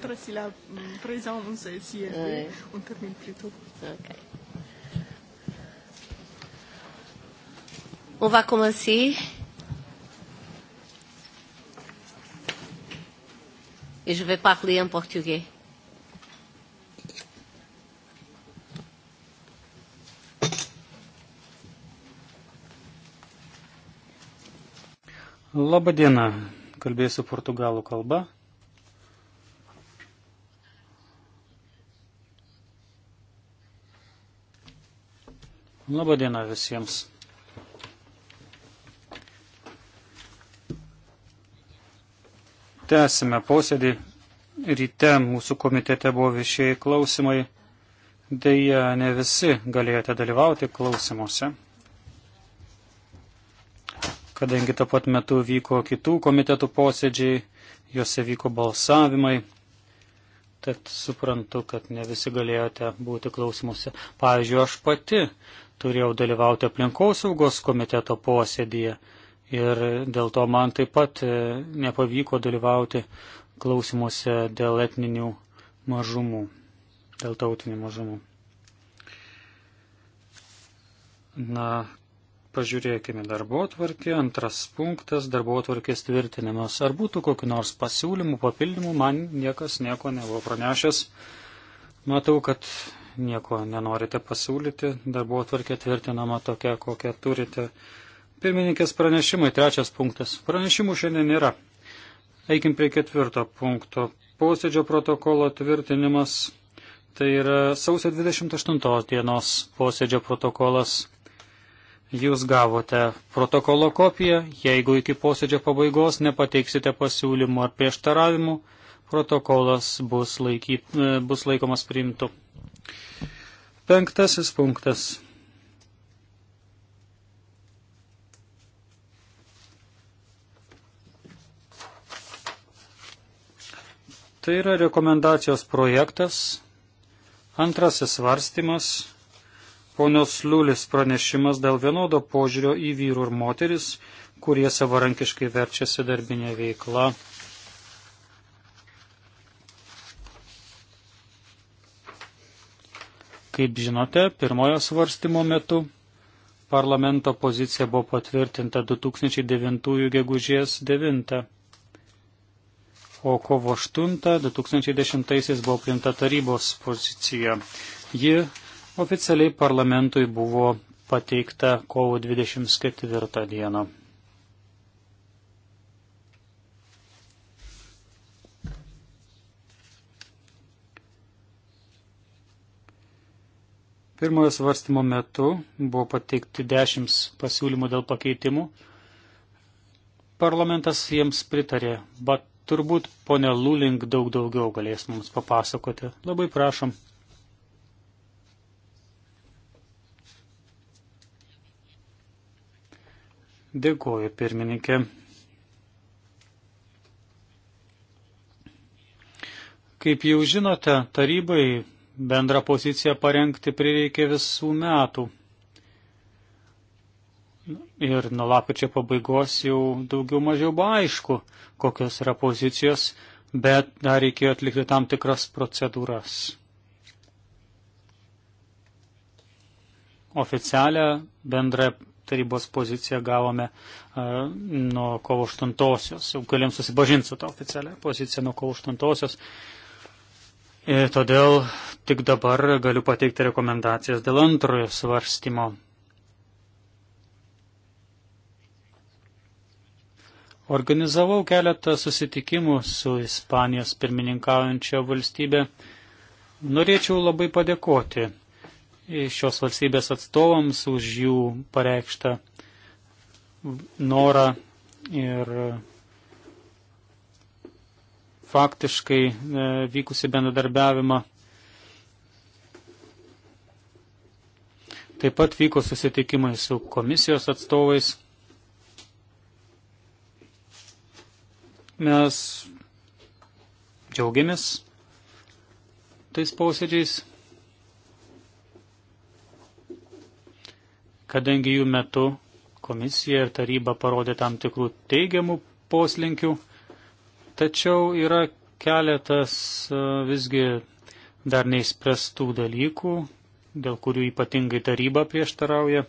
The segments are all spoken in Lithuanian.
peut-être si la mm, présence est eh. si élevée, ouais. on termine plus tôt. Okay. On va commencer. Et je vais parler en portugais. Labą dieną, kalbėsiu portugalų kalbą. Labadiena visiems. Tęsime posėdį. Ryte mūsų komitete buvo viešieji klausimai. Deja, ne visi galėjote dalyvauti klausimuose, kadangi tuo pat metu vyko kitų komitetų posėdžiai, juose vyko balsavimai. Tad suprantu, kad ne visi galėjote būti klausimuose. Pavyzdžiui, aš pati turėjau dalyvauti aplinkosaugos komiteto posėdėje ir dėl to man taip pat e, nepavyko dalyvauti klausimuose dėl etninių mažumų, dėl tautinių mažumų. Na, pažiūrėkime darbo atvarkį. Antras punktas - darbo atvarkės tvirtinimas. Ar būtų kokiu nors pasiūlymu, papildymu, man niekas nieko nebuvo pranešęs. Matau, kad nieko nenorite pasiūlyti, darbo atvarkė tvirtinama tokia, kokią turite. Pirmininkės pranešimai, trečias punktas. Pranešimų šiandien nėra. Eikim prie ketvirto punkto. Posėdžio protokolo tvirtinimas. Tai yra sausio 28 dienos posėdžio protokolas. Jūs gavote protokolo kopiją. Jeigu iki posėdžio pabaigos nepateiksite pasiūlymų ar prieštaravimų, protokolas bus, laikyt, e, bus laikomas priimtu. Penktasis punktas. Tai yra rekomendacijos projektas, antrasis svarstymas, ponios Liulis pranešimas dėl vienodo požiūrio į vyrų ir moteris, kurie savarankiškai verčiasi darbinė veikla Kaip žinote, pirmojo svarstymo metu parlamento pozicija buvo patvirtinta 2009 gegužės 9, o kovo 8 2010 buvo priimta tarybos pozicija. Ji oficialiai parlamentui buvo pateikta kovo 24 dieną. Pirmojo svarstymo metu buvo pateikti dešimt pasiūlymų dėl pakeitimų. Parlamentas jiems pritarė, bet turbūt ponė Lulink daug daugiau galės mums papasakoti. Labai prašom. Dėkuoju, pirmininkė. Kaip jau žinote, tarybai Bendrą poziciją parengti prireikė visų metų. Ir nuo lapkričio pabaigos jau daugiau mažiau buvo aišku, kokios yra pozicijos, bet dar reikėjo atlikti tam tikras procedūras. Oficialią bendrą tarybos poziciją gavome uh, nuo kovo 8-osios. Jau galim susipažinti su tą oficialią poziciją nuo kovo 8-osios. Uh, Ir todėl tik dabar galiu pateikti rekomendacijas dėl antrojo svarstymo. Organizavau keletą susitikimų su Ispanijos pirmininkaujančia valstybė. Norėčiau labai padėkoti šios valstybės atstovams už jų pareikštą norą ir faktiškai e, vykusi bendradarbiavimą. Taip pat vyko susitikimai su komisijos atstovais. Mes džiaugiamės tais posėdžiais, kadangi jų metu komisija ir taryba parodė tam tikrų teigiamų poslinkių Tačiau yra keletas e, visgi dar neįspręstų dalykų, dėl kurių ypatingai taryba prieštarauja.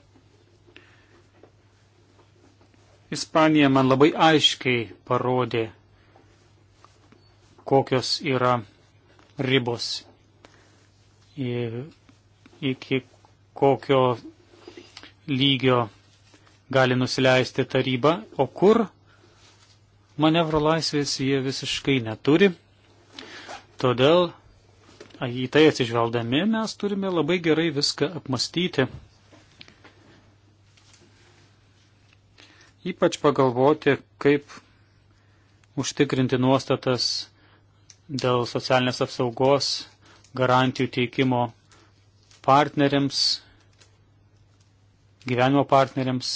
Ispanija man labai aiškiai parodė, kokios yra ribos, iki kokio lygio gali nusileisti taryba, o kur Manevro laisvės jie visiškai neturi, todėl į tai atsižvelgdami mes turime labai gerai viską apmastyti. Ypač pagalvoti, kaip užtikrinti nuostatas dėl socialinės apsaugos garantijų teikimo partneriams, gyvenimo partneriams.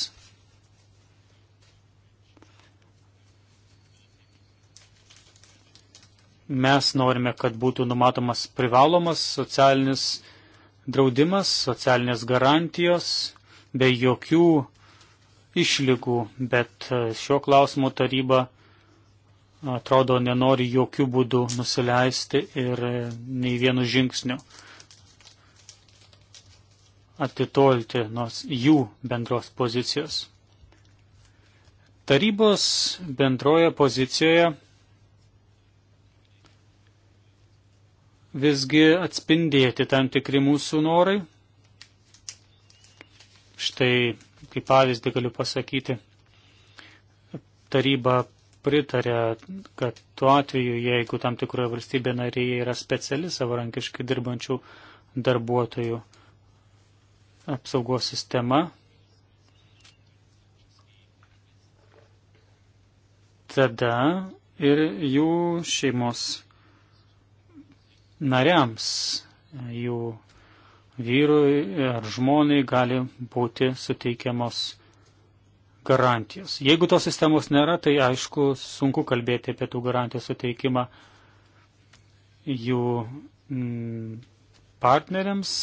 Mes norime, kad būtų numatomas privalomas socialinis draudimas, socialinės garantijos, be jokių išlygų, bet e, šio klausimo taryba e, atrodo nenori jokių būdų nusileisti ir e, nei vienu žingsniu atitolti nuo jų bendros pozicijos. Tarybos bendroje pozicijoje visgi atspindėti tam tikri mūsų norai. Štai kaip pavyzdį galiu pasakyti, taryba pritarė, kad tuo atveju, jeigu tam tikroje valstybė narėje yra speciali savarankiškai dirbančių darbuotojų apsaugos sistema, tada ir jų šeimos nariams, jų vyrui ar žmonai gali būti suteikiamos garantijos. Jeigu tos sistemos nėra, tai aišku, sunku kalbėti apie tų garantijų suteikimą jų mm, partneriams,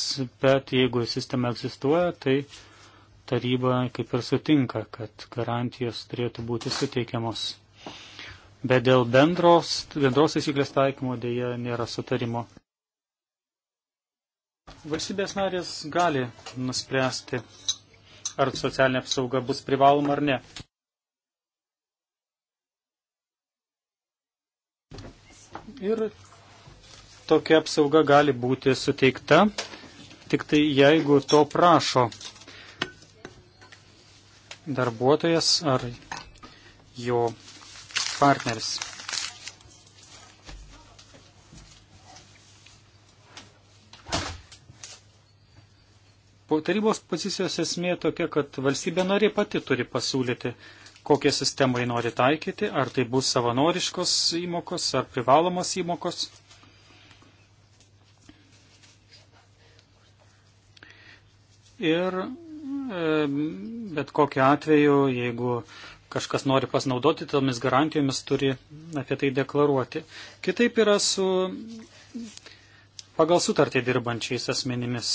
bet jeigu sistema egzistuoja, tai taryba kaip ir sutinka, kad garantijos turėtų būti suteikiamos bet dėl bendros, bendros taisyklės taikymo dėja nėra sutarimo. Valstybės narės gali nuspręsti, ar socialinė apsauga bus privaloma ar ne. Ir tokia apsauga gali būti suteikta, tik tai jeigu to prašo darbuotojas ar jo partneris. Po tarybos pozicijos esmė tokia, kad valstybė nariai pati turi pasiūlyti, kokią sistemą jį nori taikyti, ar tai bus savanoriškos įmokos, ar privalomos įmokos. Ir e, bet kokiu atveju, jeigu kažkas nori pasinaudoti tomis garantijomis, turi apie tai deklaruoti. Kitaip yra su pagal sutartį dirbančiais asmenimis.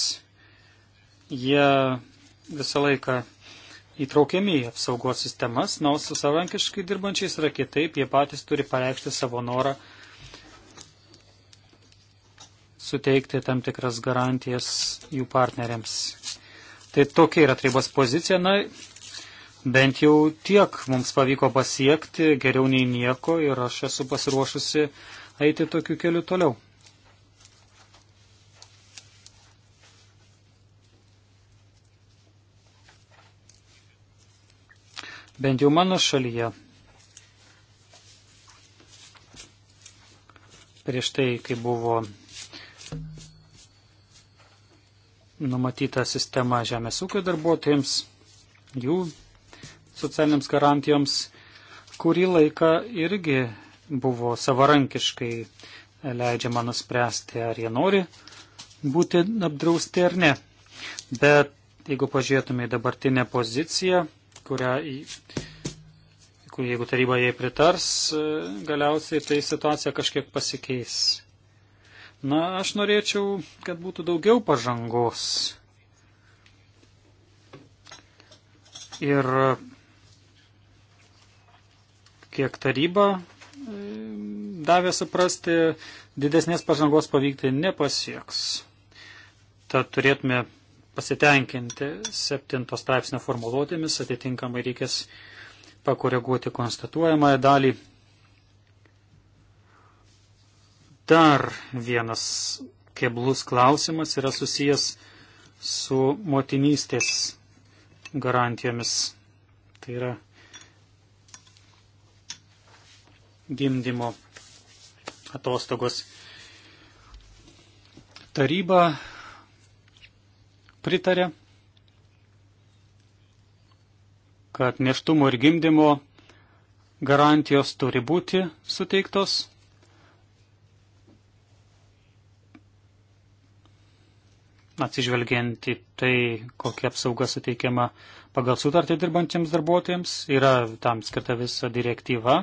Jie visą laiką įtraukiami į apsaugos sistemas, nors su savarankiškai dirbančiais yra kitaip, jie patys turi pareikšti savo norą suteikti tam tikras garantijas jų partneriams. Tai tokia yra tarybos pozicija. Na, bent jau tiek mums pavyko pasiekti, geriau nei nieko ir aš esu pasiruošusi eiti tokiu keliu toliau. Bent jau mano šalyje. Prieš tai, kai buvo numatyta sistema žemės ūkio darbuotojams, jų socialiniams garantijoms kurį laiką irgi buvo savarankiškai leidžiama nuspręsti, ar jie nori būti apdrausti ar ne. Bet jeigu pažiūrėtume į dabartinę poziciją, kurią, jeigu taryba jai pritars, galiausiai tai situacija kažkiek pasikeis. Na, aš norėčiau, kad būtų daugiau pažangos. Ir kiek taryba e, davė suprasti, didesnės pažangos pavykti nepasieks. Tad turėtume pasitenkinti septinto straipsnio formuluotėmis, atitinkamai reikės pakoreguoti konstatuojamąją dalį. Dar vienas keblus klausimas yra susijęs su motinystės garantijomis. Tai yra gimdymo atostogos. Taryba pritarė, kad neštumo ir gimdymo garantijos turi būti suteiktos. Atsižvelgiant į tai, kokia apsauga suteikiama pagal sutartį dirbantiems darbuotojams, yra tam skirta visa direktyva.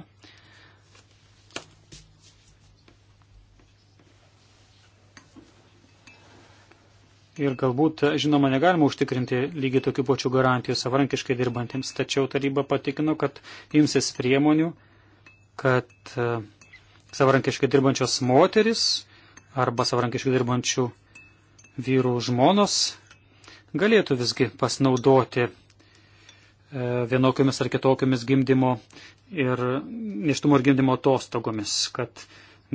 Ir galbūt, žinoma, negalima užtikrinti lygiai tokių pačių garantijų savarankiškai dirbantiems, tačiau taryba patikino, kad imsis priemonių, kad e, savarankiškai dirbančios moteris arba savarankiškai dirbančių vyrų žmonos galėtų visgi pasinaudoti e, vienokiamis ar kitokiamis gimdymo ir neštumo ir gimdymo atostogomis, kad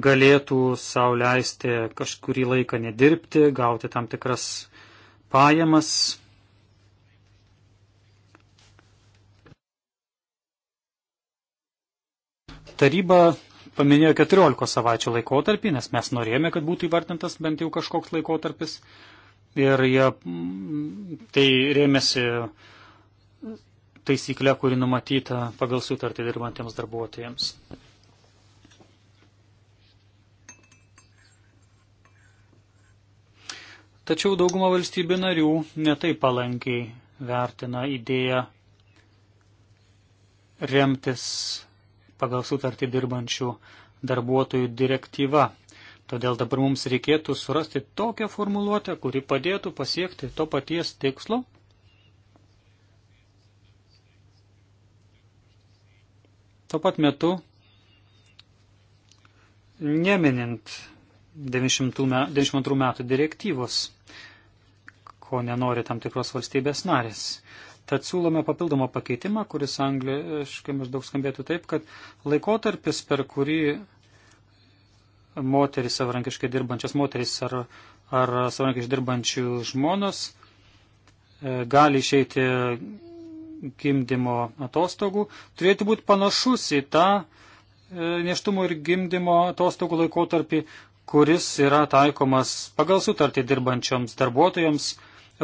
galėtų sauliaisti kažkurį laiką nedirbti, gauti tam tikras pajamas. Taryba paminėjo 14 savaičių laikotarpį, nes mes norėjome, kad būtų įvardintas bent jau kažkoks laikotarpis. Ir jie mm, tai rėmėsi taisyklę, kuri numatyta pagal sutartį dirbantiems darbuotojams. Tačiau dauguma valstybių narių netai palankiai vertina idėją remtis pagal sutartį dirbančių darbuotojų direktyva. Todėl dabar mums reikėtų surasti tokią formuluotę, kuri padėtų pasiekti to paties tikslo. Tuo pat metu, neminint 92 metų direktyvos, ko nenori tam tikros valstybės narės. Tad siūlome papildomą pakeitimą, kuris angliškai maždaug skambėtų taip, kad laikotarpis, per kurį moteris savarankiškai dirbančias moteris ar, ar savarankiškai dirbančių žmonos e, gali išeiti gimdymo atostogų, turėtų būti panašus į tą e, neštumo ir gimdymo atostogų laikotarpį, kuris yra taikomas pagal sutartį dirbančioms darbuotojams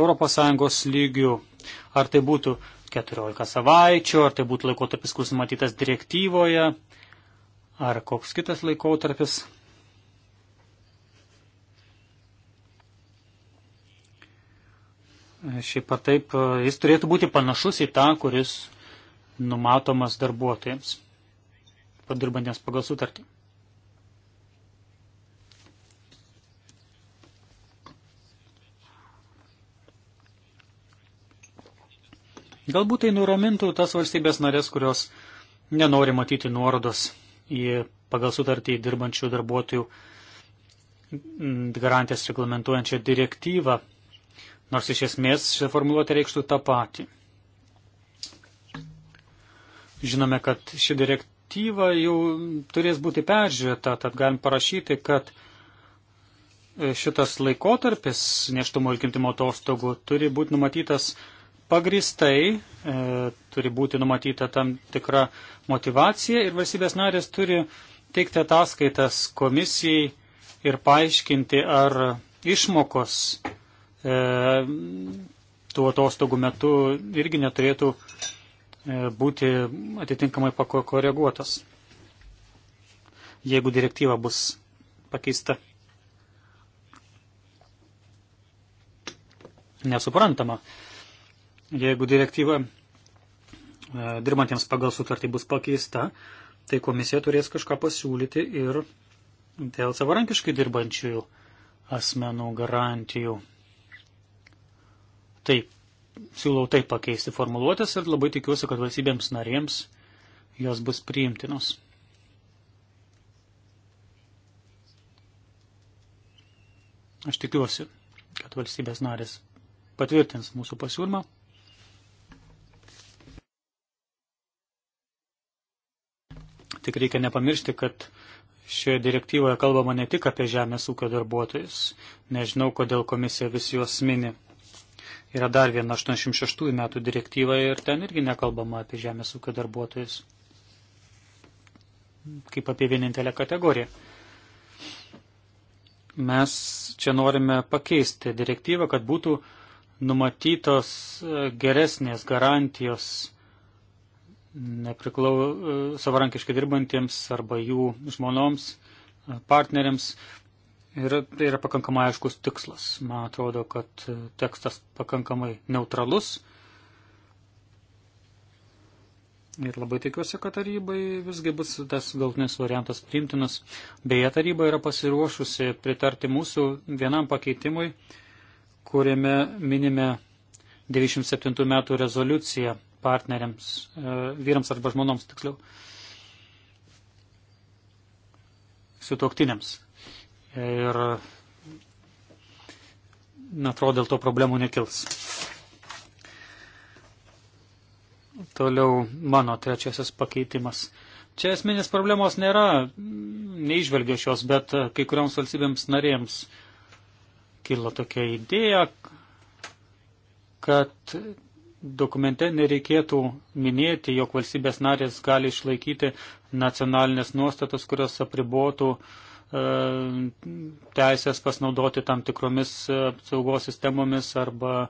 ES lygių. Ar tai būtų 14 savaičių, ar tai būtų laikotarpis, kuris numatytas direktyvoje, ar koks kitas laikotarpis. Šiaip ar taip, jis turėtų būti panašus į tą, kuris numatomas darbuotojams, padirbantiems pagal sutartį. Galbūt tai nuramintų tas valstybės narės, kurios nenori matyti nuorodos į pagal sutartį dirbančių darbuotojų mm, garantijas reglamentuojančią direktyvą, nors iš esmės šią formuluotę reikštų tą patį. Žinome, kad ši direktyva jau turės būti peržiūrėta, tad galim parašyti, kad e, šitas laikotarpis neštumo ir gimtimo atostogų turi būti numatytas pagristai e, turi būti numatyta tam tikra motivacija ir valstybės narės turi teikti ataskaitas komisijai ir paaiškinti, ar išmokos e, tų atostogų metu irgi neturėtų e, būti atitinkamai pakoreguotas, jeigu direktyva bus pakeista. Nesuprantama. E, Jeigu direktyva e, dirbantiems pagal sutartį bus pakeista, tai komisija turės kažką pasiūlyti ir dėl savarankiškai dirbančiųjų asmenų garantijų. Taip, siūlau tai pakeisti formuluotės ir labai tikiuosi, kad valstybėms narėms jos bus priimtinos. Aš tikiuosi, kad valstybės narės patvirtins mūsų pasiūlymą. Tik reikia nepamiršti, kad šioje direktyvoje kalbama ne tik apie žemės ūkio darbuotojus. Nežinau, kodėl komisija vis juos mini. Yra dar viena 86 metų direktyva ir ten irgi nekalbama apie žemės ūkio darbuotojus. Kaip apie vienintelę kategoriją. Mes čia norime pakeisti direktyvą, kad būtų numatytos geresnės garantijos nepriklau, savarankiškai dirbantiems arba jų žmonoms, partneriams. Ir tai yra pakankamai aiškus tikslas. Man atrodo, kad tekstas pakankamai neutralus. Ir labai tikiuosi, kad tarybai visgi bus tas galtinis variantas priimtinas. Beje, taryba yra pasiruošusi pritarti mūsų vienam pakeitimui, kuriame minime 97 metų rezoliuciją partneriams, e, vyrams arba žmonoms tiksliau, sutuoktiniams. Ir, na, atrodo, dėl to problemų nekils. Toliau mano trečiasis pakeitimas. Čia esminės problemos nėra, neižvelgiu šios, bet e, kai kurioms valstybėms narėms kilo tokia idėja, kad dokumente nereikėtų minėti, jog valstybės narės gali išlaikyti nacionalinės nuostatas, kurios apribotų e, teisės pasinaudoti tam tikromis e, apsaugos sistemomis arba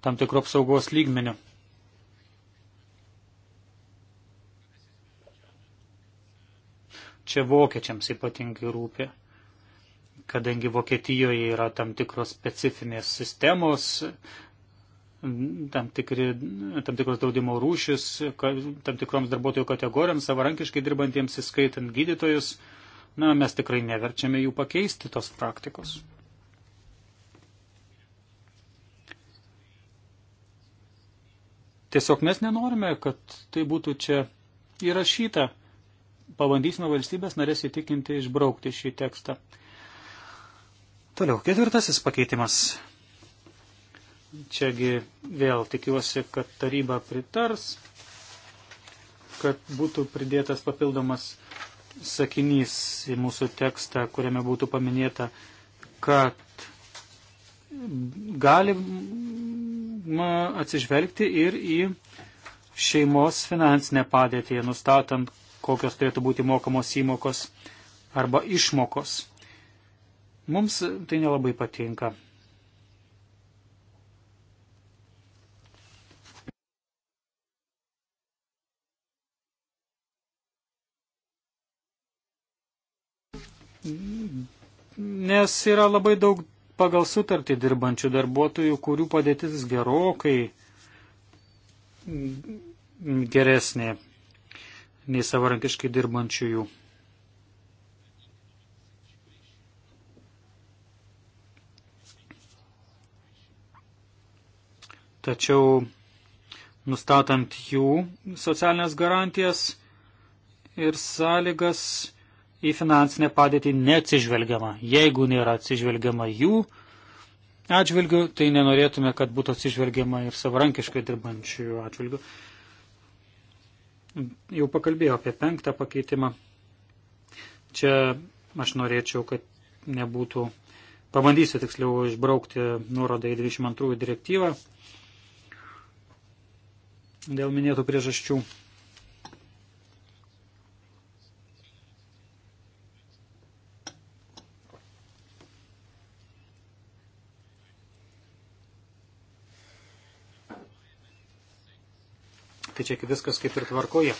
tam tikro apsaugos lygmeniu. Čia vokiečiams ypatingai rūpi, kadangi Vokietijoje yra tam tikros specifinės sistemos, tam, tikri, tam tikros draudimo rūšis, tam tikroms darbuotojų kategorijoms, savarankiškai dirbantiems, įskaitant gydytojus, na, mes tikrai neverčiame jų pakeisti tos praktikos. Tiesiog mes nenorime, kad tai būtų čia įrašyta. Pabandysime valstybės narės įtikinti išbraukti šį tekstą. Toliau, ketvirtasis pakeitimas. Čiagi vėl tikiuosi, kad taryba pritars, kad būtų pridėtas papildomas sakinys į mūsų tekstą, kuriame būtų paminėta, kad galima atsižvelgti ir į šeimos finansinę padėtį, nustatant, kokios turėtų būti mokamos įmokos arba išmokos. Mums tai nelabai patinka. nes yra labai daug pagal sutartį dirbančių darbuotojų, kurių padėtis gerokai geresnė nei savarankiškai dirbančiųjų. Tačiau nustatant jų socialinės garantijas ir sąlygas į finansinę padėtį neatsižvelgiama. Jeigu nėra atsižvelgiama jų atžvilgių, tai nenorėtume, kad būtų atsižvelgiama ir savarankiškai dirbančių atžvilgių. Jau pakalbėjau apie penktą pakeitimą. Čia aš norėčiau, kad nebūtų, pabandysiu tiksliau išbraukti nuorodą į 22 direktyvą dėl minėtų priežasčių. tai čia viskas kaip ir tvarkoje.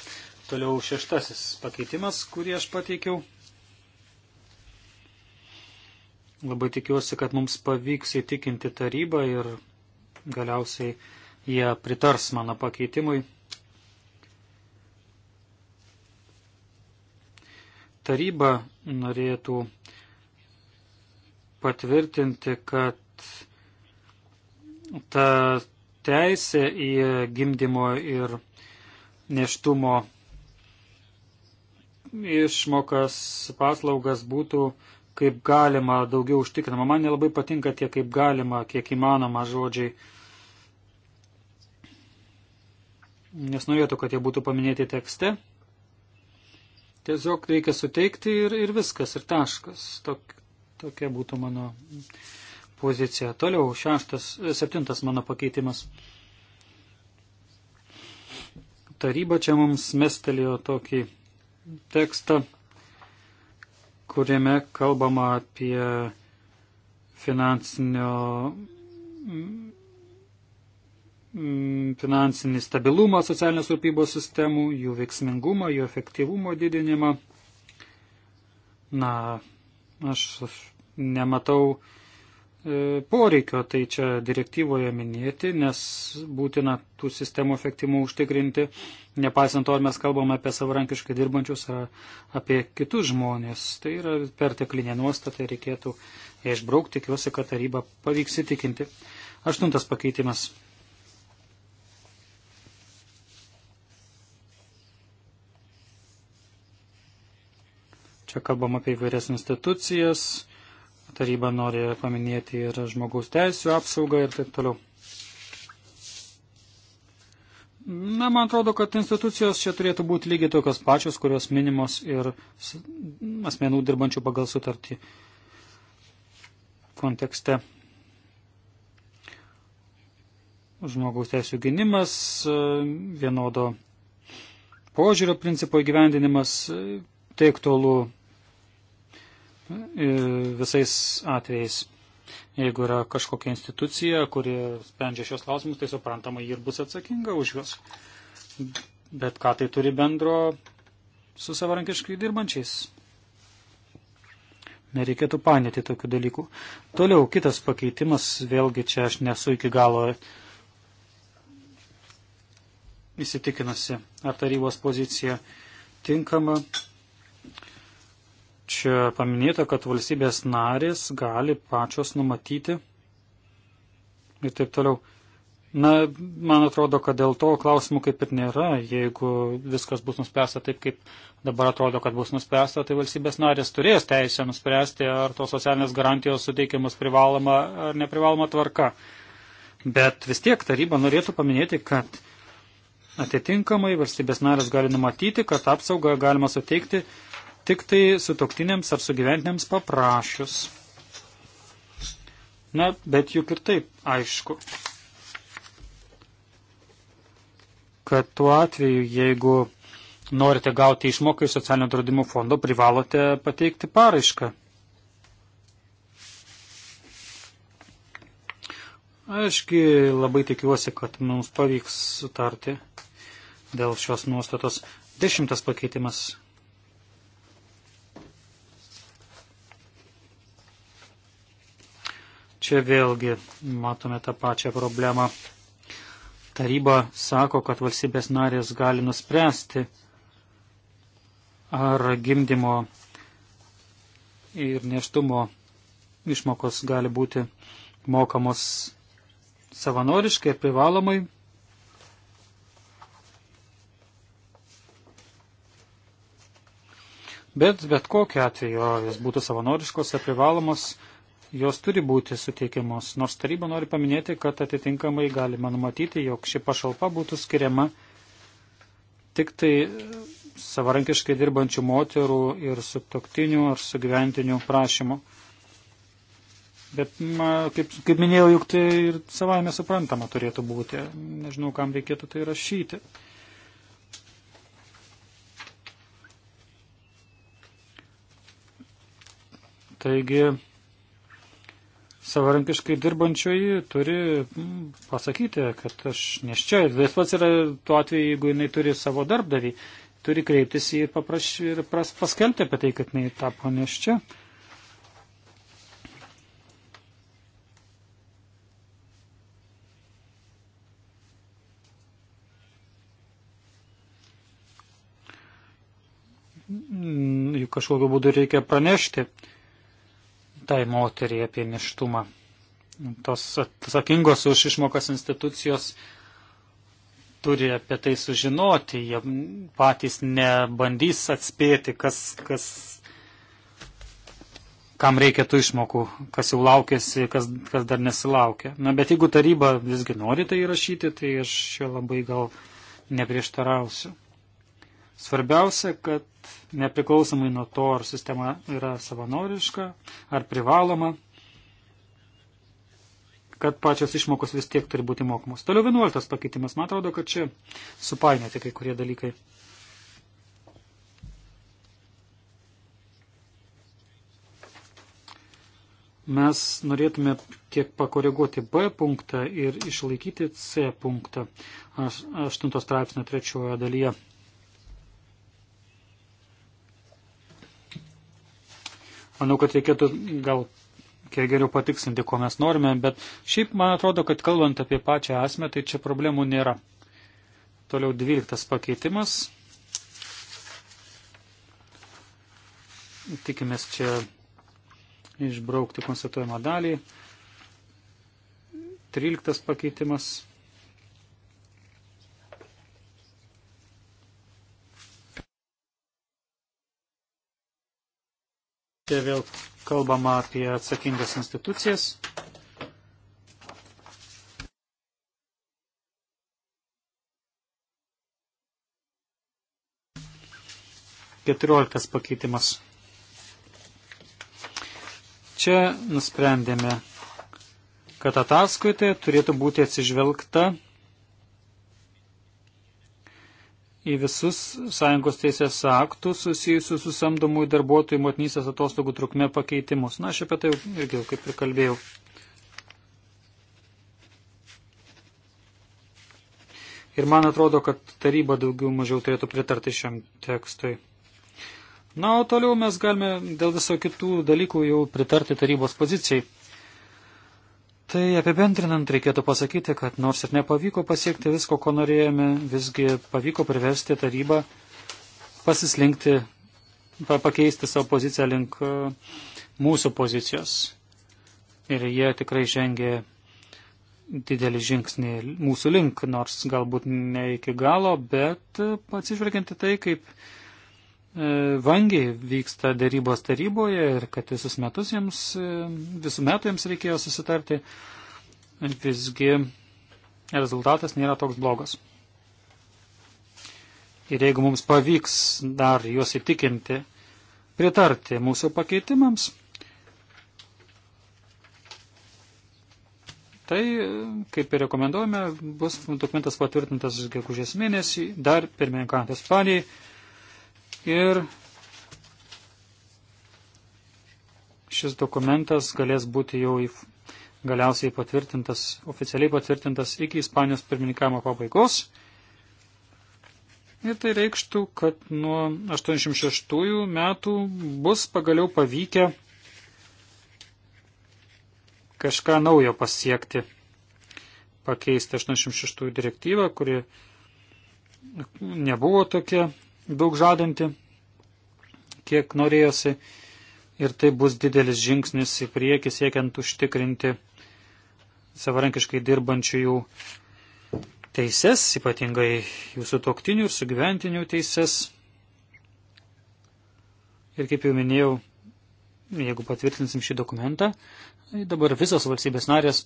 Toliau šeštasis pakeitimas, kurį aš pateikiau. Labai tikiuosi, kad mums pavyks įtikinti tarybą ir galiausiai jie pritars mano pakeitimui. Taryba norėtų patvirtinti, kad ta teisė į gimdymo ir neštumo išmokas, paslaugas būtų kaip galima daugiau užtikrinama. Man nelabai patinka tie kaip galima, kiek įmanoma žodžiai. Nes norėtų, kad jie būtų paminėti tekste. Tiesiog reikia suteikti ir, ir viskas, ir taškas. Tok, tokia būtų mano pozicija. Toliau šeštas, septintas mano pakeitimas taryba čia mums mestelėjo tokį tekstą, kuriame kalbama apie finansinio, mm, finansinį stabilumą socialinės rūpybos sistemų, jų veiksmingumą, jų efektyvumo didinimą. Na, aš, aš nematau E, poreikio tai čia direktyvoje minėti, nes būtina tų sistemų efektyvumą užtikrinti, nepaisant to, ar mes kalbame apie savarankiškai dirbančius ar apie kitus žmonės. Tai yra perteklinė nuostata, reikėtų ją išbraukti, tikiuosi, kad taryba pavyks įtikinti. Aštuntas pakeitimas. Čia kalbam apie įvairias institucijas Taryba nori paminėti ir žmogaus teisų apsaugą ir taip toliau. Na, man atrodo, kad institucijos čia turėtų būti lygiai tokios pačios, kurios minimos ir asmenų dirbančių pagal sutartį kontekste. Žmogaus teisų gynimas, vienodo požiūrio principo įgyvendinimas, tai aktualu E, visais atvejais. Jeigu yra kažkokia institucija, kuri sprendžia šios klausimus, tai suprantama, ji ir bus atsakinga už juos. Bet ką tai turi bendro su savarankiškai dirbančiais? Nereikėtų panėti tokių dalykų. Toliau kitas pakeitimas, vėlgi čia aš nesu iki galo įsitikinusi, ar tarybos pozicija tinkama. Čia paminėta, kad valstybės narės gali pačios numatyti ir taip toliau. Na, man atrodo, kad dėl to klausimų kaip ir nėra. Jeigu viskas bus nuspręsta taip, kaip dabar atrodo, kad bus nuspręsta, tai valstybės narės turės teisę nuspręsti, ar tos socialinės garantijos suteikiamas privaloma ar neprivaloma tvarka. Bet vis tiek taryba norėtų paminėti, kad atitinkamai valstybės narės gali numatyti, kad apsaugą galima suteikti tik tai sutoktinėms ar sugyventiniams paprašus. Na, bet juk ir taip aišku, kad tuo atveju, jeigu norite gauti išmoką iš socialinio draudimo fondo, privalote pateikti paraišką. Aiški, labai tikiuosi, kad mums pavyks sutarti dėl šios nuostatos. Dešimtas pakeitimas Čia vėlgi matome tą pačią problemą. Taryba sako, kad valstybės narės gali nuspręsti, ar gimdymo ir neštumo išmokos gali būti mokamos savanoriškai ir privalomai. Bet bet kokiu atveju, jos būtų savanoriškos ar privalomos, jos turi būti suteikiamos, nors taryba nori paminėti, kad atitinkamai galima numatyti, jog ši pašalpa būtų skiriama tik tai e, savarankiškai dirbančių moterų ir subtoktinių ar sugyventinių prašymų. Bet, ma, kaip, kaip minėjau, juk tai ir savaime suprantama turėtų būti. Nežinau, kam reikėtų tai rašyti. Taigi, savarankiškai dirbančioji turi mm, pasakyti, kad aš nes čia. Tas pats yra tuo atveju, jeigu jinai turi savo darbdavį, turi kreiptis į paprašy ir pras, paskelbti apie tai, kad jinai tapo nes čia. Juk kažkokiu būdu reikia pranešti kitai moteriai apie neštumą. Tos atsakingos už išmokas institucijos turi apie tai sužinoti, jie patys nebandys atspėti, kas, kas, kam reikia tų išmokų, kas jau laukėsi, kas, kas dar nesilaukia. Na, bet jeigu taryba visgi nori tai įrašyti, tai aš čia labai gal neprieštarausiu. Svarbiausia, kad nepriklausomai nuo to, ar sistema yra savanoriška, ar privaloma, kad pačios išmokos vis tiek turi būti mokamos. Toliau 11 pakeitimas. Man atrodo, kad čia supainioti kai kurie dalykai. Mes norėtume kiek pakoreguoti B punktą ir išlaikyti C punktą 8 straipsnio trečiojo dalyje. Manau, kad reikėtų gal kiek geriau patiksinti, ko mes norime, bet šiaip man atrodo, kad kalbant apie pačią asmę, tai čia problemų nėra. Toliau 12 pakeitimas. Tikimės čia išbraukti konstatuojamą dalį. 13 pakeitimas. Čia vėl kalbama apie atsakingas institucijas. Keturioliktas pakeitimas. Čia nusprendėme, kad ataskaitoje turėtų būti atsižvelgta į visus sąjungos teisės aktus susijusius su samdomų darbuotojų motinysės atostogų trukme pakeitimus. Na, aš apie tai irgi jau kaip ir kalbėjau. Ir man atrodo, kad taryba daugiau mažiau turėtų pritarti šiam tekstui. Na, o toliau mes galime dėl viso kitų dalykų jau pritarti tarybos pozicijai. Tai apibendrinant reikėtų pasakyti, kad nors ir nepavyko pasiekti visko, ko norėjome, visgi pavyko priversti tarybą pasislinkti, pakeisti savo poziciją link e, mūsų pozicijos. Ir jie tikrai žengė didelį žingsnį mūsų link, nors galbūt ne iki galo, bet e, atsižvelgiant į tai, kaip E, vangiai vyksta dėrybos taryboje ir kad visus metus jiems, e, visų metų jiems reikėjo susitarti, visgi rezultatas nėra toks blogas. Ir jeigu mums pavyks dar juos įtikinti, pritarti mūsų pakeitimams, tai, e, kaip ir rekomenduojame, bus dokumentas patvirtintas gegužės mėnesį, dar pirmininkantės paliai. Ir šis dokumentas galės būti jau galiausiai patvirtintas, oficialiai patvirtintas iki Ispanijos pirmininkavimo pabaigos. Ir tai reikštų, kad nuo 86 metų bus pagaliau pavykę kažką naujo pasiekti, pakeisti 86 direktyvą, kuri nebuvo tokia daug žadanti, kiek norėjosi. Ir tai bus didelis žingsnis į priekį siekiant užtikrinti savarankiškai dirbančiųjų teises, ypatingai jūsų toktinių ir sugyventinių teises. Ir kaip jau minėjau, jeigu patvirtinsim šį dokumentą, tai dabar visos valstybės narės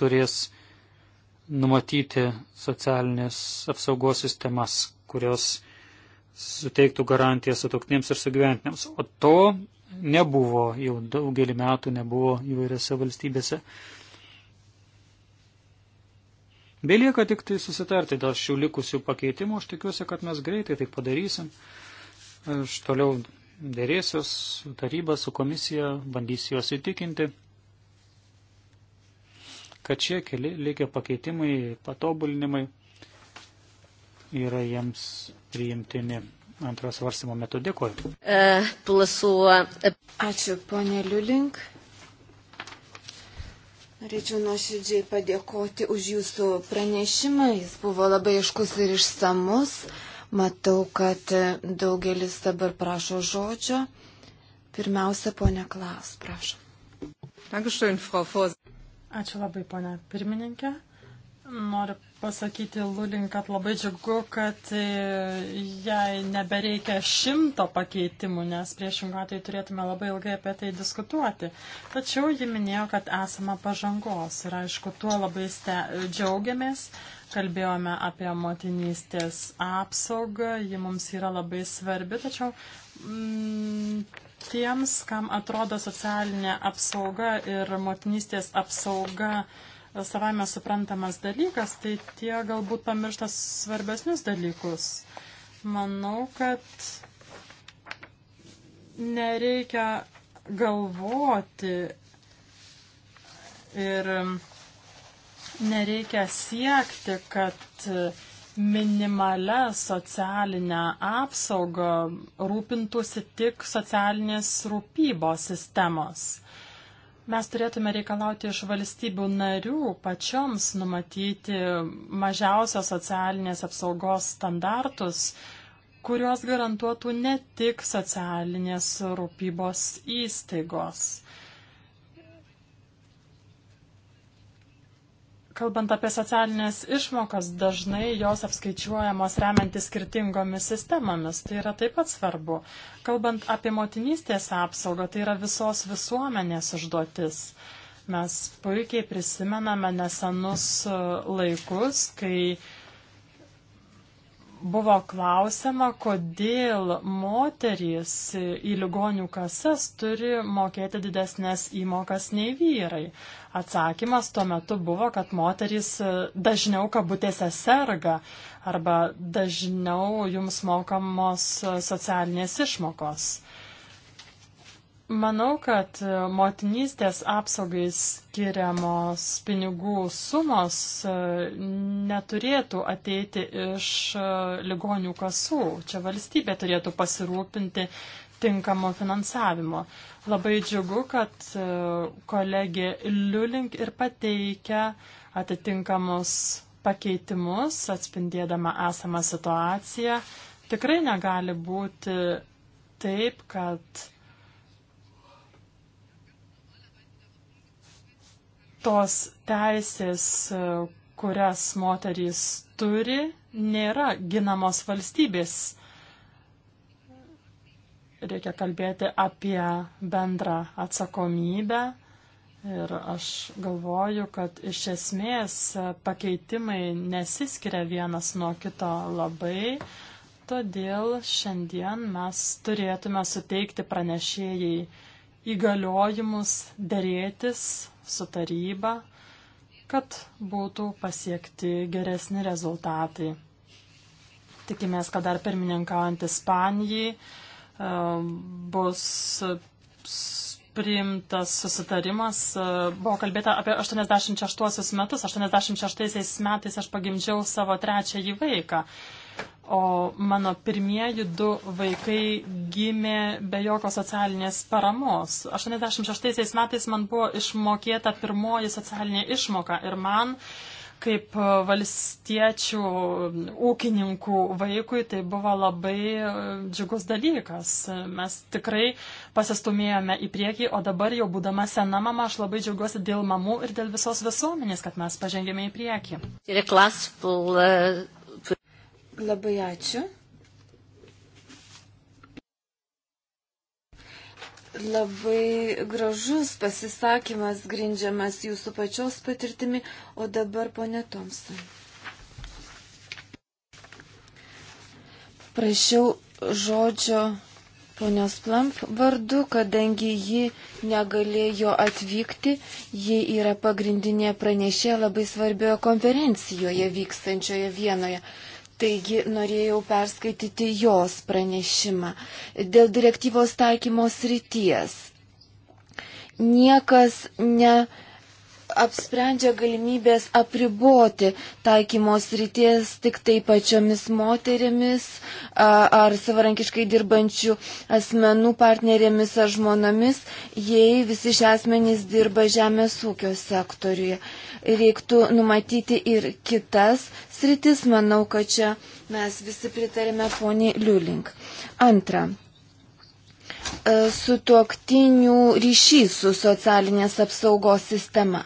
turės numatyti socialinės apsaugos sistemas, kurios suteiktų garantiją sutoktiniams ir sugyventiniams. O to nebuvo, jau daugelį metų nebuvo įvairiose valstybėse. Belieka tik tai susitarti dėl šių likusių pakeitimų, aš tikiuosi, kad mes greitai tai padarysim. Aš toliau dėrėsiu su taryba, su komisija, bandysiu juos įtikinti, kad šie keli likę pakeitimai, patobulinimai yra jiems priimtini antros varsimo metu. Dėkuoju. E, Ačiū, ponė Liulink. Norėčiau nuoširdžiai padėkoti už jūsų pranešimą. Jis buvo labai iškus ir išsamus. Matau, kad daugelis dabar prašo žodžio. Pirmiausia, ponė Klaus, prašom. Ačiū labai, ponė pirmininkė. Noriu pasakyti, Lulin, kad labai džiugu, kad e, jai nebereikia šimto pakeitimų, nes priešingų atveju turėtume labai ilgai apie tai diskutuoti. Tačiau ji minėjo, kad esame pažangos ir aišku, tuo labai ste... džiaugiamės. Kalbėjome apie motinystės apsaugą, ji mums yra labai svarbi, tačiau mm, tiems, kam atrodo socialinė apsauga ir motinystės apsauga, uh, savame suprantamas dalykas, tai tie galbūt pamiršta svarbesnius dalykus. Manau, kad nereikia galvoti ir nereikia siekti, kad minimalę socialinę apsaugą rūpintųsi tik socialinės rūpybos sistemos. Mes turėtume reikalauti iš valstybių narių pačioms numatyti mažiausios socialinės apsaugos standartus, kuriuos garantuotų ne tik socialinės rūpybos įstaigos. Kalbant apie socialinės išmokas, dažnai jos apskaičiuojamos remiantis skirtingomis sistemomis. Tai yra taip pat svarbu. Kalbant apie motinystės apsaugą, tai yra visos visuomenės užduotis. Mes puikiai prisimename nesenus laikus, kai uh, buvo klausima, kodėl moterys į ligonių kasas turi mokėti didesnės įmokas nei vyrai. Atsakymas tuo metu buvo, kad moterys dažniau kabutėse serga arba dažniau jums mokamos socialinės išmokos. Manau, kad motinystės apsaugai skiriamos pinigų sumos e, neturėtų ateiti iš e, ligonių kasų. Čia valstybė turėtų pasirūpinti tinkamo finansavimo. Labai džiugu, kad e, kolegė Liulink ir pateikia atitinkamus pakeitimus, atspindėdama esamą situaciją. Tikrai negali būti taip, kad tos teisės, kurias moterys turi, nėra ginamos valstybės. Reikia kalbėti apie bendrą atsakomybę. Ir aš galvoju, kad iš esmės pakeitimai nesiskiria vienas nuo kito labai, todėl šiandien mes turėtume suteikti pranešėjai įgaliojimus dėrėtis su taryba, kad būtų pasiekti geresni rezultatai. Tikimės, kad dar pirmininkaujant Ispanijai e, bus priimtas susitarimas. E, buvo kalbėta apie 86 metus. 86 metais aš pagimdžiau savo trečiąjį vaiką o mano pirmieji du vaikai gimė be jokios socialinės paramos. 86 metais man buvo išmokėta pirmoji socialinė išmoka ir man kaip e, valstiečių ūkininkų vaikui tai buvo labai e, džiugus dalykas. Mes tikrai pasistumėjome į priekį, o dabar jau būdama sena mama, aš labai džiaugiuosi dėl mamų ir dėl visos visuomenės, kad mes pažengėme į priekį. Reklas, pul, uh e, Labai ačiū. Labai gražus pasisakymas grindžiamas jūsų pačios patirtimi, o dabar ponė Tomsa. Prašiau žodžio ponios Plamp vardu, kadangi ji negalėjo atvykti, ji yra pagrindinė pranešė labai svarbioje konferencijoje vykstančioje vienoje. Taigi norėjau perskaityti jos pranešimą dėl direktyvos taikymos ryties. Niekas ne apsprendžia galimybės apriboti taikymos ryties tik tai pačiomis moterimis ar savarankiškai dirbančių asmenų partnerėmis ar žmonomis, jei visi šie asmenys dirba žemės ūkio sektoriuje. Reiktų numatyti ir kitas sritis, manau, kad čia mes visi pritarėme poniai Liulink. Antra. E, sutuoktinių ryšys su socialinės apsaugos sistema.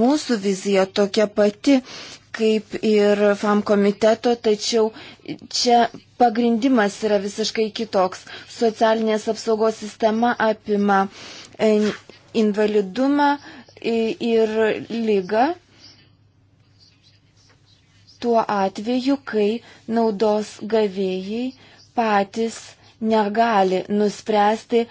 Mūsų vizija tokia pati kaip ir FAM komiteto, tačiau čia pagrindimas yra visiškai kitoks. Socialinės apsaugos sistema apima e, invalidumą e, ir lygą tuo atveju, kai naudos gavėjai patys negali nuspręsti,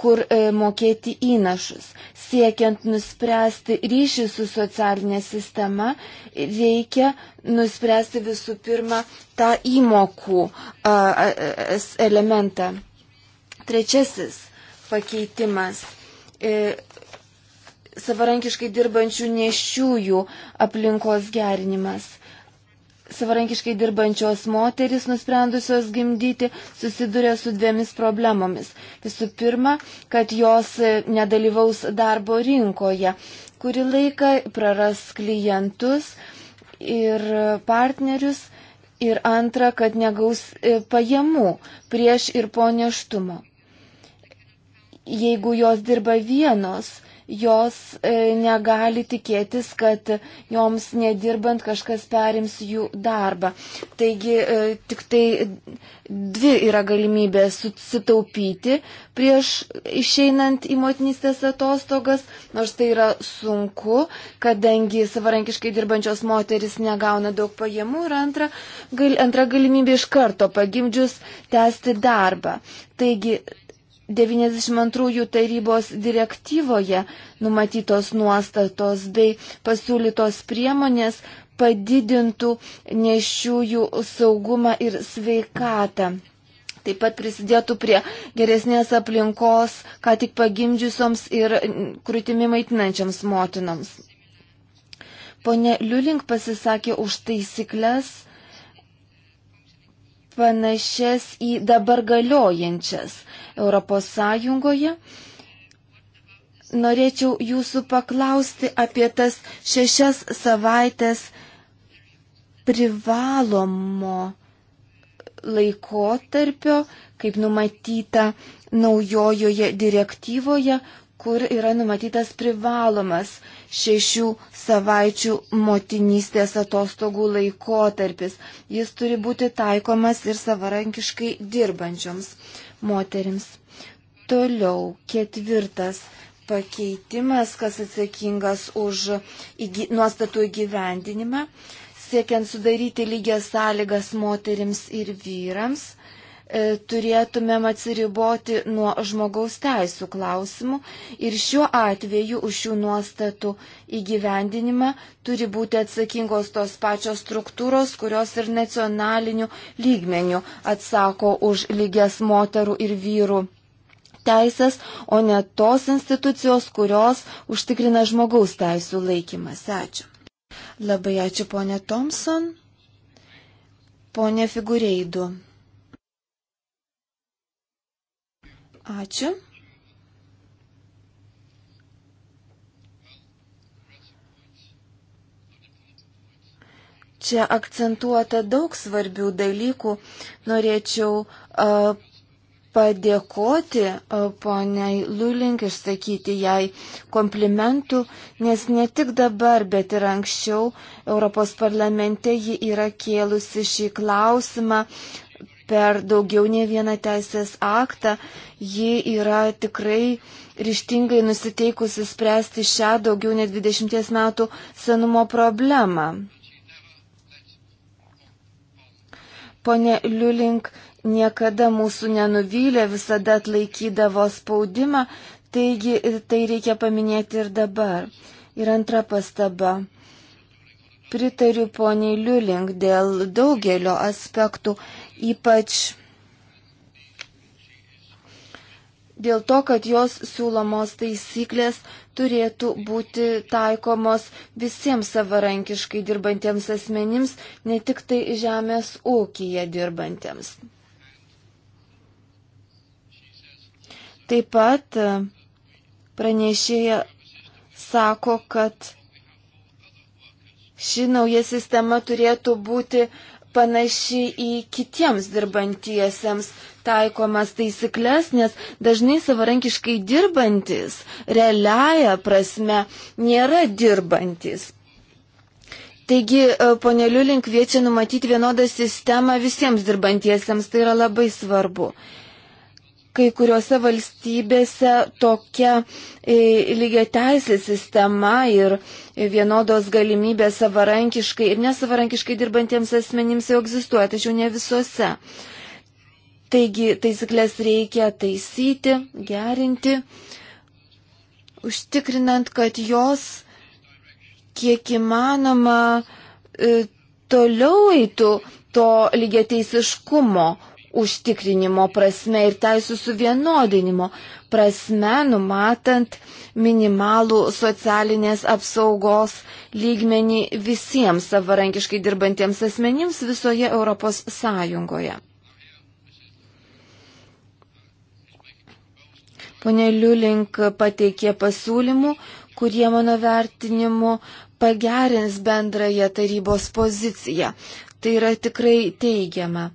kur e, mokėti įnašus. Siekiant nuspręsti ryšį su socialinė sistema, reikia nuspręsti visų pirma tą įmokų elementą. Trečiasis pakeitimas e, savarankiškai dirbančių nešiųjų aplinkos gerinimas savarankiškai dirbančios moteris nusprendusios gimdyti susiduria su dviemis problemomis. Visų pirma, kad jos e, nedalyvaus darbo rinkoje, kuri laika praras klientus ir partnerius ir antra, kad negaus e, pajamų prieš ir po neštumo. Jeigu jos dirba vienos, jos e, negali tikėtis, kad joms nedirbant kažkas perims jų darbą. Taigi e, tik tai dvi yra galimybė susitaupyti prieš išeinant į motinystės atostogas, nors tai yra sunku, kadangi savarankiškai dirbančios moteris negauna daug pajamų ir antra, gal, antra galimybė iš karto pagimdžius tęsti darbą. Taigi 92 tarybos direktyvoje numatytos nuostatos bei pasiūlytos priemonės padidintų nešiųjų saugumą ir sveikatą. Taip pat prisidėtų prie geresnės aplinkos, ką tik pagimdžiusioms ir krūtimi maitinančiams motinoms. Pone Liulink pasisakė už taisyklės panašias į dabar galiojančias Europos Sąjungoje. Norėčiau jūsų paklausti apie tas šešias savaitės privalomo laikotarpio, kaip numatyta naujojoje direktyvoje, kur yra numatytas privalomas šešių savaičių motinystės atostogų laikotarpis. Jis turi būti taikomas ir savarankiškai dirbančioms moterims. Toliau ketvirtas pakeitimas, kas atsakingas už įgy, nuostatų įgyvendinimą, siekiant sudaryti lygias sąlygas moterims ir vyrams. E, turėtumėm atsiriboti nuo žmogaus teisų klausimų ir šiuo atveju už šių nuostatų įgyvendinimą turi būti atsakingos tos pačios struktūros, kurios ir nacionaliniu lygmeniu atsako už lygias moterų ir vyrų. Teisės, o ne tos institucijos, kurios užtikrina žmogaus teisų laikymas. Ačiū. Labai ačiū, ponė Thompson. Ponė Figureidu. Ačiū. Čia akcentuota daug svarbių dalykų. Norėčiau uh, padėkoti poniai Lulink, išsakyti jai komplimentų, nes ne tik dabar, bet ir anksčiau Europos parlamente ji yra kėlusi šį klausimą, per daugiau nei vieną teisės aktą, ji yra tikrai ryštingai nusiteikusi spręsti šią daugiau nei 20 metų senumo problemą. Pone Liulink niekada mūsų nenuvylė, visada atlaikydavo spaudimą, taigi tai reikia paminėti ir dabar. Ir antra pastaba. Pritariu poniai Liulink dėl daugelio aspektų ypač dėl to, kad jos siūlomos taisyklės turėtų būti taikomos visiems savarankiškai dirbantiems asmenims, ne tik tai žemės ūkyje dirbantiems. Taip pat e, pranešėja sako, kad ši nauja sistema turėtų būti uh, panaši į kitiems dirbantiesiems taikomas taisyklės, nes dažnai savarankiškai dirbantis realiaja prasme nėra dirbantis. Taigi, e, poneliu link kviečia numatyti vienodą sistemą visiems dirbantiesiems, tai yra labai svarbu. Uh, kai kuriuose valstybėse tokia e, lygia teisė sistema ir vienodos galimybės savarankiškai ir nesavarankiškai dirbantiems asmenims jau egzistuoja, tačiau ne visose. Taigi taisyklės reikia taisyti, gerinti, užtikrinant, kad jos kiek įmanoma e, toliau eitų to lygiateisiškumo užtikrinimo prasme ir teisų suvienodinimo prasme, numatant minimalų socialinės apsaugos lygmenį visiems savarankiškai dirbantiems asmenims visoje Europos Sąjungoje. Pone Liulink pateikė pasiūlymų, kurie mano vertinimu pagerins bendrąją tarybos poziciją. Tai yra tikrai teigiama.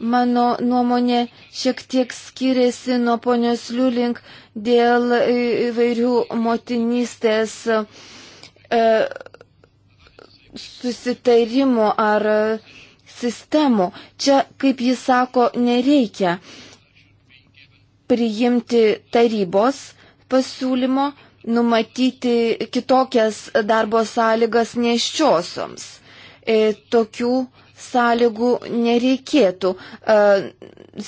mano nuomonė šiek tiek skiriasi nuo ponios Liulink dėl įvairių motinystės e, susitarimų ar sistemų. Čia, kaip jis sako, nereikia priimti tarybos pasiūlymo, numatyti kitokias darbo sąlygas neščiosioms. E, tokių sąlygų nereikėtų uh,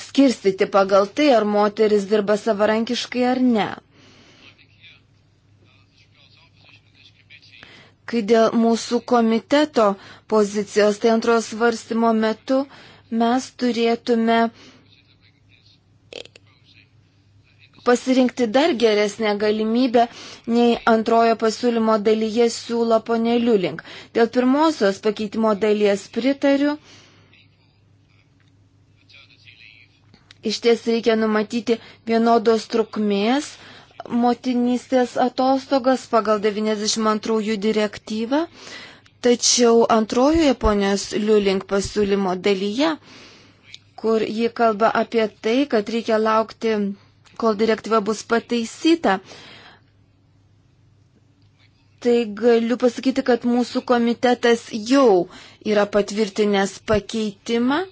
skirstyti pagal tai, ar moteris dirba savarankiškai ar ne. Kai dėl mūsų komiteto pozicijos, tai antros svarstymo metu mes turėtume uh, pasirinkti dar geresnę galimybę nei antrojo pasiūlymo dalyje siūlo ponė Liulink. Dėl pirmosios pakeitimo dalies pritariu. Iš ties reikia numatyti vienodos trukmės motinystės atostogas pagal 92 direktyvą, tačiau antrojoje ponios Liulink pasiūlymo dalyje, kur ji kalba apie tai, kad reikia laukti kol direktyva bus pataisyta. Tai galiu pasakyti, kad mūsų komitetas jau yra patvirtinęs pakeitimą,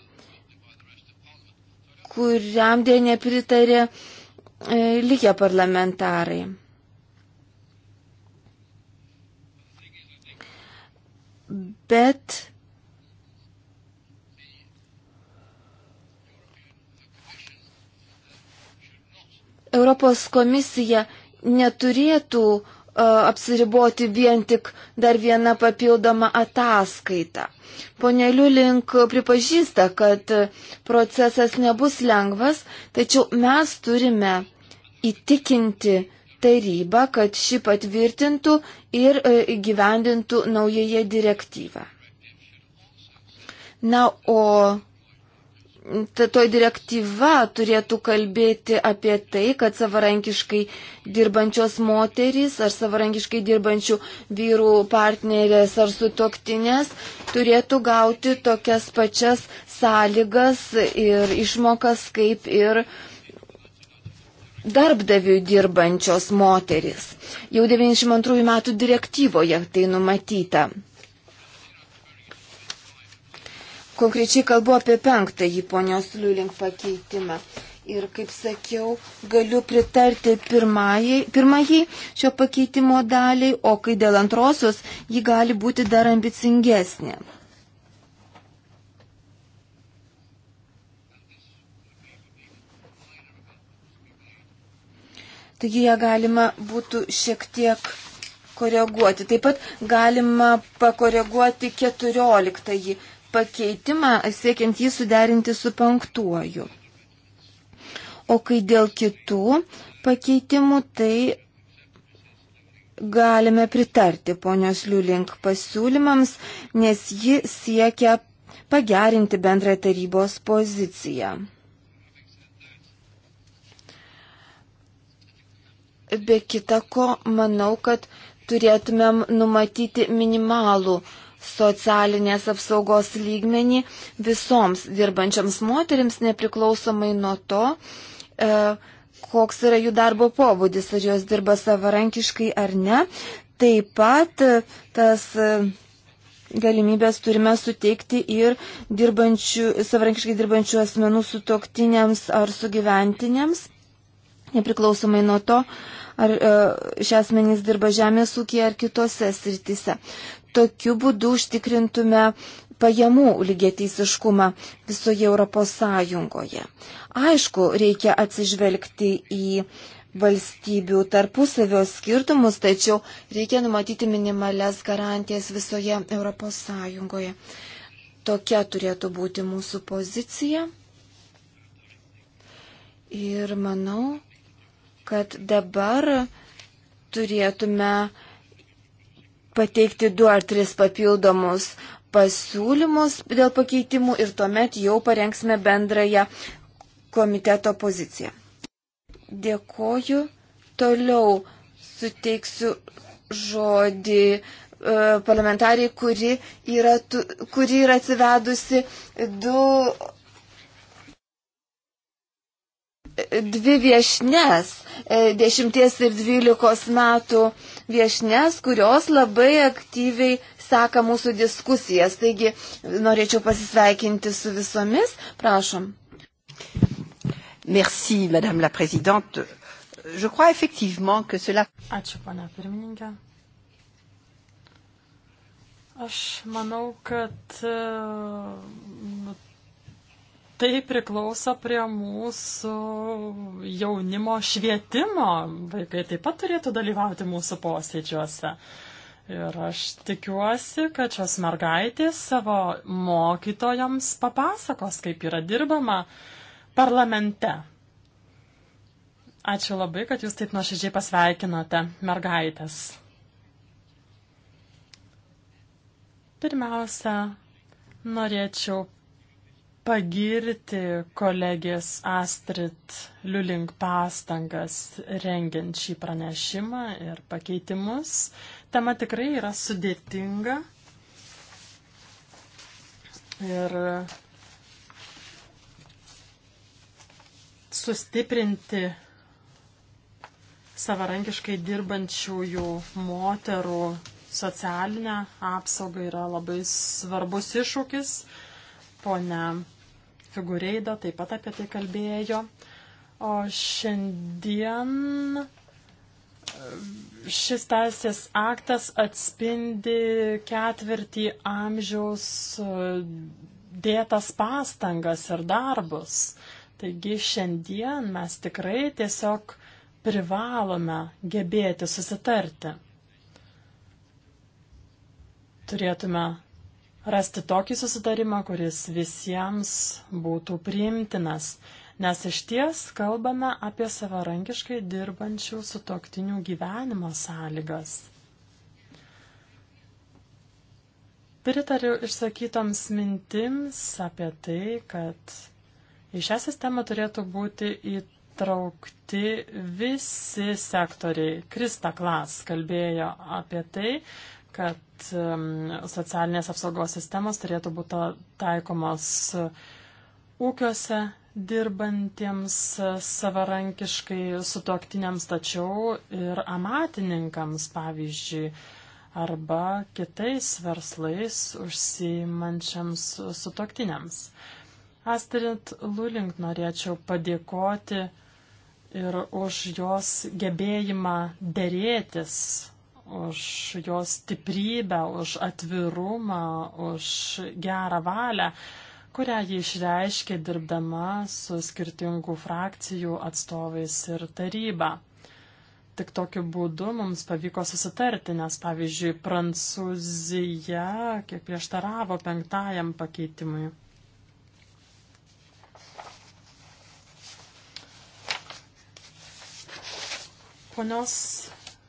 kuriam dėl nepritarė e, likę parlamentarai. Bet Europos komisija neturėtų e, apsiriboti vien tik dar vieną papildomą ataskaitą. Pone Liulink pripažįsta, kad procesas nebus lengvas, tačiau mes turime įtikinti tarybą, kad ši patvirtintų ir e, įgyvendintų naująją direktyvą. Na, o toj direktyva turėtų kalbėti apie tai, kad savarankiškai dirbančios moterys ar savarankiškai dirbančių vyrų partnerės ar sutoktinės turėtų gauti tokias pačias sąlygas ir išmokas kaip ir darbdavių dirbančios moteris. Jau 92 metų direktyvoje tai numatyta. Konkrečiai kalbu apie penktąjį ponios Liulink pakeitimą. Ir kaip sakiau, galiu pritarti pirmajai, pirmajai šio pakeitimo daliai, o kai dėl antrosios, ji gali būti dar ambicingesnė. Taigi ją galima būtų šiek tiek koreguoti. Taip pat galima pakoreguoti 14 pakeitimą, siekiant jį suderinti su penktuoju. O kai dėl kitų pakeitimų, tai galime pritarti ponios Liulink pasiūlymams, nes ji siekia pagerinti bendrą tarybos poziciją. Be kita ko, manau, kad turėtumėm numatyti minimalų uh, socialinės apsaugos lygmenį visoms dirbančiams moteriams, nepriklausomai nuo to, e, koks yra jų darbo pobūdis, ar jos dirba savarankiškai ar ne. Taip pat e, tas e, galimybės turime suteikti ir dirbančių, savarankiškai dirbančių asmenų sutoktiniams ar sugyventiniams, nepriklausomai nuo to, ar e, šias asmenys dirba žemės ūkija ar kitose sritise tokiu būdu užtikrintume pajamų lygiateisiškumą visoje Europos Sąjungoje. Aišku, reikia atsižvelgti į valstybių tarpusavio skirtumus, tačiau reikia numatyti minimales garantijas visoje Europos Sąjungoje. Tokia turėtų būti mūsų pozicija. Ir manau, kad dabar turėtume pateikti du ar tris papildomus pasiūlymus dėl pakeitimų ir tuomet jau parengsime bendrąją komiteto poziciją. Dėkoju. Toliau suteiksiu žodį e, parlamentariai, kuri yra, tu, kuri yra atsivedusi du, dvi viešnes e, dešimties ir dvylikos metų uh, viešnes, kurios labai aktyviai seka mūsų diskusijas. Taigi norėčiau pasisveikinti su visomis. Prašom. Merci, Madame la Présidente. Je crois effectivement que cela. Ačiū, ponia pirmininkė. Aš manau, kad e, tai priklauso prie mūsų jaunimo švietimo. Vaikai taip pat turėtų dalyvauti mūsų posėdžiuose. Ir aš tikiuosi, kad šios mergaitės savo mokytojams papasakos, kaip yra dirbama parlamente. Ačiū labai, kad jūs taip nuoširdžiai pasveikinote mergaitės. Pirmiausia, norėčiau pagirti kolegės Astrid Liulink pastangas rengiant šį pranešimą ir pakeitimus. Tema tikrai yra sudėtinga. Ir sustiprinti savarankiškai dirbančiųjų moterų socialinę apsaugą yra labai svarbus iššūkis. Pone Figureida taip pat apie tai kalbėjo. O šiandien e, šis teisės aktas atspindi ketvirtį amžiaus e, dėtas pastangas ir darbus. Taigi šiandien mes tikrai tiesiog privalome gebėti susitarti. Turėtume rasti tokį susitarimą, kuris visiems būtų priimtinas, nes iš ties kalbame apie savarankiškai dirbančių sutoktinių gyvenimo sąlygas. Pritariu išsakytoms mintims apie tai, kad į šią sistemą turėtų būti įtraukti visi sektoriai. Krista Klas kalbėjo apie tai, kad socialinės apsaugos sistemos turėtų būti taikomos e, ūkiuose dirbantiems e, savarankiškai sutoktiniams, tačiau ir amatininkams, pavyzdžiui, arba kitais verslais užsimančiams sutoktiniams. Astrid Lulink norėčiau padėkoti ir už jos gebėjimą dėrėtis už jos stiprybę, už atvirumą, už gerą valią, kurią ji išreiškė dirbdama su skirtingų frakcijų atstovais ir taryba. Tik tokiu būdu mums pavyko susitarti, nes, pavyzdžiui, Prancūzija kiek prieštaravo penktajam pakeitimui. Ponios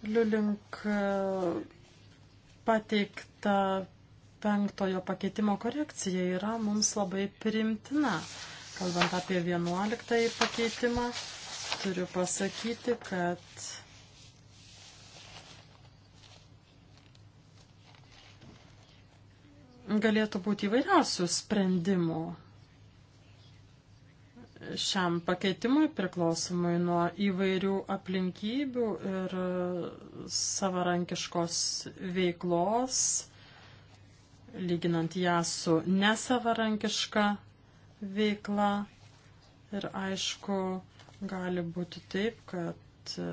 Liulink e, pateikta penktojo pakeitimo korekcija yra mums labai primtina. Kalbant apie vienuoliktąjį pakeitimą, turiu pasakyti, kad galėtų būti įvairiausių sprendimų šiam pakeitimui priklausomai nuo įvairių aplinkybių ir e, savarankiškos veiklos, lyginant ją su nesavarankiška veikla. Ir aišku, gali būti taip, kad e,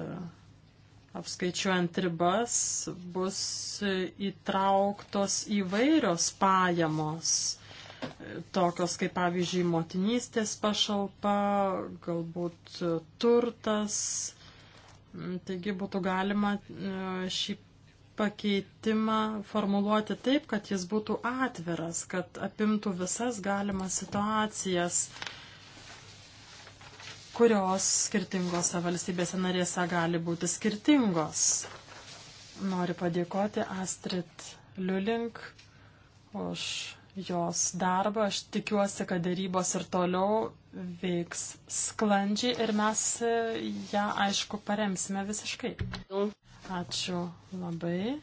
apskaičiuojant ribas bus įtrauktos įvairios pajamos tokios kaip pavyzdžiui motinystės pašalpa, galbūt e, turtas. Mm, taigi būtų galima e, šį pakeitimą formuluoti taip, kad jis būtų atviras, kad apimtų visas galimas situacijas, kurios skirtingose valstybėse narėse gali būti skirtingos. Noriu padėkoti Astrid Liulink už jos darbą. Aš tikiuosi, kad dėrybos ir toliau veiks sklandžiai ir mes ją, aišku, paremsime visiškai. Ačiū labai.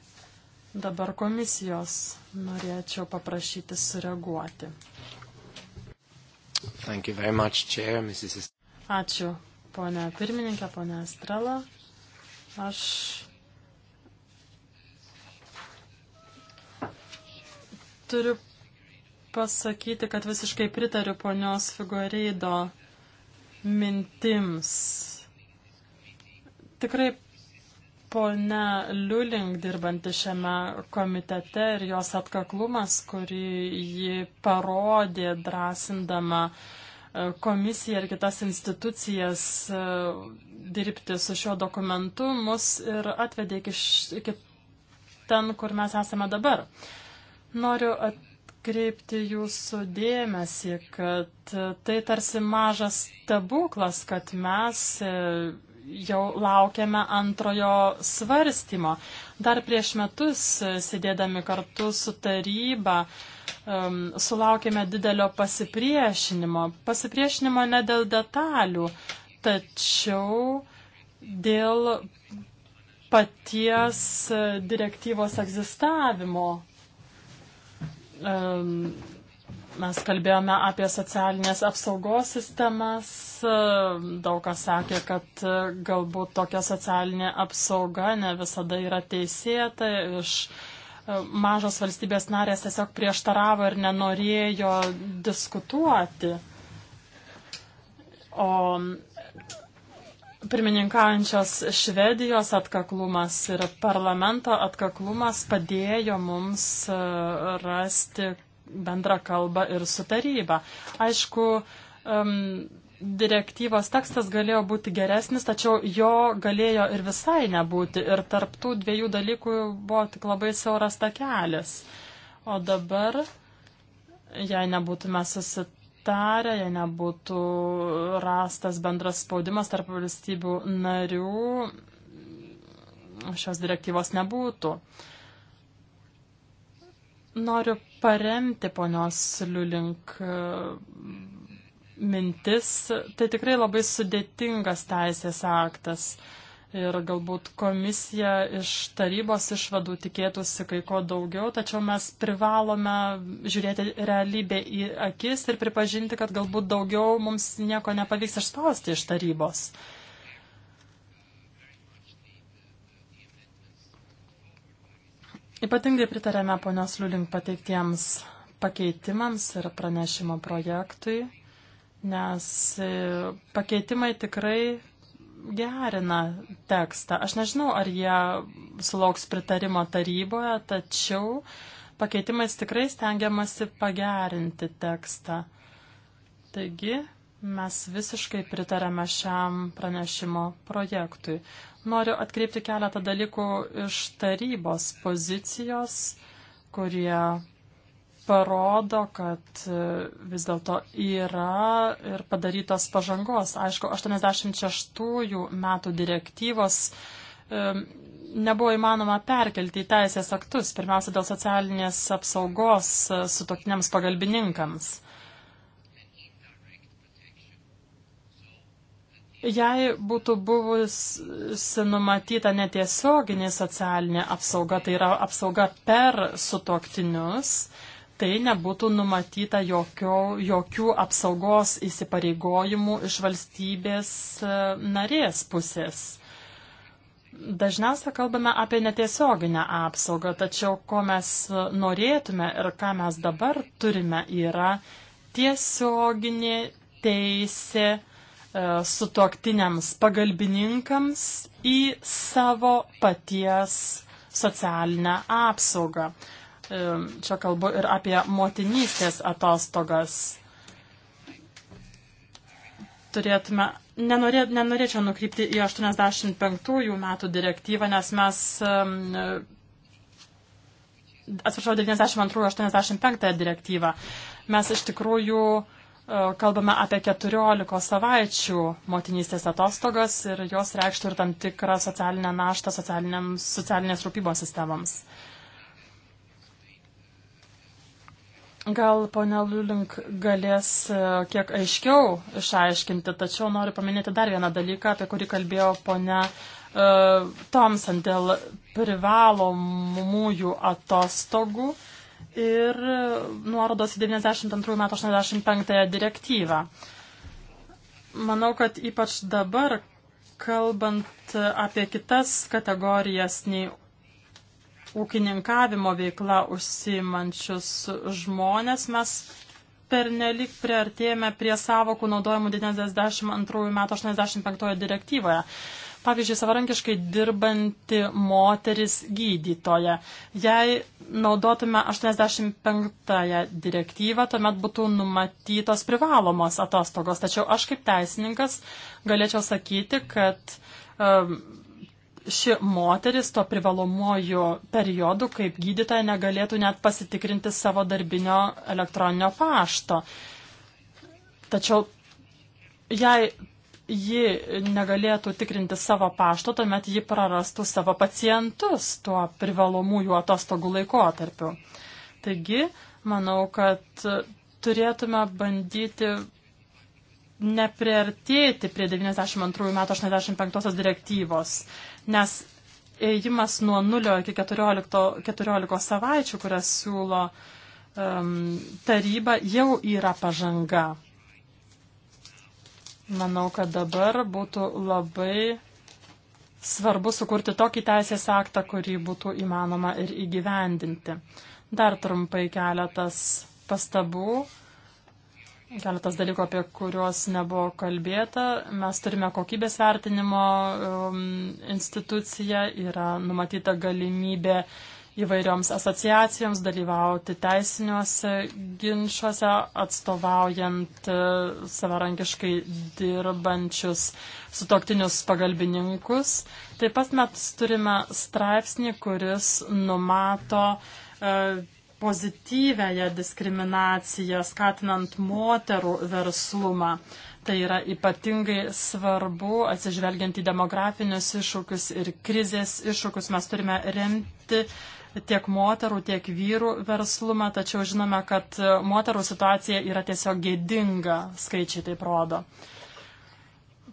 Dabar komisijos norėčiau paprašyti sureaguoti. Much, Chair, Mrs. Ačiū, ponė pirmininkė, ponė Estrela. Aš turiu pasakyti, kad visiškai pritariu ponios Figoreido mintims. Tikrai ponia Liuling dirbanti šiame komitete ir jos atkaklumas, kurį ji parodė drąsindama e, komisiją ir kitas institucijas e, dirbti su šiuo dokumentu, mus ir atvedė iki, iki ten, kur mes esame dabar. Noriu at atkreipti jūsų dėmesį, kad tai tarsi mažas stebuklas, kad mes e, jau laukiame antrojo svarstymo. Dar prieš metus, e, sėdėdami kartu su taryba, um, sulaukėme didelio pasipriešinimo. Pasipriešinimo ne dėl detalių, tačiau dėl paties e, direktyvos egzistavimo Mes kalbėjome apie socialinės apsaugos sistemas. Daug kas sakė, kad e, galbūt tokia socialinė apsauga ne visada yra teisėta. Iš e, mažos valstybės narės tiesiog prieštaravo ir nenorėjo diskutuoti. O Pirmininkaujančios Švedijos atkaklumas ir parlamento atkaklumas padėjo mums e, rasti bendrą kalbą ir su taryba. Aišku, um, direktyvos tekstas galėjo būti geresnis, tačiau jo galėjo ir visai nebūti. Ir tarptų dviejų dalykų buvo tik labai siauras takelis. O dabar, jei nebūtume susitikti, tarę, jei nebūtų rastas bendras spaudimas tarp valstybių narių, šios direktyvos nebūtų. Noriu paremti ponios Liulink e, mintis. Tai tikrai labai sudėtingas teisės aktas. Uh, ir galbūt komisija iš tarybos išvadų tikėtųsi kai ko daugiau, tačiau mes privalome žiūrėti realybę į akis ir pripažinti, kad galbūt daugiau mums nieko nepavyks išspausti iš tarybos. Ypatingai pritarėme ponios Liulink pateiktiems pakeitimams ir pranešimo projektui, nes e, pakeitimai tikrai gerina tekstą. Aš nežinau, ar jie sulauks pritarimo taryboje, tačiau pakeitimais tikrai stengiamasi pagerinti tekstą. Taigi, mes visiškai pritarame šiam pranešimo projektui. Noriu atkreipti keletą dalykų iš tarybos pozicijos, kurie parodo, kad e, vis dėlto yra ir padarytos pažangos. Aišku, 86 metų direktyvos e, nebuvo įmanoma perkelti į teisės aktus, pirmiausia dėl socialinės apsaugos e, su tokiniams pagalbininkams. Jei būtų buvusi numatyta netiesioginė socialinė apsauga, tai yra apsauga per sutoktinius, uh, tai nebūtų numatyta jokio, jokių apsaugos įsipareigojimų iš valstybės e, narės pusės. Dažniausia kalbame apie netiesioginę apsaugą, tačiau ko mes norėtume ir ką mes dabar turime yra tiesioginė teisė e, sutoktiniams pagalbininkams į savo paties socialinę apsaugą. Čia kalbu ir apie motinystės atostogas. Turėtume, nenorė, nenorėčiau nukrypti į 85 metų direktyvą, nes mes, atsiprašau, 92-85 direktyvą. Mes iš tikrųjų e, kalbame apie 14 savaičių motinystės atostogas ir jos reikštų ir tam tikrą socialinę naštą socialinės rūpybos sistemams. Gal ponia Liulink galės e, kiek aiškiau išaiškinti, tačiau noriu paminėti dar vieną dalyką, apie kurį kalbėjo ponia uh, Thompson dėl privalomųjų atostogų ir nuorodos į 92 metų 85 direktyvą. Manau, kad ypač dabar, kalbant apie kitas kategorijas nei ūkininkavimo veikla užsimančius žmonės, mes pernelik priartėjame prie savokų naudojimų 92 metų 85 direktyvoje. Pavyzdžiui, savarankiškai dirbanti moteris gydytoja. Jei naudotume 85 direktyvą, tuomet būtų numatytos privalomos atostogos. Tačiau aš kaip teisininkas galėčiau sakyti, kad um, ši moteris to privalomuoju periodu kaip gydytoja negalėtų net pasitikrinti savo darbinio elektroninio pašto. Tačiau jei ji negalėtų tikrinti savo pašto, tuomet ji prarastų savo pacientus tuo privalomųjų atostogų laikotarpiu. Taigi, manau, kad turėtume bandyti nepriartėti prie 92 metų 85 direktyvos, nes ėjimas nuo 0 iki 14, 14 savaičių, kurias siūlo um, taryba, jau yra pažanga. Manau, kad dabar būtų labai svarbu sukurti tokį teisės aktą, kurį būtų įmanoma ir įgyvendinti. Dar trumpai keletas pastabų Keletas dalykų, apie kuriuos nebuvo kalbėta. Mes turime kokybės vertinimo um, instituciją, yra numatyta galimybė įvairioms asociacijoms dalyvauti teisiniuose ginčiuose, atstovaujant uh, savarankiškai dirbančius sutoktinius pagalbininkus. Taip pat mes turime straipsnį, kuris numato uh, pozityvęją diskriminaciją, skatinant moterų verslumą. Tai yra ypatingai svarbu, atsižvelgiant į demografinius iššūkius ir krizės iššūkius, mes turime remti tiek moterų, tiek vyrų verslumą, tačiau žinome, kad moterų situacija yra tiesiog gėdinga, skaičiai tai rodo.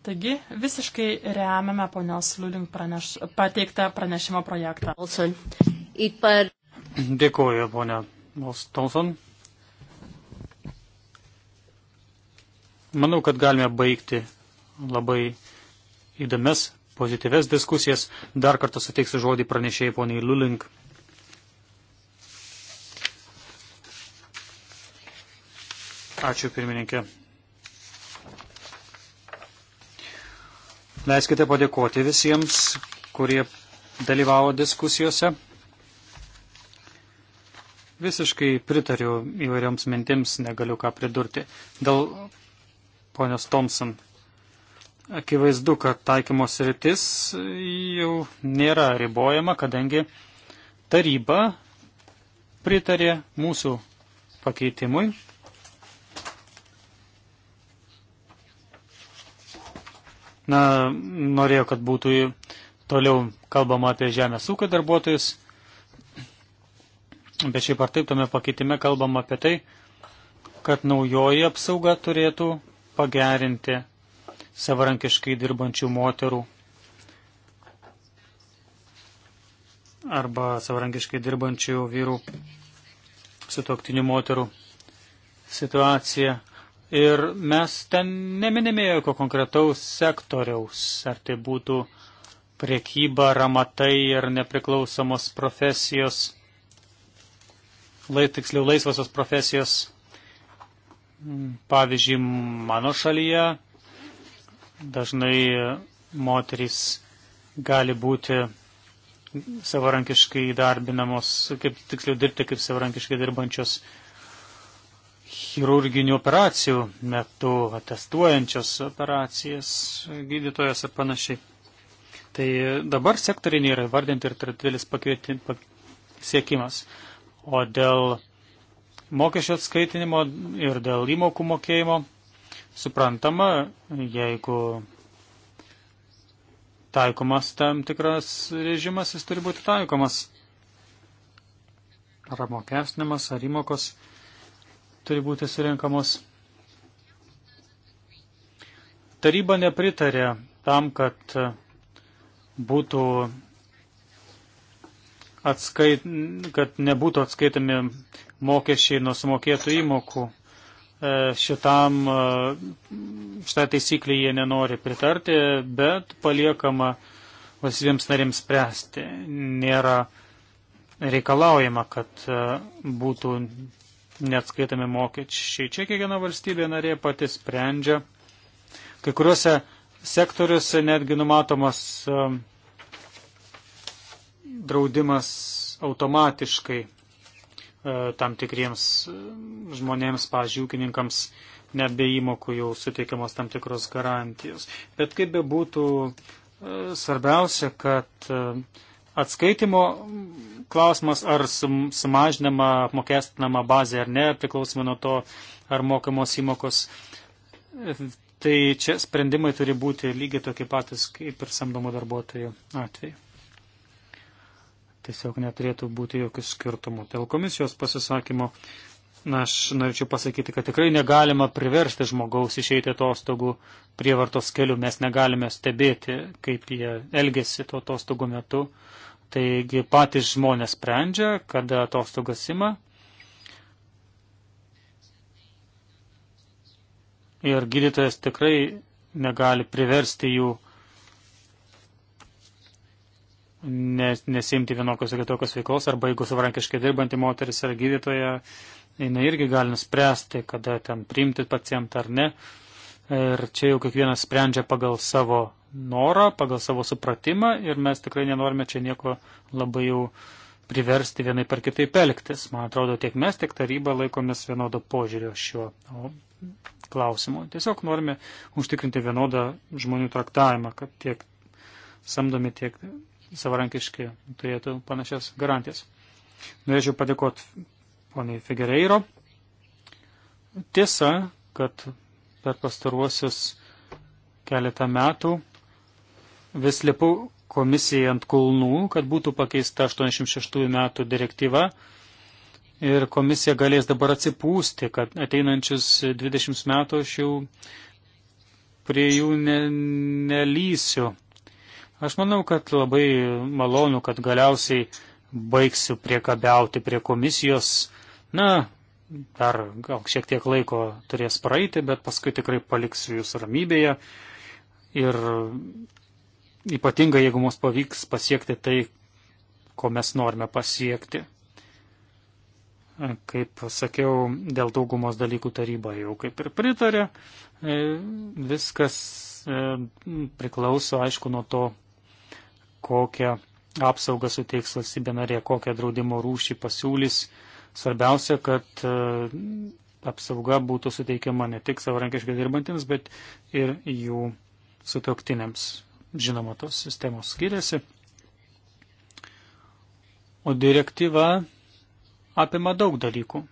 Taigi visiškai remiame ponios Liulink praneš, pateiktą pranešimo projektą. Dėkuoju, ponia Thompson. Manau, kad galime baigti labai įdomias, pozityves diskusijas. Dar kartą suteiksiu žodį pranešėjai poniai Lulink. Ačiū pirmininkė. Leiskite padėkoti visiems, kurie dalyvavo diskusijose. Visiškai pritariu įvairioms mintims, negaliu ką pridurti. Dėl ponios Thompson. Akivaizdu, kad taikymos rytis jau nėra ribojama, kadangi taryba pritarė mūsų pakeitimui. Na, norėjo, kad būtų toliau kalbama apie žemės ūkio darbuotojus Bet šiaip ar taip tame pakeitime kalbam apie tai, kad naujoji apsauga turėtų pagerinti savarankiškai dirbančių moterų arba savarankiškai dirbančių vyrų sutoktinių moterų situaciją. Ir mes ten neminime jokio konkretaus sektoriaus, ar tai būtų priekyba, ramatai ar nepriklausomos profesijos lai, tiksliau laisvasios profesijos. Pavyzdžiui, mano šalyje dažnai moterys gali būti savarankiškai įdarbinamos, kaip tiksliau dirbti kaip savarankiškai dirbančios chirurginių operacijų metu, atestuojančios operacijas, gydytojas ir panašiai. Tai dabar sektoriniai yra vardinti ir tradvilis siekimas. O dėl mokesčio atskaitinimo ir dėl įmokų mokėjimo, suprantama, jeigu taikomas tam tikras režimas, jis turi būti taikomas. Ar apmokestinimas, ar įmokos turi būti surinkamos. Taryba nepritarė tam, kad būtų atskait, kad nebūtų atskaitami mokesčiai nuo sumokėtų įmokų. E, šitam, e, šitą taisyklį jie nenori pritarti, bet paliekama valstybėms narėms spręsti. Nėra reikalaujama, kad e, būtų neatskaitami mokesčiai. Čia kiekviena valstybė narė pati sprendžia. Kai kuriuose sektoriuose netgi numatomas draudimas automatiškai e, tam tikriems žmonėms, pažiūrėjau, ūkininkams nebeįmokų jau suteikiamos tam tikros garantijos. Bet kaip be būtų, e, svarbiausia, kad e, atskaitimo klausimas, ar sumažinama apmokestinama bazė ar ne, priklausomai nuo to, ar mokamos įmokos. Tai čia sprendimai turi būti lygiai tokie patys kaip ir samdomo darbuotojo atveju tiesiog neturėtų būti jokių skirtumų. Dėl komisijos pasisakymo, na, aš norėčiau pasakyti, kad tikrai negalima priversti žmogaus išeiti atostogų prievartos keliu, mes negalime stebėti, kaip jie elgesi to atostogų metu. Taigi patys žmonės sprendžia, kada atostogas ima. Ir gydytojas tikrai negali priversti jų nes, nesimti vienokios ir kitokios veiklos, arba jeigu savarankiškai dirbanti moteris ar gydytoja, jinai irgi gali nuspręsti, kada ten priimti pacientą ar ne. Ir čia jau kiekvienas sprendžia pagal savo norą, pagal savo supratimą ir mes tikrai nenorime čia nieko labai jau priversti vienai par kitaip elgtis. Man atrodo, tiek mes, tiek taryba laikomės vienodo požiūrio šiuo klausimu. Tiesiog norime užtikrinti vienodą žmonių traktavimą, kad tiek samdomi, tiek savarankiškai turėtų panašias garantijas. Norėčiau padėkoti poniai Figereiro. Tiesa, kad per pastaruosius keletą metų vis lipu komisijai ant kulnų, kad būtų pakeista 86 metų direktyva ir komisija galės dabar atsipūsti, kad ateinančius 20 metų aš jau prie jų ne, nelysiu. Aš manau, kad labai malonu, kad galiausiai baigsiu priekabiauti prie komisijos. Na, dar gal šiek tiek laiko turės praeiti, bet paskui tikrai paliksiu jūs ramybėje. Ir ypatingai, jeigu mums pavyks pasiekti tai, ko mes norime pasiekti. Kaip sakiau, dėl daugumos dalykų taryba jau kaip ir pritarė. E, viskas e, priklauso, aišku, nuo to, kokią apsaugą suteiks valstybė narė, kokią draudimo rūšį pasiūlys. Svarbiausia, kad e, apsauga būtų suteikiama ne tik savarankiškai dirbantiems, bet ir jų sutoktinėms. Žinoma, tos sistemos skiriasi. O direktyva apima daug dalykų.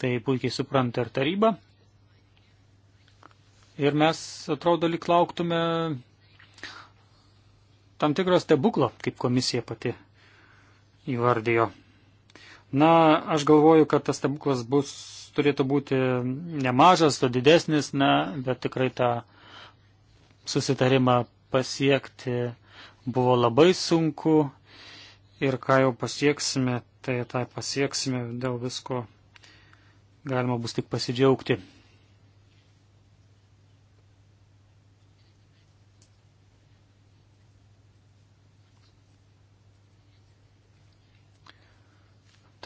Tai puikiai supranta ir taryba ir mes atrodo lik lauktume tam tikro stebuklo, kaip komisija pati įvardijo. Na, aš galvoju, kad tas stebuklas bus, turėtų būti nemažas, o didesnis, na, bet tikrai tą susitarimą pasiekti buvo labai sunku ir ką jau pasieksime, tai tą tai pasieksime, dėl visko galima bus tik pasidžiaugti.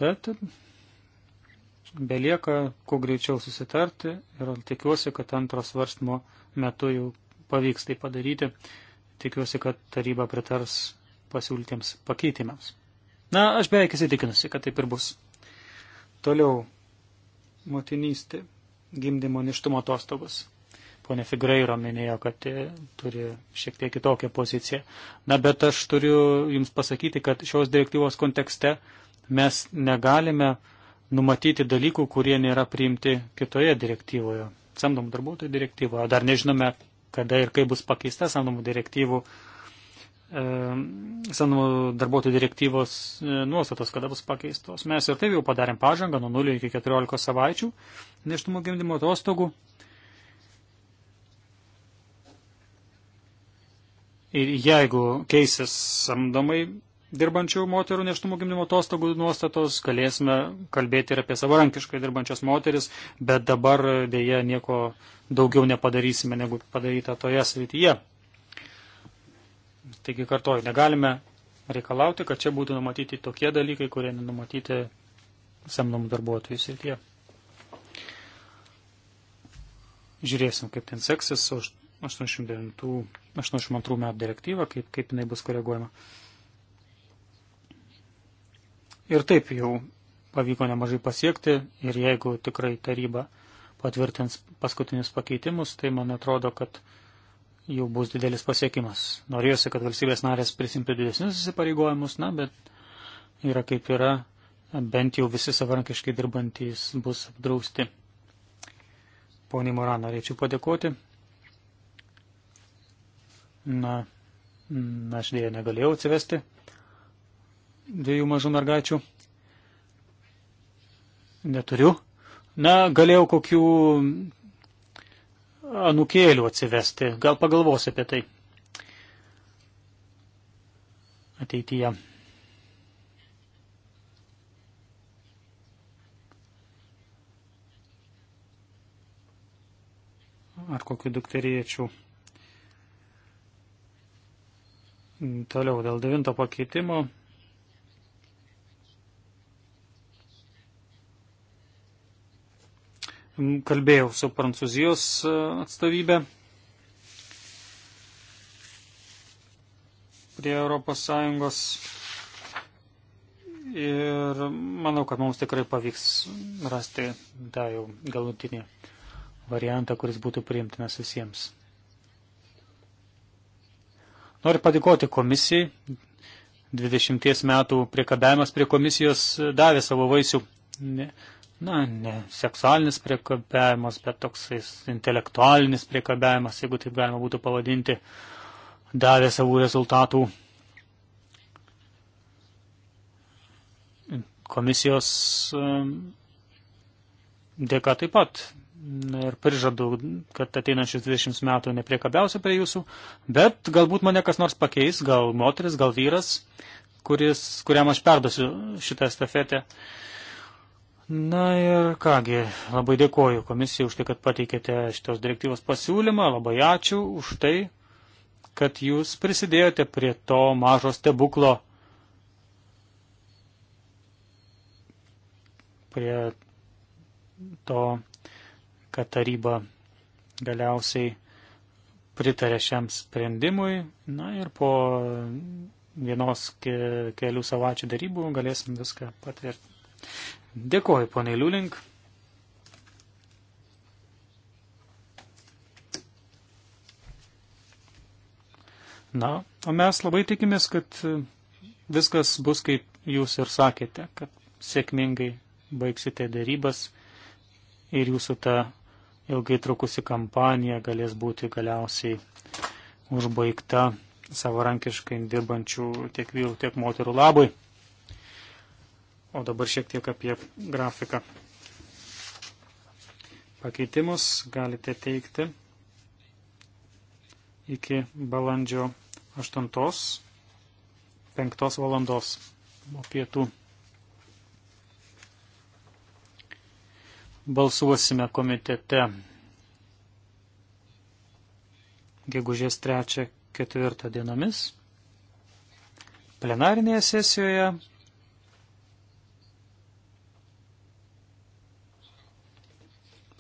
tad belieka kuo greičiau susitarti ir tikiuosi, kad antros varstymo metu jau pavyks tai padaryti. Tikiuosi, kad taryba pritars pasiūlytiems pakeitimams. Na, aš beveik įsitikinusi, kad taip ir bus. Toliau motinystė, gimdymo neštumo atostogos. Pone Figreiro minėjo, kad e, turi šiek tiek kitokią poziciją. Na, bet aš turiu Jums pasakyti, kad šios direktyvos kontekste uh, mes negalime numatyti dalykų, kurie nėra priimti kitoje direktyvoje, samdomų darbuotojų direktyvoje. Dar nežinome, kada ir kaip bus pakeista samdomų direktyvų, e, samdomų darbuotojų direktyvos e, nuostatos, kada bus pakeistos. Mes ir taip jau padarėm pažangą nuo 0 iki 14 savaičių neštumo gimdymo atostogų. Ir jeigu keisis samdomai dirbančių moterų neštumų gimdymo atostogų nuostatos, galėsime kalbėti ir apie savarankiškai dirbančias moteris, bet dabar dėje nieko daugiau nepadarysime, negu padaryta toje srityje. Taigi kartuoju, negalime reikalauti, kad čia būtų numatyti tokie dalykai, kurie nenumatyti samdomų darbuotojų srityje. Žiūrėsim, kaip ten seksis su 89, 82 metų direktyva, kaip, kaip jinai bus koreguojama ir taip jau pavyko nemažai pasiekti ir jeigu tikrai taryba patvirtins paskutinius pakeitimus, tai man atrodo, kad jau bus didelis pasiekimas. Norėjusi, kad valstybės narės prisimtų didesnius įsipareigojimus, na, bet yra kaip yra, bent jau visi savarankiškai dirbantys bus apdrausti. Poniai Mora, norėčiau padėkoti. Na, aš dėja negalėjau atsivesti dviejų mažų mergaičių? Neturiu. Na, galėjau kokių anukėlių atsivesti. Gal pagalvosiu apie tai ateityje. Ar kokiu dukteriečiu. Toliau dėl devinto pakeitimo kalbėjau su Prancūzijos e, atstovybė prie Europos Sąjungos ir manau, kad mums tikrai pavyks rasti tą jau galutinį variantą, kuris būtų priimtinas visiems. Noriu padėkoti komisijai. 20 metų priekabėjimas prie komisijos davė savo vaisių. Ne, na, ne seksualinis priekabiavimas, bet toksai intelektualinis priekabiavimas, jeigu taip galima būtų pavadinti, davė savų rezultatų. Komisijos dėka taip pat. Na ir prižadu, kad ateinančius 20 metų nepriekabiausiu prie jūsų, bet galbūt mane kas nors pakeis, gal moteris, gal vyras, kuris, kuriam aš perduosiu šitą estafetę. Uh, Na ir kągi, labai dėkoju komisijai už tai, kad pateikėte šitos direktyvos pasiūlymą, labai ačiū už tai, kad jūs prisidėjote prie to mažo stebuklo, prie to, kad taryba galiausiai pritarė šiam sprendimui. Na ir po vienos kelių savaičių darybų galėsim viską patvirtinti. Dėkoju, poniai Liulink. Na, o mes labai tikimės, kad viskas bus kaip jūs ir sakėte, kad sėkmingai baigsite dėrybas ir jūsų ta ilgai trukusi kampanija galės būti galiausiai užbaigta savarankiškai dirbančių tiek vyrų, tiek moterų labui. O dabar šiek tiek apie grafiką. Pakeitimus galite teikti iki balandžio 8 5 valandos po pietų. Balsuosime komitete gegužės 3-4 dienomis. Plenarinėje sesijoje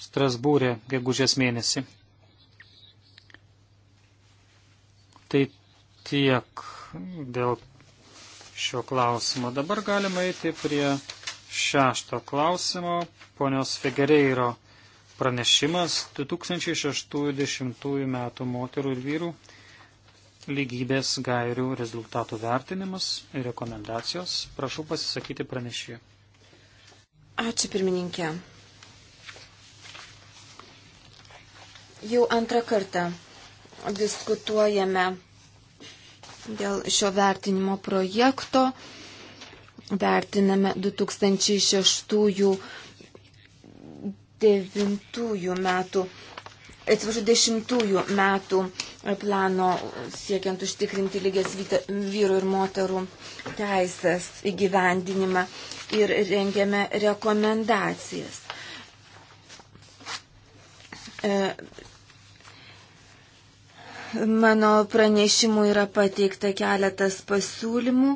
Strasbūrė gegužės mėnesį. Tai tiek dėl šio klausimo. Dabar galima eiti prie šešto klausimo. Ponios Figereiro pranešimas 2060 metų moterų ir vyrų lygybės gairių rezultatų vertinimas ir rekomendacijos. Prašau pasisakyti pranešį. Ačiū pirmininkė. Jau antrą kartą diskutuojame dėl šio vertinimo projekto. Vertiname 2006-2009 metų, atsiprašau, 10 metų plano siekiant užtikrinti lygias vyrų ir moterų teisės įgyvendinimą ir rengiame rekomendacijas e, Mano pranešimų yra pateikta keletas pasiūlymų.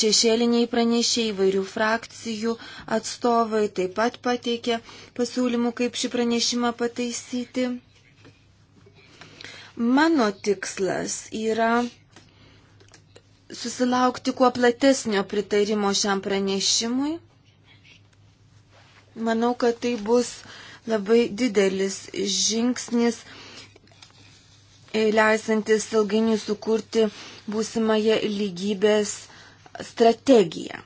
Šešėliniai pranešiai įvairių frakcijų atstovai taip pat pateikė pasiūlymų, kaip šį pranešimą pataisyti. Mano tikslas yra susilaukti kuo platesnio pritarimo šiam pranešimui. Manau, kad tai bus labai didelis žingsnis leisantis ilgainiui sukurti būsimąją lygybės strategiją.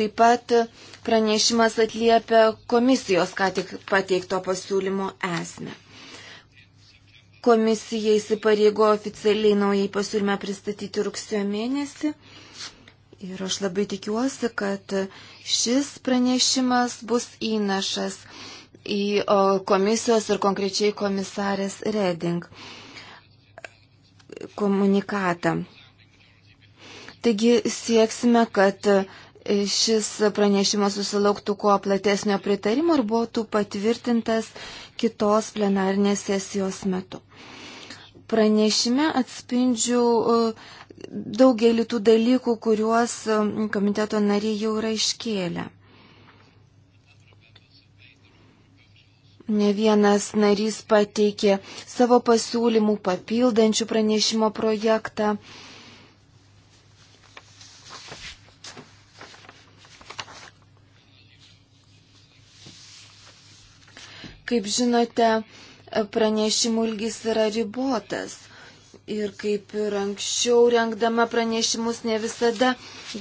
Taip pat pranešimas atliepia komisijos ką tik pateikto pasiūlymo esmę. Komisija įsipareigo oficialiai naujai pasiūlymą pristatyti rugsėjo mėnesį. Ir aš labai tikiuosi, kad šis pranešimas bus įnašas į komisijos ir konkrečiai komisarės Reding komunikatą. Taigi sieksime, kad šis pranešimas susilauktų kuo platesnio pritarimo ir būtų patvirtintas kitos plenarinės sesijos metu. Pranešime atspindžiu uh, daugelį tų dalykų, kuriuos um, komiteto nariai jau yra iškėlę. Ne vienas narys pateikė savo pasiūlymų papildančių pranešimo projektą. Kaip žinote, pranešimų ilgis yra ribotas ir kaip ir anksčiau rengdama pranešimus ne visada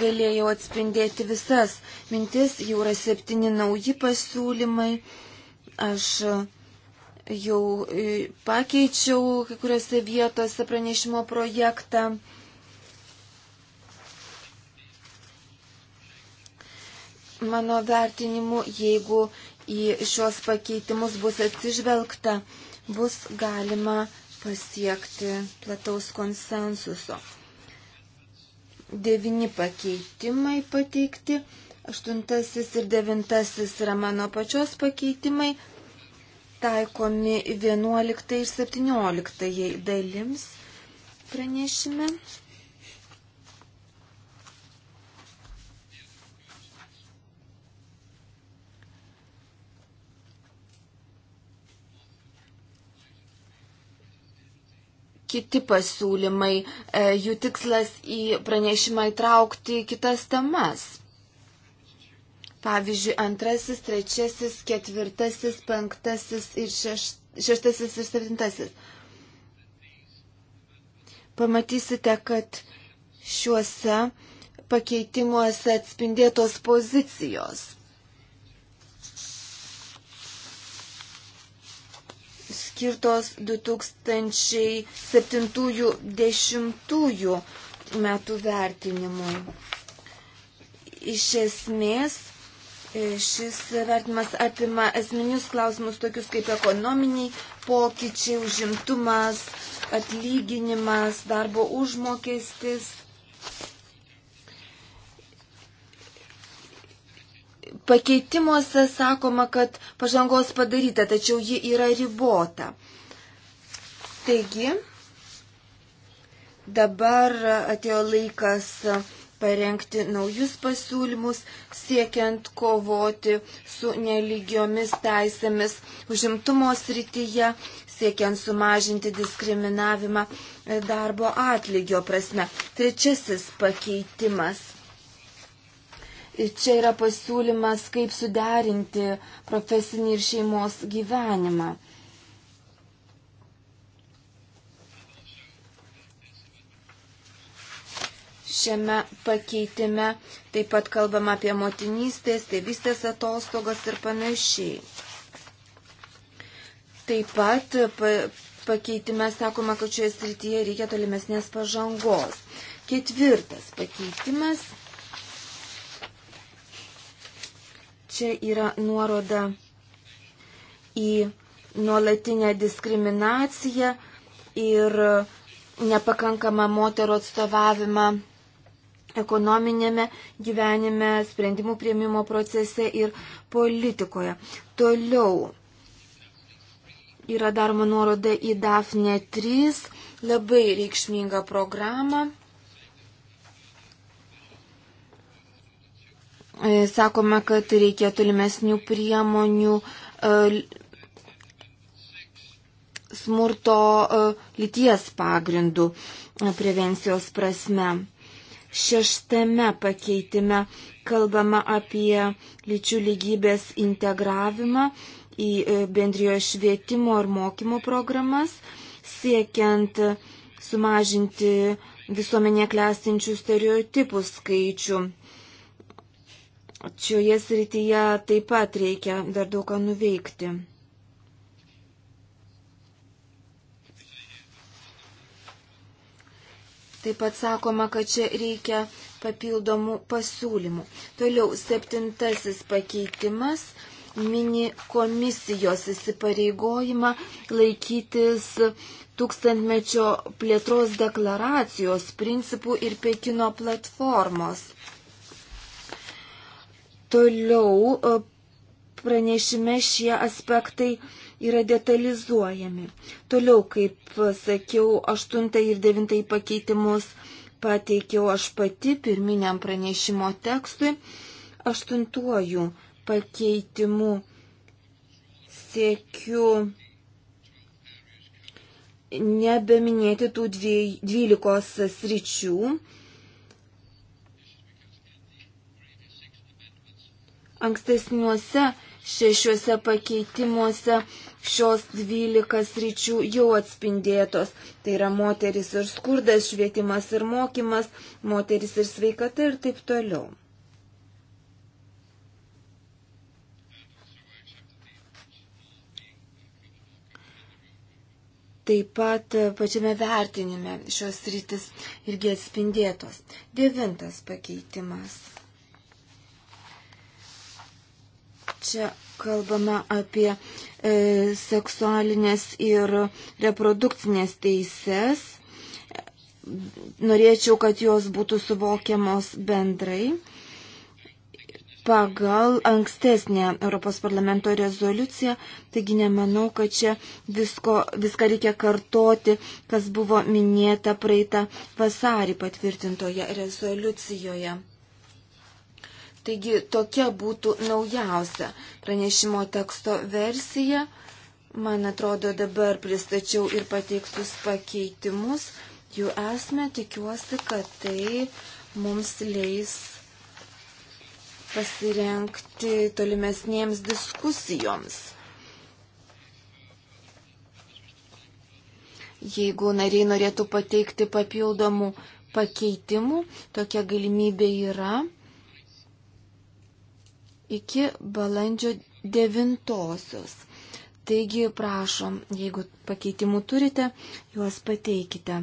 galėjau atspindėti visas mintis, jau yra septyni nauji pasiūlymai, aš jau e, pakeičiau kai kuriuose vietose pranešimo projektą. Mano vertinimu, jeigu į šios pakeitimus bus atsižvelgta, bus galima pasiekti plataus konsensuso. Devini pakeitimai pateikti, aštuntasis ir devintasis yra mano pačios pakeitimai, taikomi vienuoliktai ir septynioliktai dalims pranešime. kiti pasiūlymai, e, jų tikslas į pranešimą įtraukti kitas temas. Pavyzdžiui, antrasis, trečiasis, ketvirtasis, penktasis ir šeštasis ir septintasis. Pamatysite, kad šiuose pakeitimuose atspindėtos pozicijos skirtos 2007-2010 metų vertinimui. Iš esmės, e, šis vertinimas apima esminius klausimus tokius kaip ekonominiai pokyčiai, užimtumas, atlyginimas, darbo užmokestis, Pakeitimuose sakoma, kad pažangos padaryta, tačiau ji yra ribota. Taigi, dabar atėjo laikas parengti naujus pasiūlymus, siekiant kovoti su neligiomis teisėmis užimtumo srityje, siekiant sumažinti diskriminavimą darbo atlygio prasme. Trečiasis pakeitimas Čia yra pasiūlymas, kaip suderinti profesinį ir šeimos gyvenimą. Šiame pakeitime taip pat kalbama apie motinystės, tėvystės atostogas ir panašiai. Taip pat pakeitime sakoma, kad šioje srityje reikia tolimesnės pažangos. Ketvirtas pakeitimas – Čia yra nuoroda į nuolatinę diskriminaciją ir nepakankamą moterų atstovavimą ekonominėme gyvenime, sprendimų prieimimo procese ir politikoje. Toliau yra daroma nuoroda į DAFNE 3, labai reikšmingą programą. E, sakome, kad reikia tolimesnių priemonių e, smurto e, lyties pagrindų prevencijos prasme. Šeštame pakeitime kalbama apie lyčių lygybės integravimą į bendrijoje švietimo ir mokymo programas, siekiant sumažinti visuomenė klestinčių stereotipų skaičių šioje srityje taip pat reikia dar daug ką nuveikti. Taip pat sakoma, kad čia reikia papildomų pasiūlymų. Toliau septintasis pakeitimas mini komisijos įsipareigojimą laikytis tūkstantmečio plėtros deklaracijos principų ir Pekino platformos. Toliau e, pranešime šie aspektai yra detalizuojami. Toliau, kaip sakiau, 8 ir 9 pakeitimus pateikiau aš pati pirminiam pranešimo tekstui. Aštuntuoju pakeitimu siekiu nebeminėti tų dvylikos sričių, Ankstesniuose šešiuose pakeitimuose šios dvylikas ryčių jau atspindėtos. Tai yra moteris ir skurdas, švietimas ir mokymas, moteris ir sveikata ir taip toliau. Taip pat pačiame vertinime šios rytis irgi atspindėtos. Devintas pakeitimas. Čia kalbama apie e, seksualinės ir reprodukcinės teises. Norėčiau, kad jos būtų suvokiamos bendrai. Pagal ankstesnę Europos parlamento rezoliuciją, taigi nemanau, kad čia visko, viską reikia kartoti, kas buvo minėta praeitą vasarį patvirtintoje rezoliucijoje. Taigi tokia būtų naujausia pranešimo teksto versija. Man atrodo, dabar pristačiau ir pateiktus pakeitimus. Jų esmę tikiuosi, kad tai mums leis pasirenkti tolimesnėms diskusijoms. Jeigu nariai norėtų pateikti papildomų pakeitimų, tokia galimybė yra iki balandžio 9. Taigi prašom, jeigu pakeitimų turite, juos pateikite.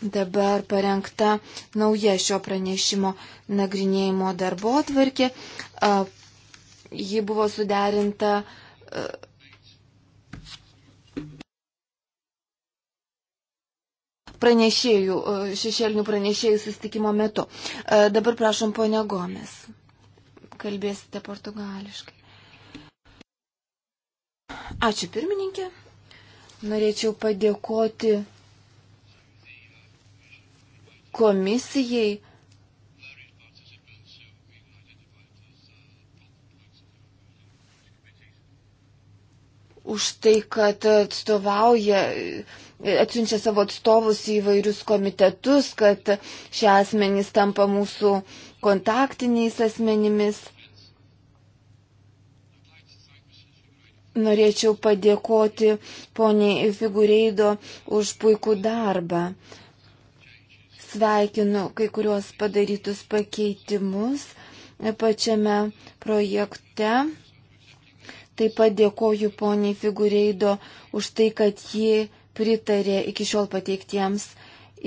Dabar parengta nauja šio pranešimo nagrinėjimo darbo atvarkė. Ji buvo suderinta pranešėjų, e, šešėlinių pranešėjų sustikimo metu. E, dabar prašom ponia Gomes. Kalbėsite portugališkai. Ačiū pirmininkė. Norėčiau padėkoti komisijai. Už tai, kad atstovauja uh, atsiunčia savo atstovus į vairius komitetus, kad šie asmenys tampa mūsų kontaktiniais asmenimis. Norėčiau padėkoti poniai Figureido už puikų darbą. Sveikinu kai kuriuos padarytus pakeitimus pačiame projekte. Taip pat dėkoju poniai Figureido už tai, kad ji pritarė iki šiol pateiktiems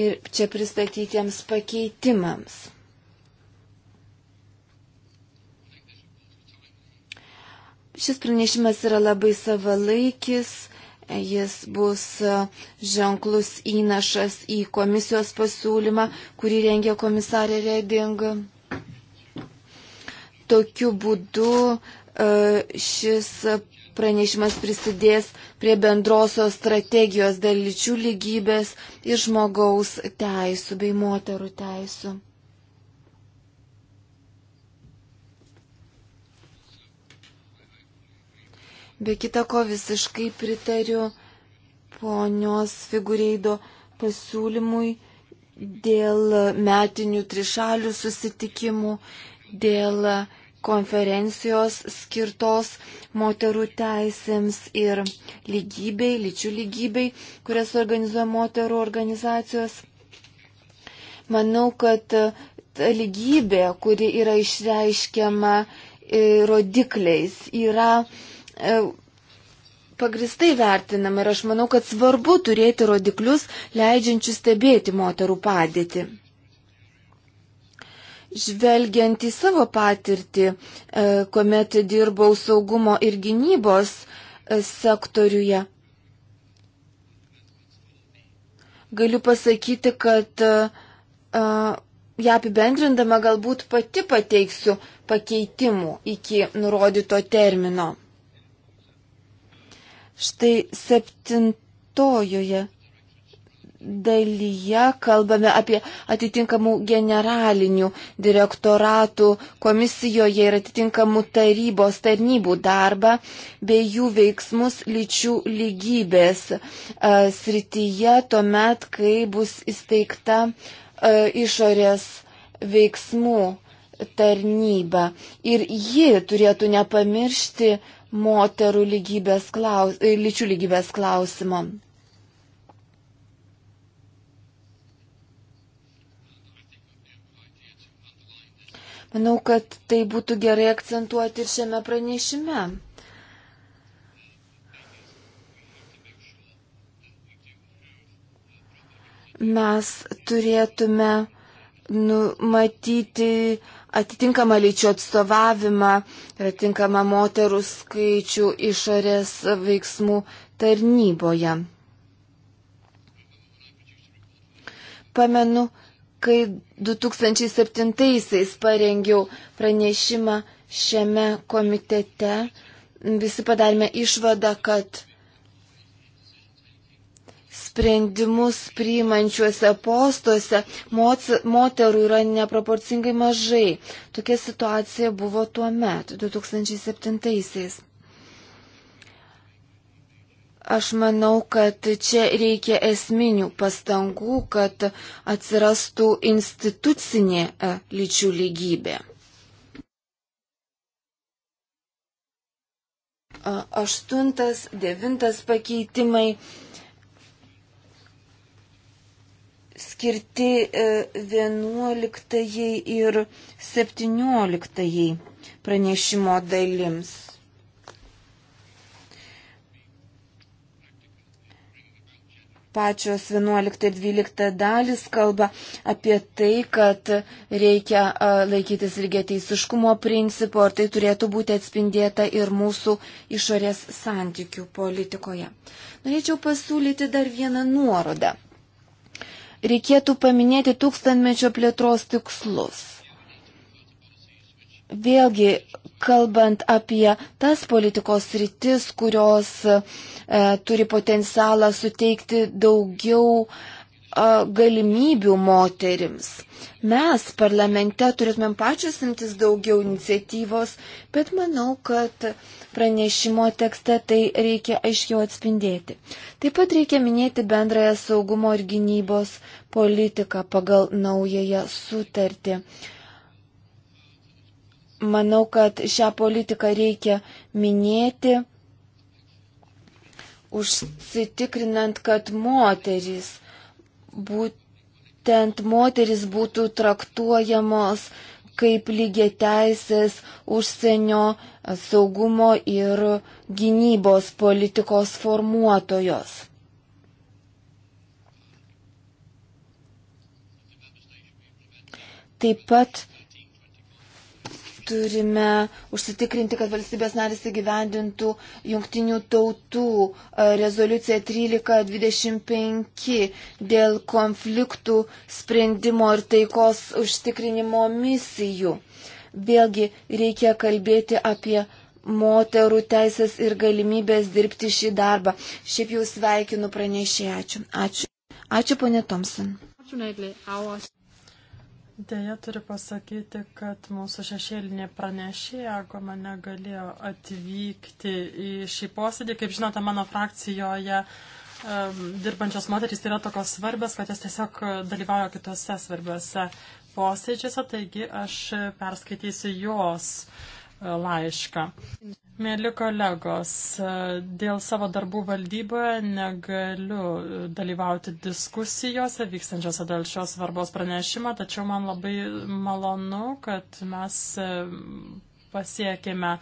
ir čia pristatytiems pakeitimams. Šis pranešimas yra labai savalaikis, jis bus ženklus įnašas į komisijos pasiūlymą, kurį rengė komisarė Reding. Tokiu būdu e, šis pranešimas prisidės prie bendrosios strategijos dėl lyčių lygybės ir žmogaus teisų bei moterų teisų. Be kita ko visiškai pritariu ponios figureido pasiūlymui dėl metinių trišalių susitikimų, dėl uh, konferencijos skirtos moterų teisėms ir lygybei, lyčių lygybei, kurias organizuoja moterų organizacijos. Manau, kad ta e, lygybė, kuri yra išreiškiama e, rodikliais, yra e, pagristai vertinama ir aš manau, kad svarbu turėti rodiklius, leidžiančius stebėti moterų padėtį. Žvelgiant į savo patirtį, e, kuomet dirbau saugumo ir gynybos e, sektoriuje, galiu pasakyti, kad e, ją apibendrindama galbūt pati pateiksiu pakeitimų iki nurodyto termino. Štai septintojoje dalyje kalbame apie atitinkamų generalinių direktoratų komisijoje ir atitinkamų tarybos tarnybų darbą bei jų veiksmus lyčių lygybės a, e, srityje tuomet, kai bus įsteigta a, e, išorės veiksmų tarnyba. Ir ji turėtų nepamiršti moterų lygybės klaus, lyčių lygybės klausimo. Manau, kad tai būtų gerai akcentuoti ir šiame pranešime. Mes turėtume numatyti atitinkamą lyčių atstovavimą ir atitinkamą moterų skaičių išorės veiksmų tarnyboje. Pamenu, kai 2007-aisiais parengiau pranešimą šiame komitete, visi padarėme išvadą, kad sprendimus priimančiuose postuose moterų yra neproporcingai mažai. Tokia situacija buvo tuo metu, 2007-aisiais. Aš manau, kad čia reikia esminių pastangų, kad atsirastų institucinė e, lyčių lygybė. Aštuntas, devintas pakeitimai skirti e, vienuoliktajai ir septynioliktajai pranešimo dalims. pačios 11 ir 12 dalis kalba apie tai, kad reikia laikytis lygiai teisiškumo principo, ar tai turėtų būti atspindėta ir mūsų išorės santykių politikoje. Norėčiau pasiūlyti dar vieną nuorodą. Reikėtų paminėti tūkstantmečio plėtros tikslus. Vėlgi, kalbant apie tas politikos rytis, kurios e, turi potencialą suteikti daugiau e, galimybių moterims. Mes parlamente turėtumėm pačios imtis daugiau iniciatyvos, bet manau, kad pranešimo tekste tai reikia aiškiau atspindėti. Taip pat reikia minėti bendrąją saugumo ir gynybos politiką pagal naująją sutartį. E, Manau, kad šią politiką reikia minėti, užsitikrinant, kad moteris, būtent moteris būtų traktuojamos kaip lygiai teisės užsienio saugumo ir gynybos politikos formuotojos. Taip pat turime užsitikrinti, kad valstybės narys įgyvendintų jungtinių tautų e, rezoliuciją 1325 dėl konfliktų sprendimo ir taikos užtikrinimo misijų. Vėlgi reikia kalbėti apie moterų teisės ir galimybės dirbti šį darbą. Šiaip jau sveikinu pranešėjai. Ačiū. Ačiū. Ačiū, ponė Thompson. Ačiū, Deja, turiu pasakyti, kad mūsų šešėlinė pranešėja, Goma, negalėjo atvykti į šį posėdį. Kaip žinote, mano frakcijoje um, dirbančios moterys yra tokios svarbios, kad jos tiesiog dalyvauja kitose svarbiose posėdžiuose, taigi aš perskaitysiu jos uh, laišką. Mėly kolegos, dėl savo darbų valdyboje negaliu dalyvauti diskusijose vykstančiose dėl šios svarbos pranešimo, tačiau man labai malonu, kad mes pasiekėme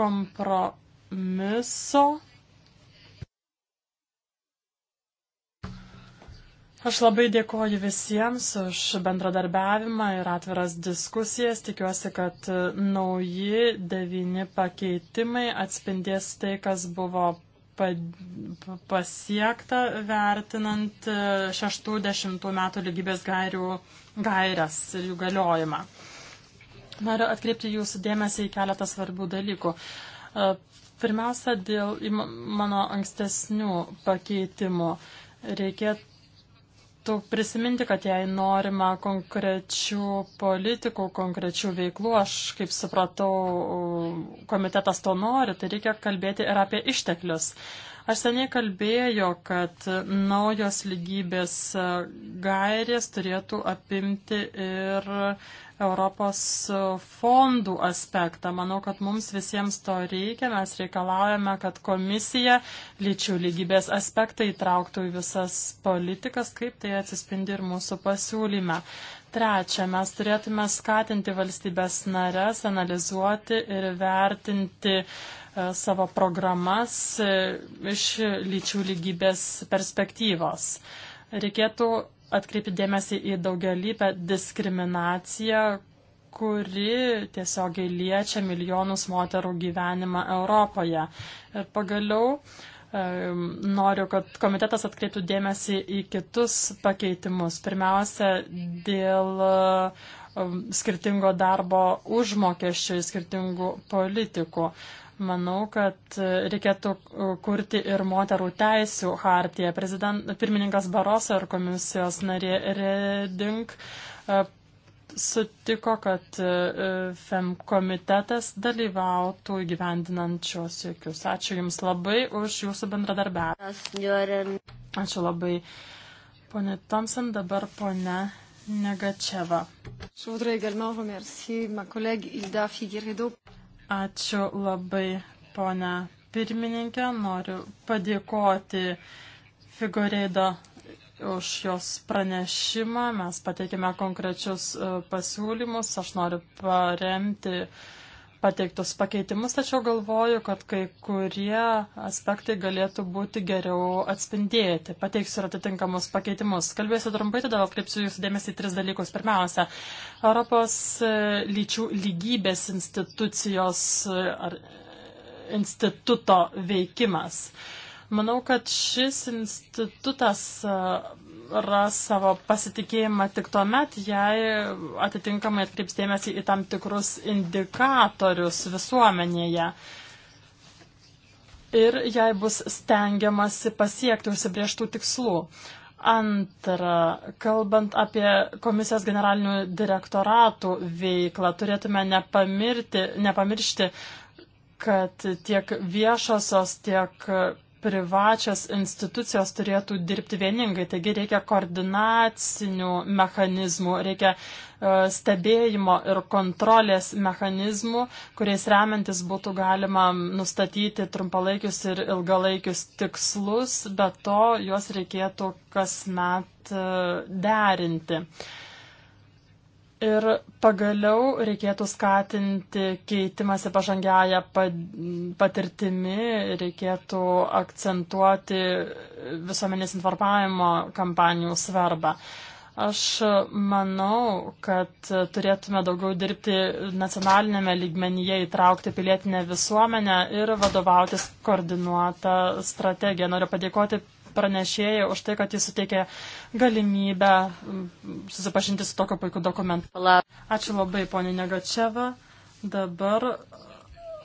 kompromiso Aš labai dėkoju visiems už bendradarbiavimą ir atviras diskusijas. Tikiuosi, kad e, nauji devyni pakeitimai atspindės tai, kas buvo pasiekta vertinant 60 e, metų lygybės gairių, gairias ir jų galiojimą. Noriu atkreipti jūsų dėmesį į keletą svarbių dalykų. E, pirmiausia, dėl mano ankstesnių pakeitimų reikėtų reikėtų prisiminti, kad jei norima konkrečių politikų, konkrečių veiklų, aš kaip supratau, komitetas to nori, tai reikia kalbėti ir apie išteklius. Aš seniai kalbėjau, kad naujos lygybės e, gairės turėtų apimti ir Europos fondų aspektą. Manau, kad mums visiems to reikia. Mes reikalaujame, kad komisija lyčių lygybės aspektą įtrauktų į visas politikas, kaip tai atsispindi ir mūsų pasiūlyme. Trečia, mes turėtume skatinti valstybės narės analizuoti ir vertinti uh, E, savo programas e, iš lyčių lygybės perspektyvos. Reikėtų atkreipti dėmesį į daugialypę diskriminaciją, kuri tiesiogiai liečia milijonus moterų gyvenimą Europoje. Ir pagaliau e, noriu, kad komitetas atkreiptų dėmesį į kitus pakeitimus. Pirmiausia, dėl skirtingo darbo užmokesčio ir skirtingų politikų. Manau, kad e, reikėtų e, kurti ir moterų teisų hartiją. Prezident, pirmininkas Baroso ir komisijos narė Reding e, sutiko, kad FEM komitetas dalyvautų įgyvendinant šios siekius. Ačiū Jums labai už Jūsų bendradarbiavimą. Ačiū labai. Pone Thompson, dabar pone Negačeva. Je voudrais également remercier ma collègue Hilda Figueredo Ačiū labai, ponia pirmininkė. Noriu padėkoti Figoreido už jos pranešimą. Mes pateikėme konkrečius e, pasiūlymus. Aš noriu paremti uh, pateiktus pakeitimus, tačiau galvoju, kad kai kurie aspektai galėtų būti geriau atspindėti. Pateiksiu ir atitinkamus pakeitimus. Kalbėsiu trumpai, todėl atkreipsiu jūsų dėmesį į tris dalykus. Pirmiausia, Europos e, lyčių lygybės institucijos e, ar instituto veikimas. Manau, kad šis institutas e, ras savo pasitikėjimą tik tuomet, jei atitinkamai atkreips dėmesį į tam tikrus indikatorius visuomenėje. Ir jei bus stengiamasi pasiekti užsibrieštų tikslų. Antra, kalbant apie komisijos generalinių direktoratų veiklą, turėtume nepamirti, nepamiršti, kad tiek viešosios, tiek privačios institucijos turėtų dirbti vieningai. Taigi reikia koordinacinių mechanizmų, reikia e, stebėjimo ir kontrolės mechanizmų, kuriais remiantis būtų galima nustatyti trumpalaikius ir ilgalaikius tikslus, bet to juos reikėtų kasmet e, derinti. Ir pagaliau reikėtų skatinti keitimąsi pažangiają patirtimi, reikėtų akcentuoti visuomenės informavimo kampanijų svarbą. Aš manau, kad turėtume daugiau dirbti nacionalinėme lygmenyje, įtraukti pilietinę visuomenę ir vadovautis koordinuotą strategiją. Noriu padėkoti pranešėjai už tai, kad jis suteikė galimybę susipažinti su tokio puikiu dokumentu. Ačiū labai, ponė Negačeva. Dabar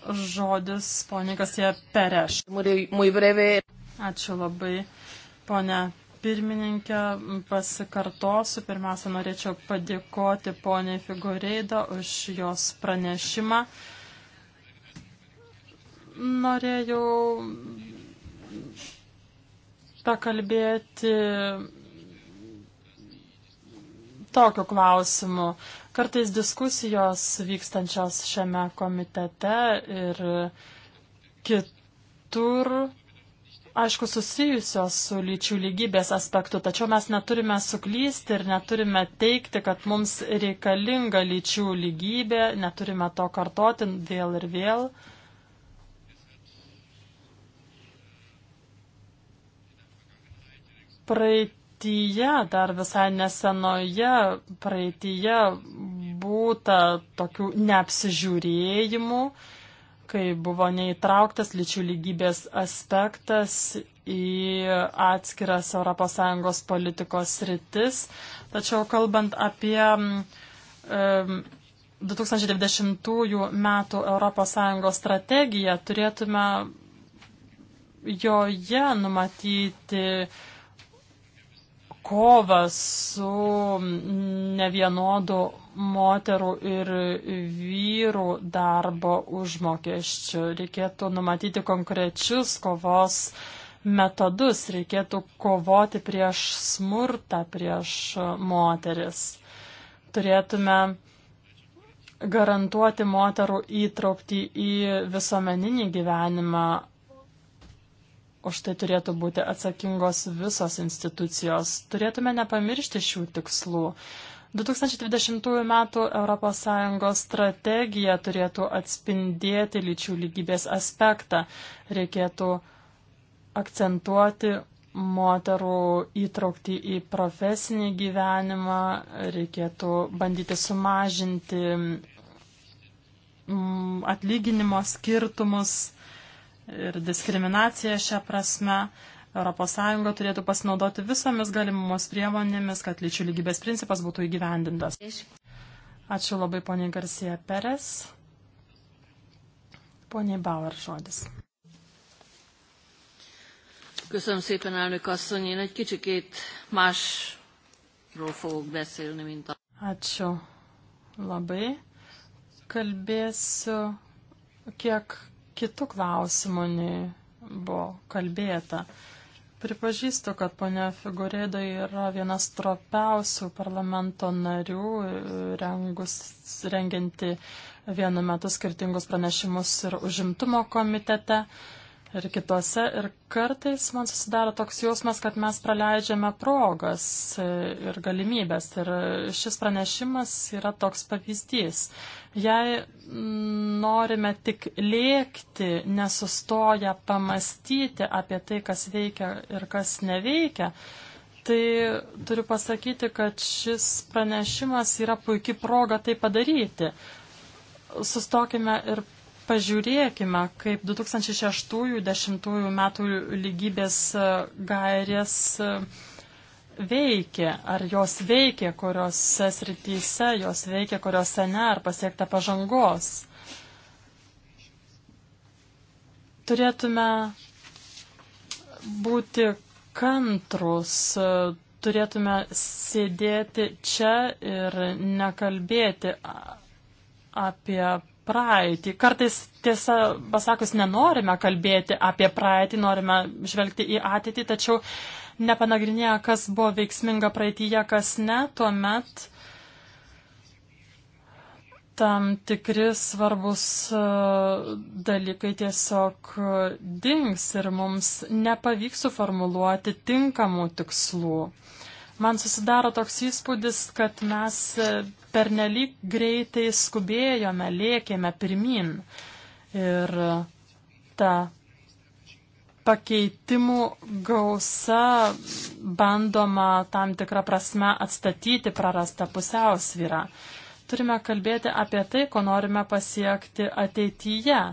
žodis ponė Kasie Pereš. Ačiū labai, ponė pirmininkė, pasikartosiu. Pirmiausia, norėčiau padėkoti poniai Figureido už jos pranešimą. Norėjau pakalbėti tokiu klausimu. Kartais diskusijos vykstančios šiame komitete ir kitur, aišku, susijusios su lyčių lygybės aspektu, tačiau mes neturime suklysti ir neturime teikti, kad mums reikalinga lyčių lygybė, neturime to kartoti vėl ir vėl. praeitįje, dar visai nesenoje praeitįje būta tokių neapsižiūrėjimų, kai buvo neįtrauktas lyčių lygybės aspektas į atskiras ES politikos sritis. Tačiau kalbant apie um, 2020 metų ES strategiją, turėtume joje numatyti uh, kovą su nevienodu moterų ir vyrų darbo užmokesčiu. Reikėtų numatyti konkrečius kovos metodus, reikėtų kovoti prieš smurtą, prieš moteris. Turėtume garantuoti moterų įtraukti į visuomeninį gyvenimą, Už tai turėtų būti atsakingos visos institucijos. Turėtume nepamiršti šių tikslų. 2020 m. ES strategija turėtų atspindėti lyčių lygybės aspektą. Reikėtų akcentuoti moterų įtraukti į profesinį gyvenimą, reikėtų bandyti sumažinti mm, atlyginimo skirtumus ir diskriminaciją šią prasme. ES turėtų pasinaudoti visomis galimumos priemonėmis, kad lyčių lygybės principas būtų įgyvendintas. Ačiū labai poniai Garcia Peres. Poniai Bauer žodis. Köszönöm szépen, elnök asszony. Én egy kicsikét másról fogok beszélni, mint a... Ačiū labai. Kalbėsiu kiek kitų klausimų nei buvo kalbėta. Pripažįstu, kad ponia Figurėda yra vienas tropiausių parlamento narių, rengus, rengianti vienu metu skirtingus pranešimus ir užimtumo komitete. Uh, ir kitose. Ir kartais man susidaro toks jausmas, kad mes praleidžiame progas ir galimybės. Ir šis pranešimas yra toks pavyzdys. Jei norime tik lėkti, nesustoja pamastyti apie tai, kas veikia ir kas neveikia, tai turiu pasakyti, kad šis pranešimas yra puikia proga tai padaryti sustokime ir Pažiūrėkime, kaip 2006-2010 metų lygybės e, gairės e, veikia, ar jos veikia, kuriuose srityse jos veikia, kuriuose ne, ar pasiekta pažangos. Turėtume būti kantrus, e, turėtume sėdėti čia ir nekalbėti apie praeitį. Kartais, tiesa, pasakus, nenorime kalbėti apie praeitį, norime žvelgti į ateitį, tačiau nepanagrinėję, kas buvo veiksminga praeitįje, kas ne, tuomet tam tikri svarbus e, dalykai tiesiog dings ir mums nepavyks suformuluoti tinkamų tikslų. Man susidaro toks įspūdis, kad mes pernelyg greitai skubėjome, lėkėme pirmin. Ir ta pakeitimų gausa bandoma tam tikrą prasme atstatyti prarastą pusiausvyrą. Turime kalbėti apie tai, ko norime pasiekti ateityje.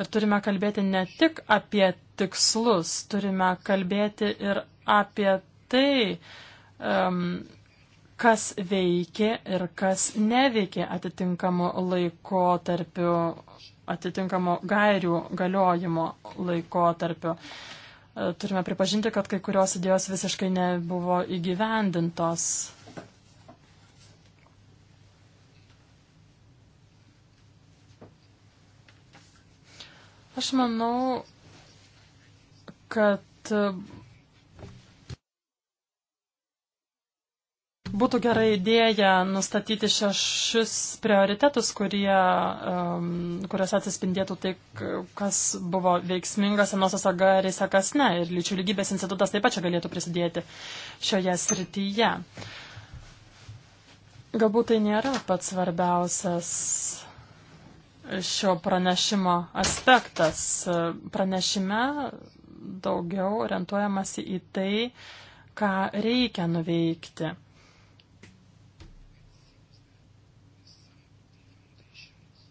Ir turime kalbėti ne tik apie tikslus, turime kalbėti ir apie tai, um, kas veikė ir kas neveikė atitinkamu laikotarpiu, atitinkamu gairių galiojimo laikotarpiu. E, turime pripažinti, kad kai kurios idėjos visiškai nebuvo įgyvendintos. Aš manau, kad Būtų gera idėja nustatyti šešis prioritetus, kurie, um, kuriuose atsispindėtų tai, kas buvo veiksminga senosios agarėse, kas ne. Ir lyčių lygybės institutas taip pat čia galėtų prisidėti šioje srityje. Galbūt tai nėra pats svarbiausias šio pranešimo aspektas. Pranešime daugiau orientuojamasi į tai, ką reikia nuveikti.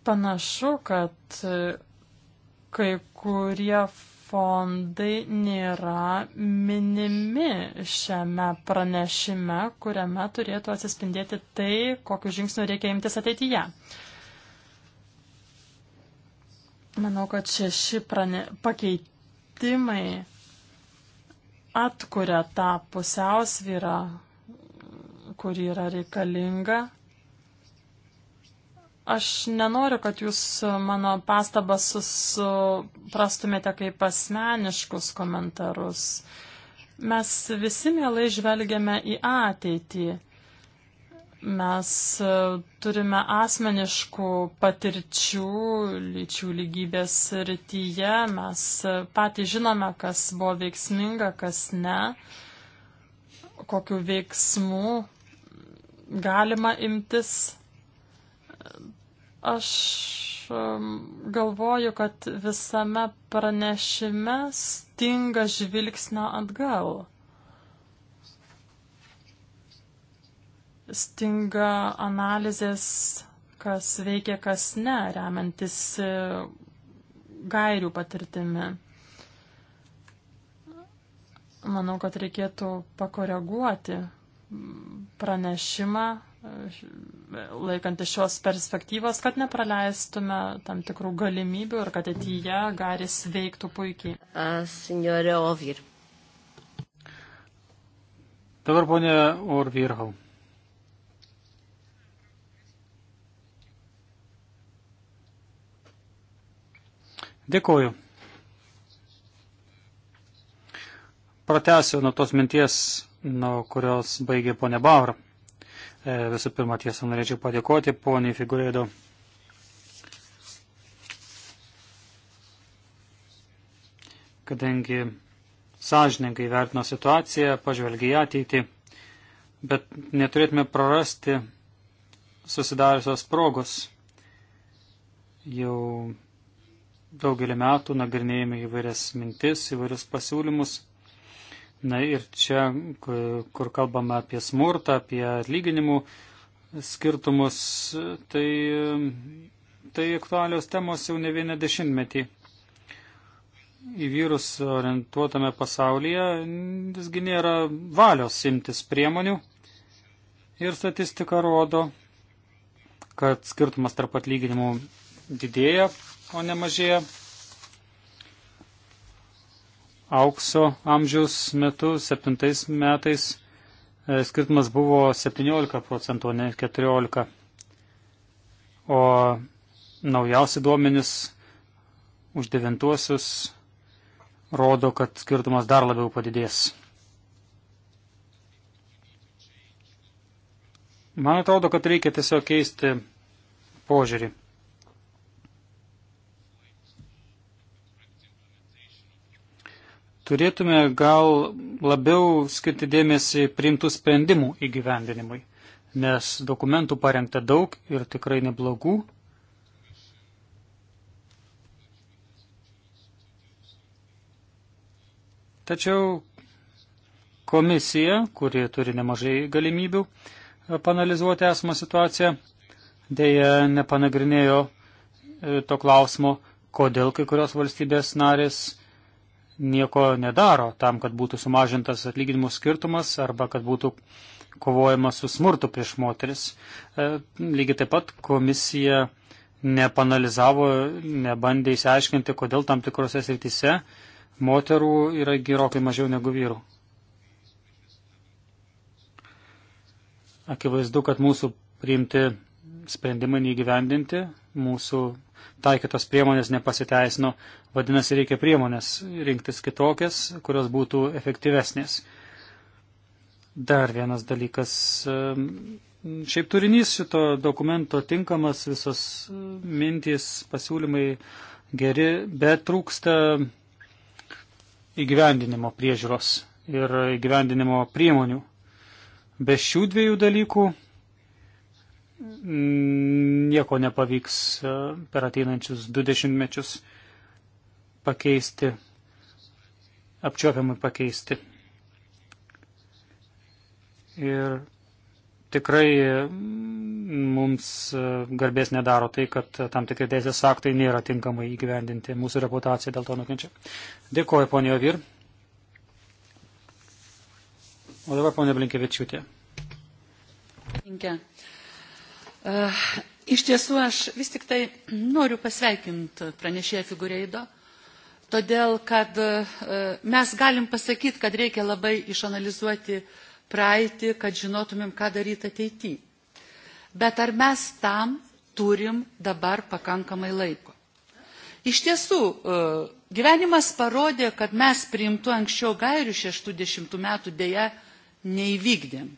Panašu, kad e, kai kurie fondai nėra minimi šiame pranešime, kuriame turėtų atsispindėti tai, kokiu žingsniu reikia imtis ateityje. Manau, kad šeši prane... pakeitimai atkuria tą pusiausvyrą, kuri yra reikalinga Aš nenoriu, kad jūs e, mano pastabas suprastumėte kaip asmeniškus komentarus. Mes visi mielai žvelgiame į ateitį. Mes e, turime asmeniškų patirčių lyčių lygybės rytyje. Mes e, patys žinome, kas buvo veiksminga, kas ne, kokiu veiksmu galima imtis Aš um, galvoju, kad visame pranešime stinga žvilgsnio atgal. Stinga analizės, kas veikia, kas ne, remiantis e, gairių patirtimi. Manau, kad reikėtų pakoreguoti pranešimą E, laikantis šios perspektyvos, kad nepraleistume tam tikrų galimybių ir kad ateityje garis veiktų puikiai. Signorė Ovir. Dabar ponė Orvirhau. Dėkuoju. Pratęsiu nuo tos minties, nuo kurios baigė ponė Bauer. E, visų pirma, tiesą norėčiau padėkoti poniai Figurėdo. Kadangi sąžininkai vertino situaciją, pažvelgia į ateitį, bet neturėtume prarasti susidariusios progos. Jau daugelį metų nagrinėjame įvairias mintis, įvairius pasiūlymus Na ir čia, kur kalbame apie smurtą, apie atlyginimų skirtumus, tai, tai aktualios temos jau ne vieną dešimtmetį. Į vyrus orientuotame pasaulyje visgi nėra valios imtis priemonių. Ir statistika rodo, kad skirtumas tarp atlyginimų didėja, o ne mažėja aukso amžiaus metu, septintais metais, e, skirtumas buvo 17 procentų, ne 14. O naujausi duomenys už devintuosius rodo, kad skirtumas dar labiau padidės. Man atrodo, kad reikia tiesiog keisti požiūrį. turėtume gal labiau skirti dėmesį priimtų sprendimų įgyvendinimui, nes dokumentų parengta daug ir tikrai neblogų. Tačiau komisija, kuri turi nemažai galimybių panalizuoti esamą situaciją, dėja nepanagrinėjo e, to klausimo, kodėl kai kurios valstybės narės nieko nedaro tam, kad būtų sumažintas atlyginimų skirtumas arba kad būtų kovojama su smurtu prieš moteris. E, lygiai taip pat komisija nepanalizavo, nebandė įsiaiškinti, kodėl tam tikrose srityse moterų yra gerokai mažiau negu vyrų. Akivaizdu, kad mūsų priimti sprendimai neįgyvendinti, mūsų taikytos priemonės nepasiteisino, vadinasi, reikia priemonės rinktis kitokias, kurios būtų efektyvesnės. Dar vienas dalykas. Šiaip turinys šito dokumento tinkamas, visos mintys, pasiūlymai geri, bet trūksta įgyvendinimo priežiūros ir įgyvendinimo priemonių. Be šių dviejų dalykų nieko nepavyks e, per ateinančius du dešimtmečius pakeisti, apčiopiamai pakeisti. Ir tikrai mm, mums e, garbės nedaro tai, kad tam tikri teisės aktai nėra tinkamai įgyvendinti. Mūsų reputacija dėl to nukenčia. Dėkuoju, ponė Ovir. O dabar ponė Blinkevičiūtė. Linkia. Eh, iš tiesų, aš vis tik tai noriu pasveikinti pranešėją figureido, todėl kad eh, mes galim pasakyti, kad reikia labai išanalizuoti praeitį, kad žinotumėm, ką daryti ateityje. Bet ar mes tam turim dabar pakankamai laiko? Iš tiesų, eh, gyvenimas parodė, kad mes priimtų anksčiau gairių 60 metų dėja neįvykdėm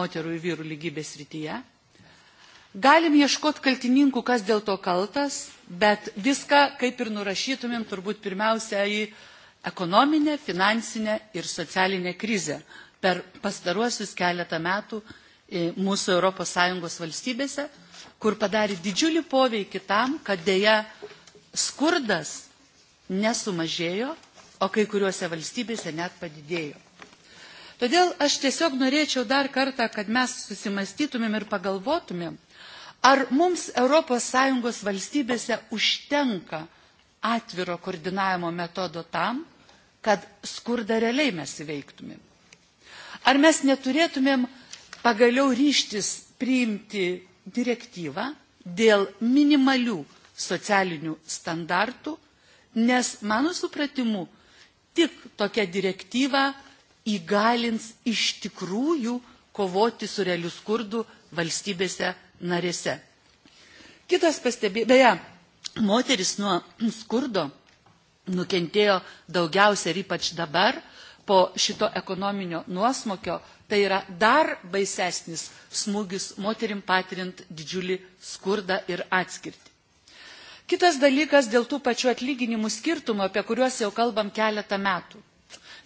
moterų ir vyrų lygybės rytyje Galim ieškoti kaltininkų, kas dėl to kaltas, bet viską kaip ir nurašytumėm turbūt pirmiausia į ekonominę, finansinę ir socialinę krizę per pastaruosius keletą metų e, mūsų ES valstybėse, kur padarė didžiulį poveikį tam, kad dėja skurdas nesumažėjo, o kai kuriuose valstybėse net padidėjo. Todėl aš tiesiog norėčiau dar kartą, kad mes susimastytumėm ir pagalvotumėm, Ar mums ES valstybėse užtenka atviro koordinavimo metodo tam, kad skurdą realiai mes įveiktumėm? Ar mes neturėtumėm pagaliau ryštis priimti direktyvą dėl minimalių socialinių standartų, nes mano supratimu, tik tokia direktyva įgalins iš tikrųjų kovoti su realiu skurdu valstybėse narėse. Kitas pastebėjimas, beje, moteris nuo skurdo nukentėjo daugiausia ir ypač dabar po šito ekonominio nuosmokio, tai yra dar baisesnis smūgis moterim patirint didžiulį skurdą ir atskirtį. Kitas dalykas dėl tų pačių atlyginimų skirtumų, apie kuriuos jau kalbam keletą metų.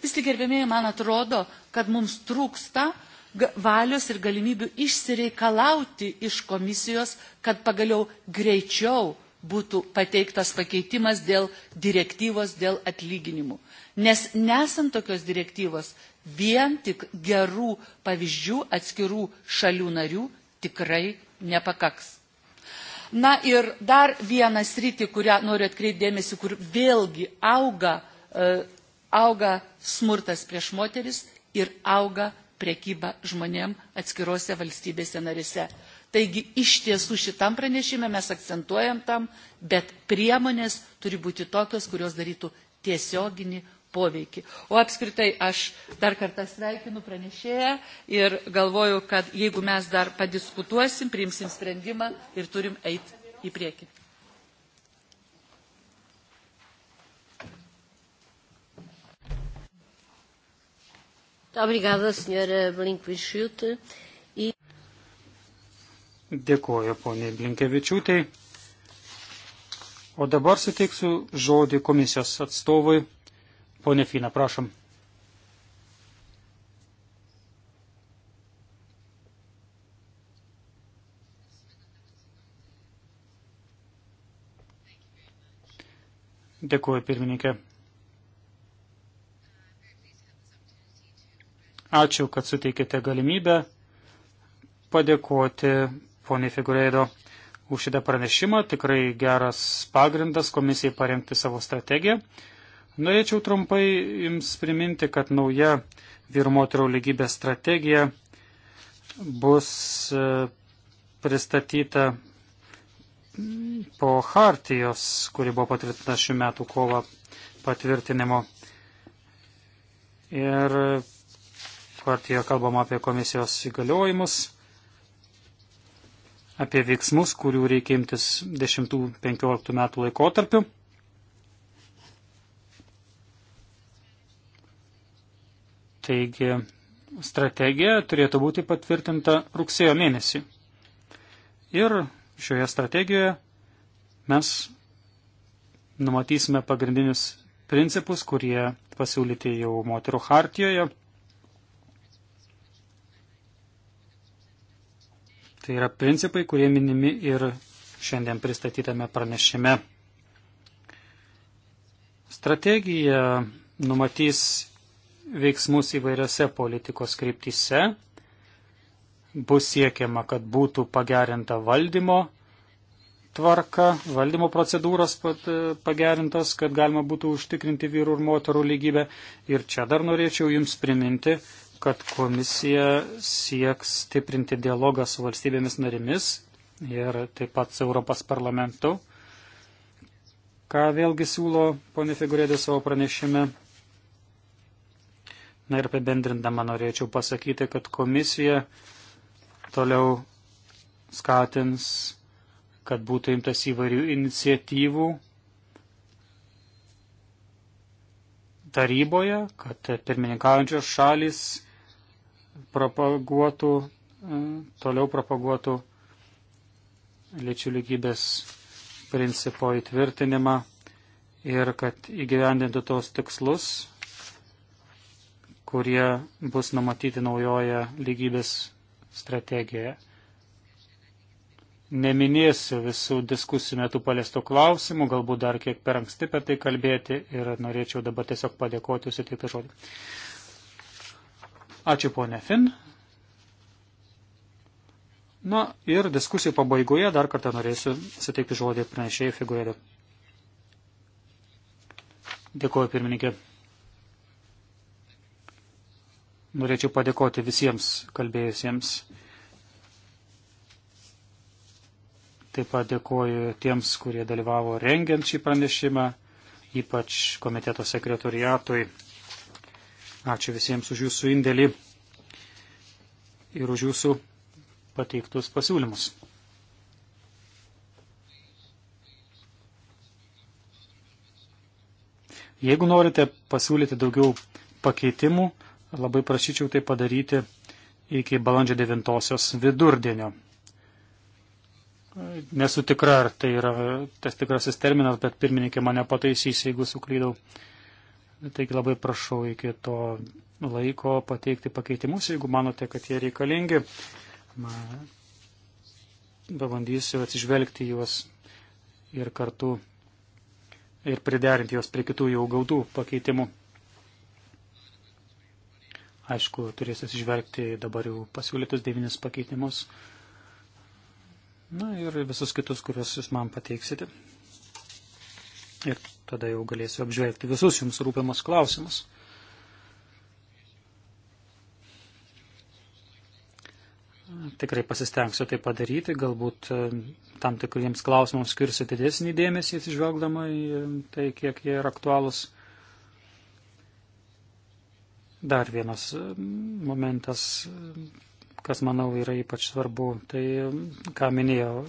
Vis tik gerbėmėjai, man atrodo, kad mums trūksta valios ir galimybių išsireikalauti iš komisijos, kad pagaliau greičiau būtų pateiktas pakeitimas dėl direktyvos, dėl atlyginimų. Nes nesant tokios direktyvos, vien tik gerų pavyzdžių atskirų šalių narių tikrai nepakaks. Na ir dar vieną sritį, kurią noriu atkreipdėmėsi, kur vėlgi auga, e, auga smurtas prieš moteris ir auga priekybą žmonėm atskirose valstybėse narise. Taigi iš tiesų šitam pranešime mes akcentuojam tam, bet priemonės turi būti tokios, kurios darytų tiesioginį poveikį. O apskritai aš dar kartą sveikinu pranešėją ir galvoju, kad jeigu mes dar padiskutuosim, priimsim sprendimą ir turim eiti į priekį. Obrigada, senhora Blinkvičiūtė. I... E- Dėkuoju, ponė Blinkevičiūtė. O dabar suteiksiu žodį komisijos atstovui. Pone Fina, prašom. Dėkuoju, pirmininkė. Ačiū, kad suteikėte galimybę padėkoti poniai Figureido už šitą pranešimą. Tikrai geras pagrindas komisijai parengti savo strategiją. Norėčiau trumpai Jums priminti, kad nauja vyru moterų lygybės strategija bus e, pristatyta po Hartijos, kuri buvo patvirtinta šių metų kovo patvirtinimo. Ir partijoje kalbama apie komisijos įgaliojimus, apie veiksmus, kurių reikia imtis 10-15 metų laikotarpiu. Taigi, strategija turėtų būti patvirtinta rugsėjo mėnesį. Ir šioje strategijoje mes numatysime pagrindinius principus, kurie pasiūlyti jau moterų hartijoje Tai yra principai, kurie minimi ir šiandien pristatytame pranešime. Strategija numatys veiksmus įvairiose politikos kryptise. Bus siekiama, kad būtų pagerinta valdymo tvarka, valdymo procedūros e, pagerintos, kad galima būtų užtikrinti vyrų ir moterų lygybę. Ir čia dar norėčiau Jums priminti, kad komisija sieks stiprinti dialogą su valstybėmis narimis ir taip pat su Europos parlamentu, ką vėlgi siūlo ponė Figurėdė savo pranešime. Na ir apibendrindama norėčiau pasakyti, kad komisija toliau skatins, kad būtų imtas įvairių iniciatyvų taryboje, kad pirmininkaujančios šalis propaguotų, e, toliau propaguotų lyčių lygybės principo įtvirtinimą ir kad įgyvendintų tos tikslus, kurie bus numatyti naujoje lygybės strategijoje. Neminėsiu visų diskusijų metu paliestų klausimų, galbūt dar kiek per anksti apie tai kalbėti ir norėčiau dabar tiesiog padėkoti susitiktą žodį. Ačiū ponė Fin. Na ir diskusijų pabaigoje dar kartą norėsiu suteikti žodį pranešėjai figūrėdė. Dėkuoju pirmininkė. Norėčiau padėkoti visiems kalbėjusiems. Taip pat dėkuoju tiems, kurie dalyvavo rengiant šį pranešimą, ypač komiteto sekretoriatui Ačiū visiems už jūsų indėlį ir už jūsų pateiktus pasiūlymus. Jeigu norite pasiūlyti daugiau pakeitimų, labai prašyčiau tai padaryti iki balandžio 9 vidurdienio. Nesu tikra, ar tai yra tas tikrasis terminas, bet pirmininkė mane pataisys, jeigu suklydau. Taigi labai prašau iki to laiko pateikti pakeitimus, jeigu manote, kad jie reikalingi. Pabandysiu atsižvelgti juos ir kartu ir priderinti juos prie kitų jau gautų pakeitimų. Aišku, turėsiu atsižvelgti dabar jau pasiūlytus devynis pakeitimus. Na ir visus kitus, kuriuos jūs man pateiksite. Ir tada jau galėsiu apžvelgti visus jums rūpiamus klausimus. Tikrai pasistengsiu tai padaryti, galbūt e, tam tikriems klausimams skirsiu didesnį dėmesį, atsižvelgdama į e, tai, kiek jie yra aktualūs. Dar vienas e, momentas, kas manau yra ypač svarbu, tai ką minėjau,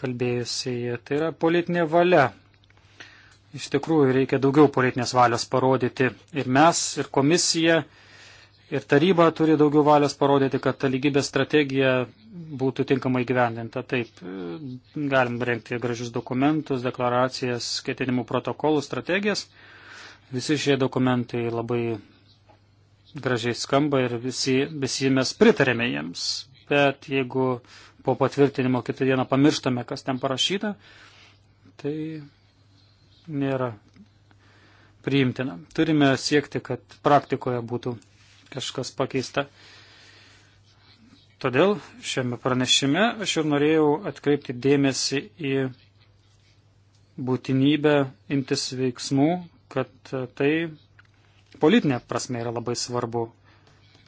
kalbėjusioje. Tai yra politinė valia. Iš tikrųjų, reikia daugiau politinės valios parodyti. Ir mes, ir komisija, ir taryba turi daugiau valios parodyti, kad ta lygybės strategija būtų tinkamai gyvendinta. Taip, galim rengti gražius dokumentus, deklaracijas, ketinimų protokolus, strategijas. Visi šie dokumentai labai gražiai skamba ir visi, visi mes pritarėme jiems. Bet jeigu po patvirtinimo kitą dieną pamirštame, kas ten parašyta, tai nėra priimtina. Turime siekti, kad praktikoje būtų kažkas pakeista. Todėl šiame pranešime aš ir norėjau atkreipti dėmesį į būtinybę imtis veiksmų, kad tai politinė prasme yra labai svarbu.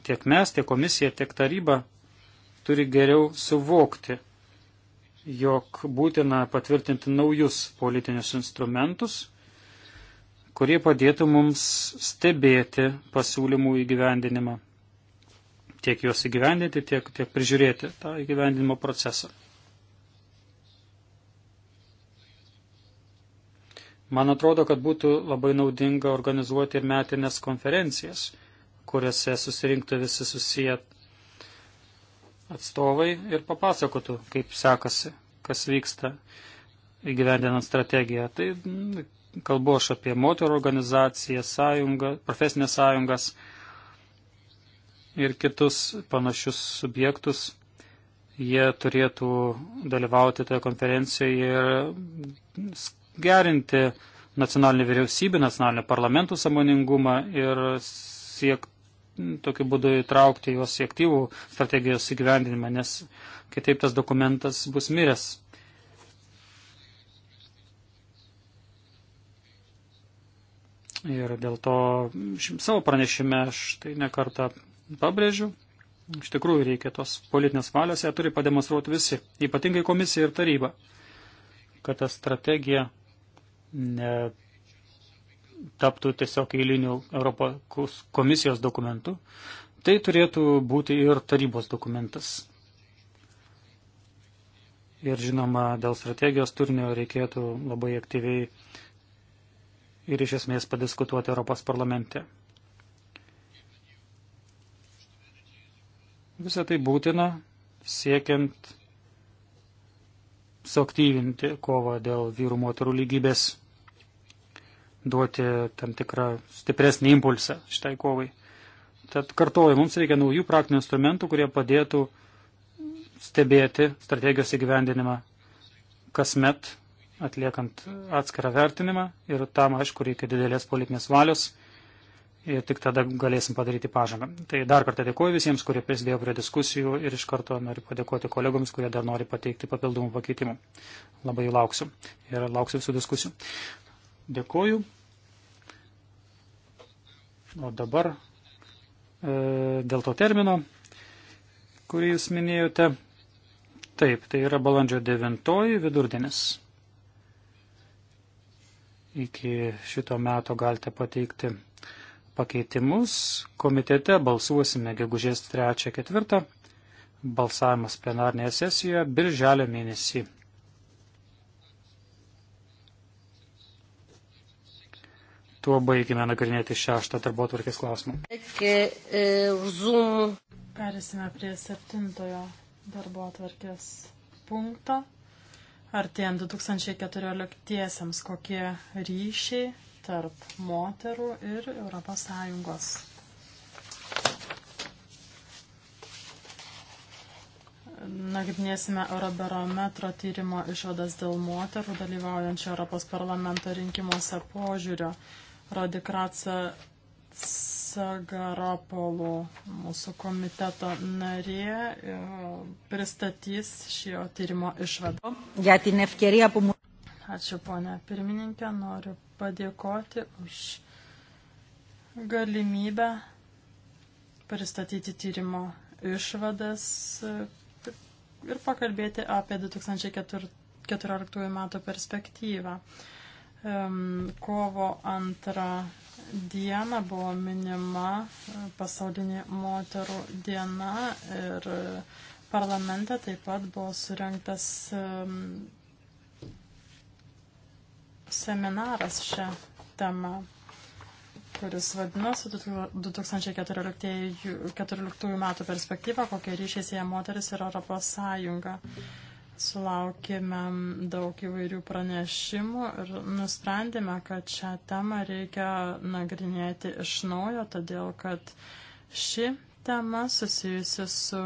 Tiek mes, tiek komisija, tiek taryba turi geriau suvokti, jog būtina patvirtinti naujus politinius instrumentus, kurie padėtų mums stebėti pasiūlymų įgyvendinimą. Tiek juos įgyvendinti, tiek, tiek prižiūrėti tą įgyvendinimo procesą. Man atrodo, kad būtų labai naudinga organizuoti ir metinės konferencijas, kuriuose susirinktų visi susiję atstovai ir papasakotų, kaip sekasi, kas vyksta įgyvendinant strategiją. Tai mm, kalbu aš apie moterų organizaciją, sąjungą, profesinės sąjungas ir kitus panašius subjektus. Jie turėtų dalyvauti toje konferencijoje ir gerinti nacionalinį vyriausybę, nacionalinį parlamentų samoningumą ir siekti tokiu būdu įtraukti juos į aktyvų strategijos įgyvendinimą, nes kitaip tas dokumentas bus miręs. Ir dėl to savo pranešime aš tai nekartą pabrėžiu. Iš tikrųjų reikia tos politinės valios, ją turi pademonstruoti visi, ypatingai komisija ir taryba, kad ta strategija ne taptų tiesiog eiliniu Europos komisijos dokumentu, tai turėtų būti ir tarybos dokumentas. Ir žinoma, dėl strategijos turinio reikėtų labai aktyviai ir iš esmės padiskutuoti Europos parlamente. Visą tai būtina siekiant suaktyvinti kovą dėl vyrų moterų lygybės duoti tam tikrą stipresnį impulsą šitai kovai. Tad kartuoju, mums reikia naujų praktinių instrumentų, kurie padėtų stebėti strategijos įgyvendinimą kasmet, atliekant atskirą vertinimą ir tam, aišku, reikia didelės politinės valios ir tik tada galėsim padaryti pažangą. Tai dar kartą dėkuoju visiems, kurie prisidėjo prie diskusijų ir iš karto noriu padėkoti kolegoms, kurie dar nori pateikti papildomų pakeitimų. Labai jų lauksiu ir lauksiu visų diskusijų. Dėkuoju. O dabar e, dėl to termino, kurį jūs minėjote. Taip, tai yra balandžio 9 vidurdienis. Iki šito meto galite pateikti pakeitimus. Komitete balsuosime gegužės 3-4. Balsavimas plenarnėje sesijoje birželio mėnesį. Tuo baigime nagrinėti šeštą darbo tvarkės klausimą. E, Perėsime prie septintojo darbo tvarkės punkto. Artėjant 2014-iesiams, kokie ryšiai tarp moterų ir ES. Nagrinėsime Eurobarometro tyrimo išvadas dėl moterų dalyvaujančio Europos parlamento rinkimuose požiūrio Radikratsa Sagaropolų, mūsų komiteto narė, e, pristatys šio tyrimo išvadą. Ačiū, ponė pirmininkė, noriu padėkoti už galimybę pristatyti tyrimo išvadas e, ir pakalbėti apie 2014 metų perspektyvą. Kovo antrą dieną buvo minima e, pasaulinė moterų diena ir parlamente taip pat buvo surinktas seminaras šią temą, kuris vadinosi 2014 metų perspektyva, kokie ryšiai sieja moteris ir Europos Sąjunga. Mm. Sulaukėme daug įvairių pranešimų ir nusprendėme, kad šią temą reikia nagrinėti iš naujo, todėl kad ši tema susijusi su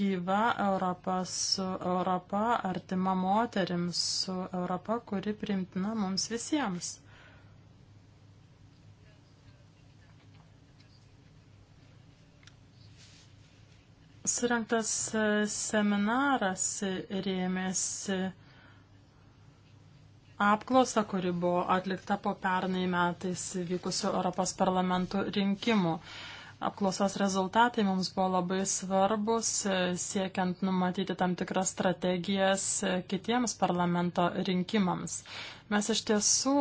gyva Europa, su Europa artima moterims, su Europa, kuri primtina mums visiems. Surinktas e, seminaras rėmėsi e, apklausą, kuri buvo atlikta po pernai metais vykusių Europos parlamento rinkimų. Apklausos rezultatai mums buvo labai svarbus, e, siekiant numatyti tam tikras strategijas kitiems parlamento rinkimams. Mes iš tiesų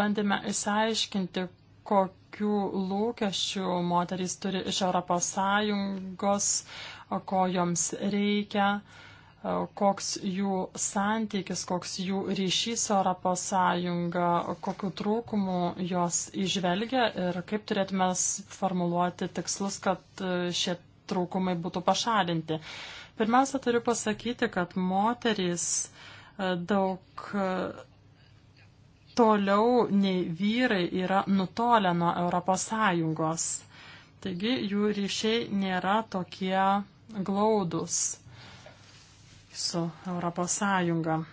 bandėme išsiaiškinti, kokių lūkesčių moterys turi iš ES ko joms reikia, koks jų santykis, koks jų ryšys Europos Sąjunga, kokiu trūkumu jos išvelgia ir kaip turėtume formuluoti tikslus, kad e, šie trūkumai būtų pašalinti. Pirmiausia, turiu pasakyti, kad moterys e, daug e, toliau nei vyrai yra nutolę nuo Europos Sąjungos. Taigi jų ryšiai nėra tokie glaudus su Europos Sąjunga.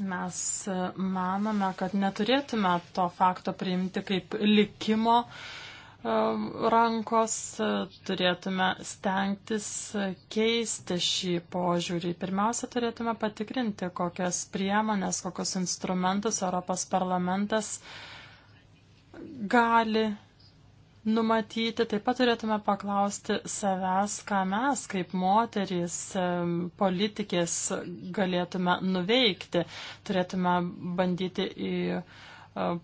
Mes e, manome, kad neturėtume to fakto priimti kaip likimo e, rankos, e, turėtume stengtis keisti šį požiūrį. Pirmiausia, turėtume patikrinti, kokias priemonės, kokius instrumentus Europos parlamentas gali numatyti. Taip pat turėtume paklausti savęs, ką mes kaip moterys politikės galėtume nuveikti. Turėtume bandyti į e,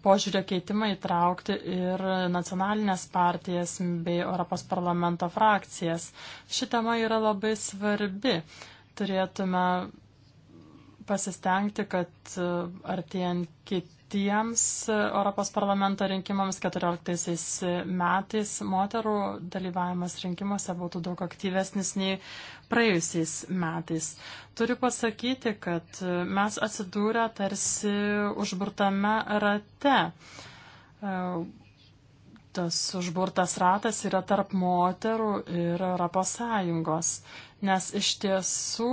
požiūrio keitimą įtraukti ir nacionalinės partijas bei Europos parlamento frakcijas. Ši tema yra labai svarbi. Turėtume pasistengti, kad e, artėjant kitą tiems e, Europos parlamento rinkimams 14 e, metais moterų dalyvavimas rinkimuose būtų daug aktyvesnis nei praėjusiais metais. Turiu pasakyti, kad e, mes atsidūrę tarsi užburtame rate. Tas užburtas ratas yra tarp moterų ir Europos Sąjungos, nes iš tiesų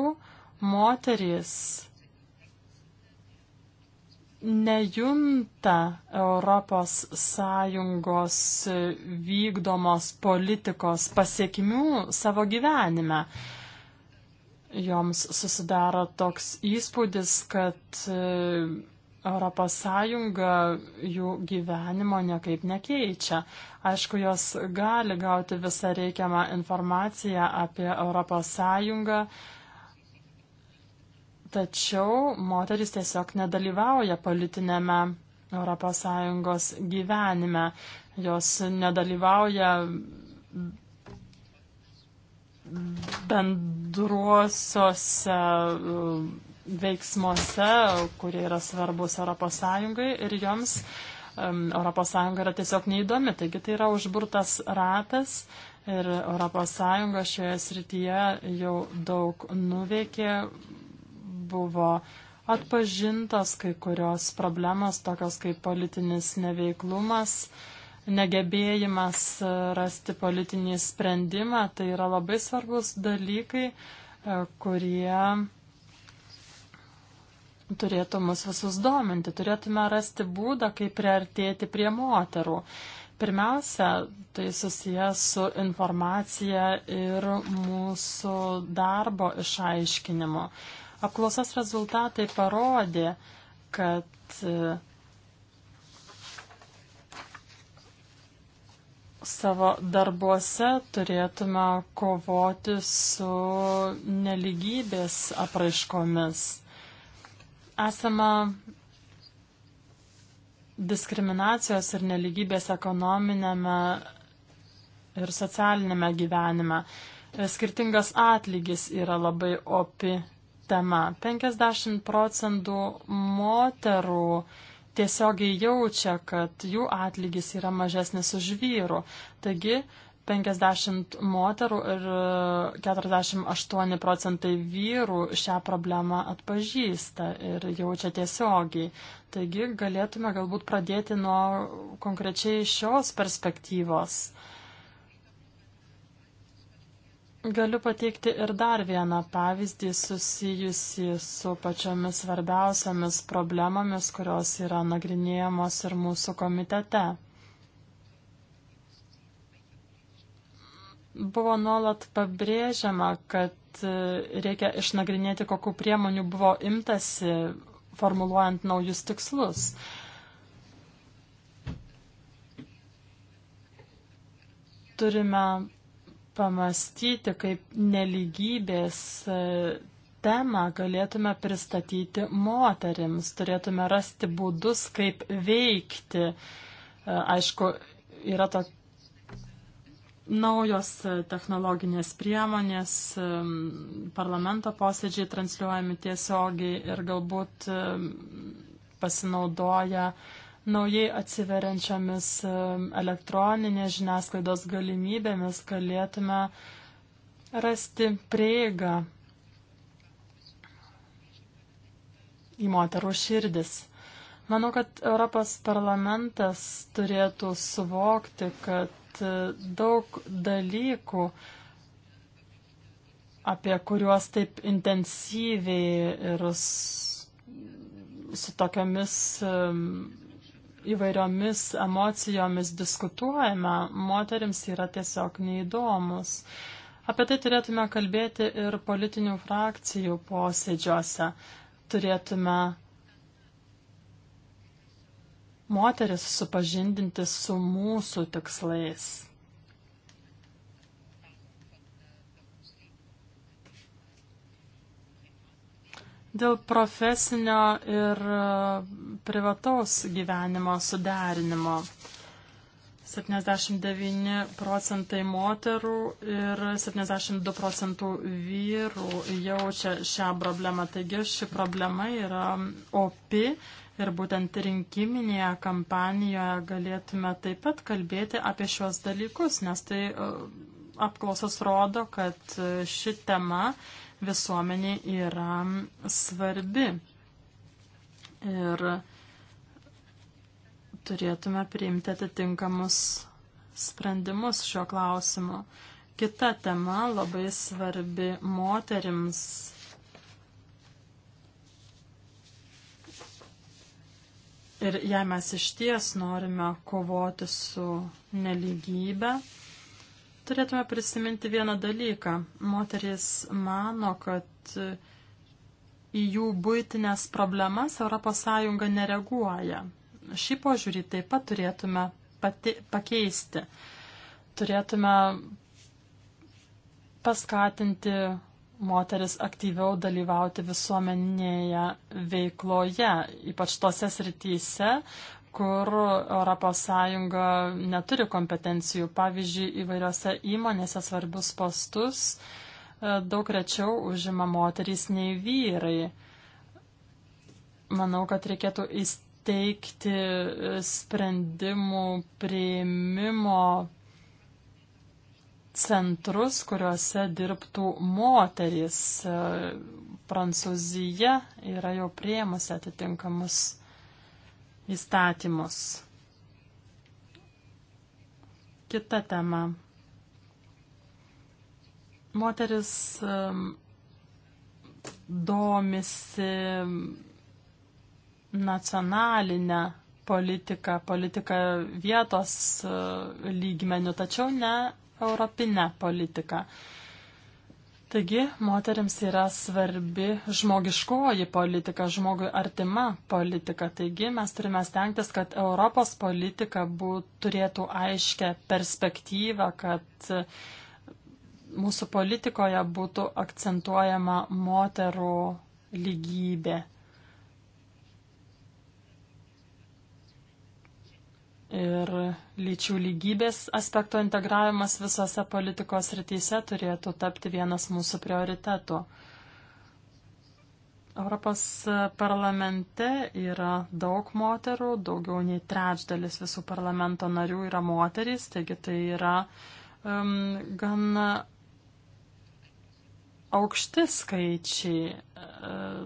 moterys nejunta Europos Sąjungos vykdomos politikos pasiekmių savo gyvenime. Joms susidaro toks įspūdis, kad e, Europos Sąjunga jų gyvenimo niekaip nekeičia. Aišku, jos gali gauti visą reikiamą informaciją apie Europos Sąjungą, Tačiau moteris tiesiog nedalyvauja politinėme ES gyvenime. Jos nedalyvauja bendruosiuose uh, veiksmuose, kurie yra svarbus ES ir joms um, ES yra tiesiog neįdomi. Taigi tai yra užburtas ratas ir ES šioje srityje jau daug nuveikė buvo atpažintas kai kurios problemas, tokios kaip politinis neveiklumas, negebėjimas e, rasti politinį sprendimą. Tai yra labai svarbus dalykai, e, kurie turėtų mus visus dominti. Turėtume rasti būdą, kaip priartėti prie moterų. Pirmiausia, tai susijęs su informacija ir mūsų darbo išaiškinimu. Apklausos rezultatai parodė, kad e, savo darbuose turėtume kovoti su neligybės apraiškomis. Esama diskriminacijos ir neligybės ekonominėme ir socialinėme gyvenime. Skirtingas atlygis yra labai opi tema. 50 procentų moterų tiesiogiai jaučia, kad jų atlygis yra mažesnis už vyrų. Taigi 50 moterų ir 48 e, procentai vyrų šią problemą atpažįsta ir jaučia tiesiogiai. Taigi galėtume galbūt pradėti nuo konkrečiai šios perspektyvos. Uh, Galiu pateikti ir dar vieną pavyzdį susijusį su pačiomis svarbiausiamis problemomis, kurios yra nagrinėjamos ir mūsų komitete. Buvo nuolat pabrėžiama, kad e, reikia išnagrinėti, kokiu priemonių buvo imtasi, formuluojant naujus tikslus. Turime pamastyti, kaip neligybės e, temą galėtume pristatyti moterims, turėtume rasti būdus, kaip veikti. E, aišku, yra to naujos e, technologinės priemonės, parlamento posėdžiai transliuojami tiesiogiai ir galbūt pasinaudoja uh, naujai atsiveriančiamis elektroninės žiniasklaidos galimybėmis galėtume rasti prieigą į moterų širdis. Manau, kad Europos parlamentas turėtų suvokti, kad e, daug dalykų, apie kuriuos taip intensyviai ir su tokiamis įvairiomis emocijomis diskutuojame, moterims yra tiesiog neįdomus. Apie tai turėtume kalbėti ir politinių frakcijų posėdžiuose. Turėtume moteris supažindinti su mūsų tikslais. Dėl profesinio ir e, privataus gyvenimo suderinimo. 79 procentai moterų ir 72 procentų vyrų jaučia šią problemą. Taigi ši problema yra opi ir būtent rinkiminėje kampanijoje galėtume taip pat kalbėti apie šios dalykus, nes tai e, apklausos rodo, kad e, ši tema visuomenė yra svarbi. Ir turėtume priimti atitinkamus sprendimus šio klausimu. Kita tema labai svarbi moterims. Ir jei mes iš ties norime kovoti su neligybė, Turėtume prisiminti vieną dalyką. Moterys mano, kad į jų būtinės problemas ES nereaguoja. Šį požiūrį taip pat turėtume pati, pakeisti. Turėtume paskatinti moteris aktyviau dalyvauti visuomeninėje veikloje, ypač tose srityse, kur ES neturi kompetencijų. Pavyzdžiui, įvairiose įmonėse svarbius postus e, daug rečiau užima moterys nei vyrai. Manau, kad reikėtų įsteigti e, sprendimų prieimimo centrus, kuriuose dirbtų moterys. E, Prancūzija yra jau prieimusi atitinkamus įstatymus. Kita tema. Moteris domisi nacionalinę politiką, politiką vietos e, lygmenių, tačiau ne europinę politiką. Taigi, moteriams yra svarbi žmogiškoji politika, žmogui artima politika. Taigi, mes turime stengtis, kad Europos politika būt, turėtų aiškę perspektyvą, kad mūsų politikoje būtų akcentuojama moterų lygybė. ir lyčių lygybės aspekto integravimas visose politikos rytise turėtų tapti vienas mūsų prioritetų. Europos parlamente yra daug moterų, daugiau nei trečdalis visų parlamento narių yra moterys, taigi tai yra um, gan aukšti skaičiai. Uh,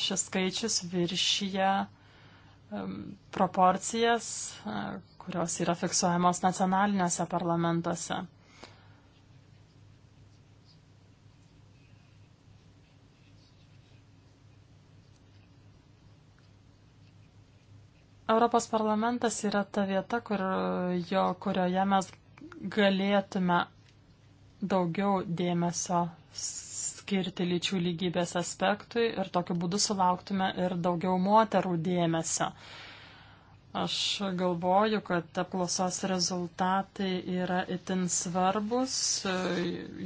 šis skaičius viršyje uh, proporcijas, e, kurios yra fiksuojamos nacionaliniuose parlamentuose. Europos parlamentas yra ta vieta, kur, jo, kurioje mes galėtume daugiau dėmesio skirti skirti lyčių lygybės aspektui ir tokiu būdu sulauktume ir daugiau moterų dėmesio. Aš galvoju, kad apklausos rezultatai yra itin svarbus.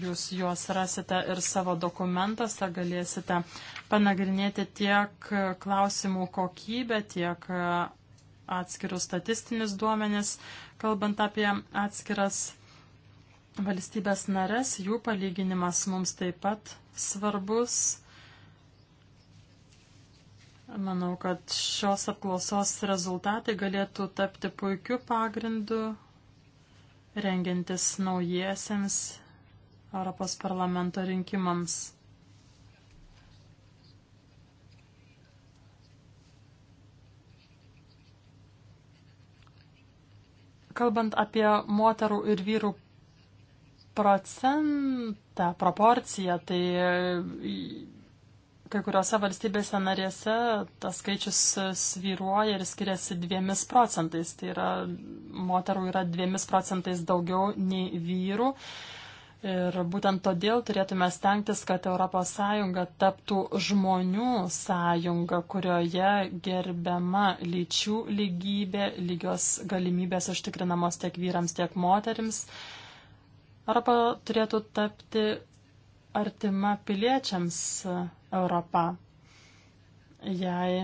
Jūs juos rasite ir savo dokumentuose, galėsite panagrinėti tiek klausimų kokybę, tiek atskirus statistinius duomenis, kalbant apie atskiras valstybės narės, jų palyginimas mums taip pat svarbus. Manau, kad šios apklausos rezultatai galėtų tapti puikiu pagrindu rengiantis naujiesiems Europos parlamento rinkimams. Kalbant apie moterų ir vyrų procentą, proporciją, tai e, kai kuriuose valstybėse narėse tas skaičius sviruoja ir skiriasi dviemis procentais. Tai yra moterų yra dviemis procentais daugiau nei vyrų. Ir būtent todėl turėtume stengtis, kad ES taptų žmonių sąjunga, kurioje gerbiama lyčių lygybė, lygios galimybės užtikrinamos tiek vyrams, tiek moterims. Europa turėtų tapti artima piliečiams e, Europa. Jei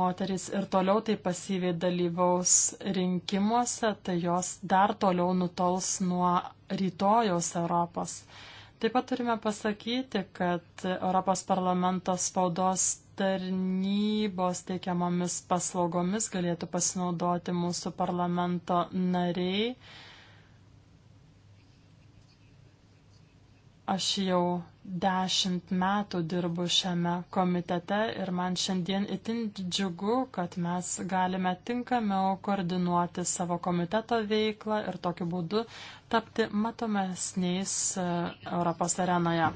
moteris ir toliau taip pasyviai dalyvaus rinkimuose, tai jos dar toliau nutols nuo rytojaus Europos. Taip pat turime pasakyti, kad Europos parlamento spaudos tarnybos teikiamomis paslaugomis galėtų pasinaudoti mūsų parlamento nariai Aš jau dešimt metų dirbu šiame komitete ir man šiandien itin džiugu, kad mes galime tinkamiau koordinuoti savo komiteto veiklą ir tokiu būdu tapti matomesniais e, Europos arenoje.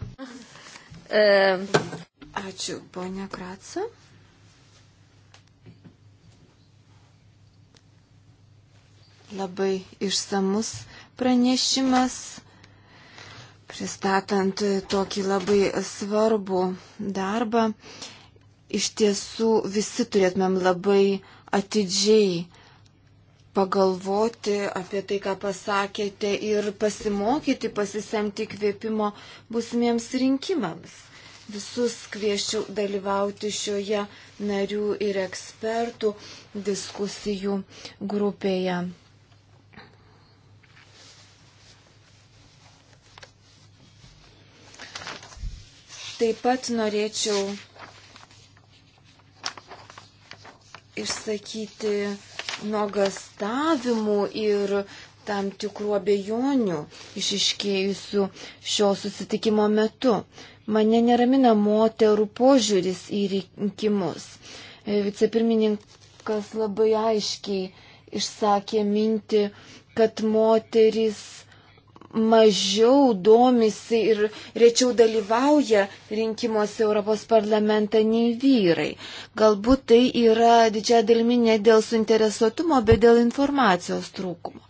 Ačiū, ponia Kratsa. Labai išsamus pranešimas pristatant tokį labai svarbų darbą. Iš tiesų visi turėtumėm labai atidžiai pagalvoti apie tai, ką pasakėte ir pasimokyti, pasisemti kvėpimo būsimiems rinkimams. Visus kviečiu dalyvauti šioje narių ir ekspertų diskusijų grupėje. Taip pat norėčiau išsakyti nuogastavimų ir tam tikrų abejonių išiškėjusių šio susitikimo metu. Mane neramina moterų požiūris į rinkimus. E, vicepirmininkas labai aiškiai išsakė mintį, kad moteris mažiau domisi ir rečiau dalyvauja rinkimuose Europos parlamentą nei vyrai. Galbūt tai yra didžia dalimi ne dėl suinteresuotumo, bet dėl informacijos trūkumo.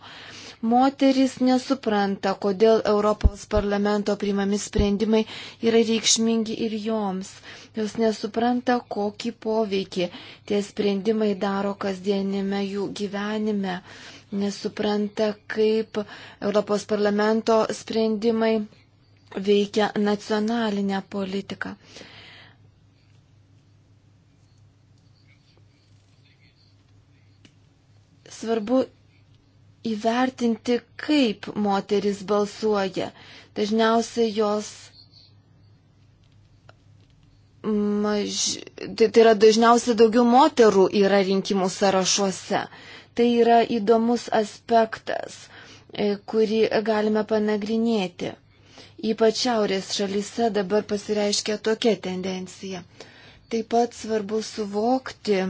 Moteris nesupranta, kodėl Europos parlamento priimami sprendimai yra reikšmingi ir joms. Jos nesupranta, kokį poveikį tie sprendimai daro kasdienime jų gyvenime. Nesupranta, kaip Europos parlamento sprendimai veikia nacionalinę politiką. Svarbu įvertinti, kaip moteris balsuoja. Dažniausiai jos maž... tai, tai yra dažniausiai daugiau moterų yra rinkimų sąrašuose. Tai yra įdomus aspektas, e, kurį galime panagrinėti. Ypač šiaurės šalyse dabar pasireiškia tokia tendencija. Taip pat svarbu suvokti,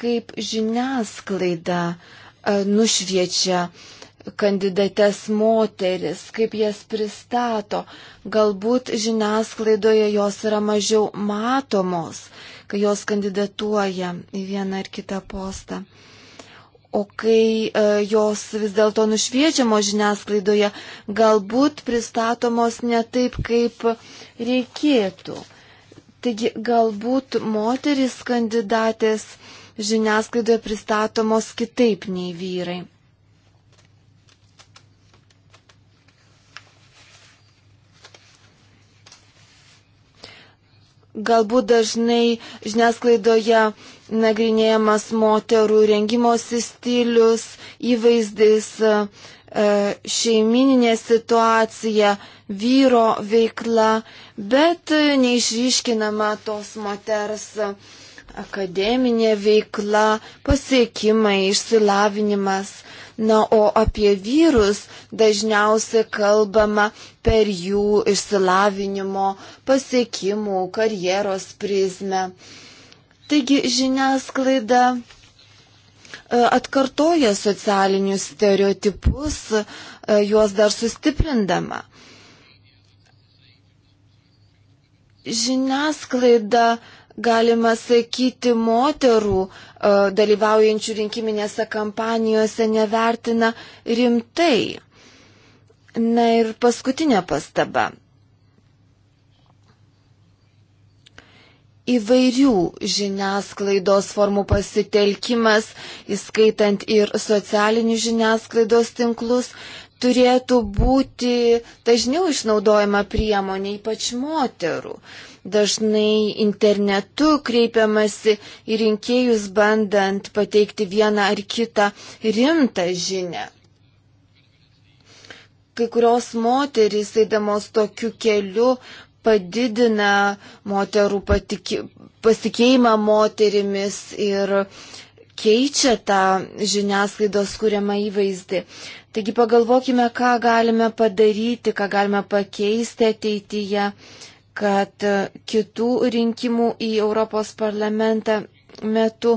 kaip žiniasklaida e, nušviečia kandidates moteris, kaip jas pristato. Galbūt žiniasklaidoje jos yra mažiau matomos, kai jos kandidatuoja į vieną ar kitą postą. O kai e, jos vis dėlto nušviečiamos žiniasklaidoje, galbūt pristatomos ne taip, kaip reikėtų. Taigi galbūt moteris kandidatės e, žiniasklaidoje pristatomos kitaip nei vyrai. Galbūt dažnai žiniasklaidoje nagrinėjamas moterų rengimosi stilius, įvaizdis, e, šeimininė situacija, vyro veikla, bet neišryškinama tos moters akademinė veikla, pasiekimai, išsilavinimas. Na, o apie vyrus dažniausiai kalbama per jų išsilavinimo, pasiekimų, karjeros prizmę. Taigi žiniasklaida e, atkartoja socialinius stereotipus, e, juos dar sustiprindama. Žiniasklaida uh, galima sakyti, moterų e, dalyvaujančių rinkiminėse kampanijose nevertina rimtai. Na ir paskutinė pastaba. Įvairių žiniasklaidos formų pasitelkimas, įskaitant ir socialinių žiniasklaidos tinklus, turėtų būti dažniau išnaudojama priemonė, ypač moterų. Uh, dažnai internetu kreipiamasi į rinkėjus, bandant pateikti vieną ar kitą rimtą žinę. Kai kurios moterys, eidamos tokiu keliu, padidina moterų patiki, pasikeimą moterimis ir keičia tą žiniasklaidos kūriamą įvaizdį. Taigi pagalvokime, ką galime padaryti, ką galime pakeisti ateityje. Uh, kad e, kitų rinkimų į Europos parlamentą metu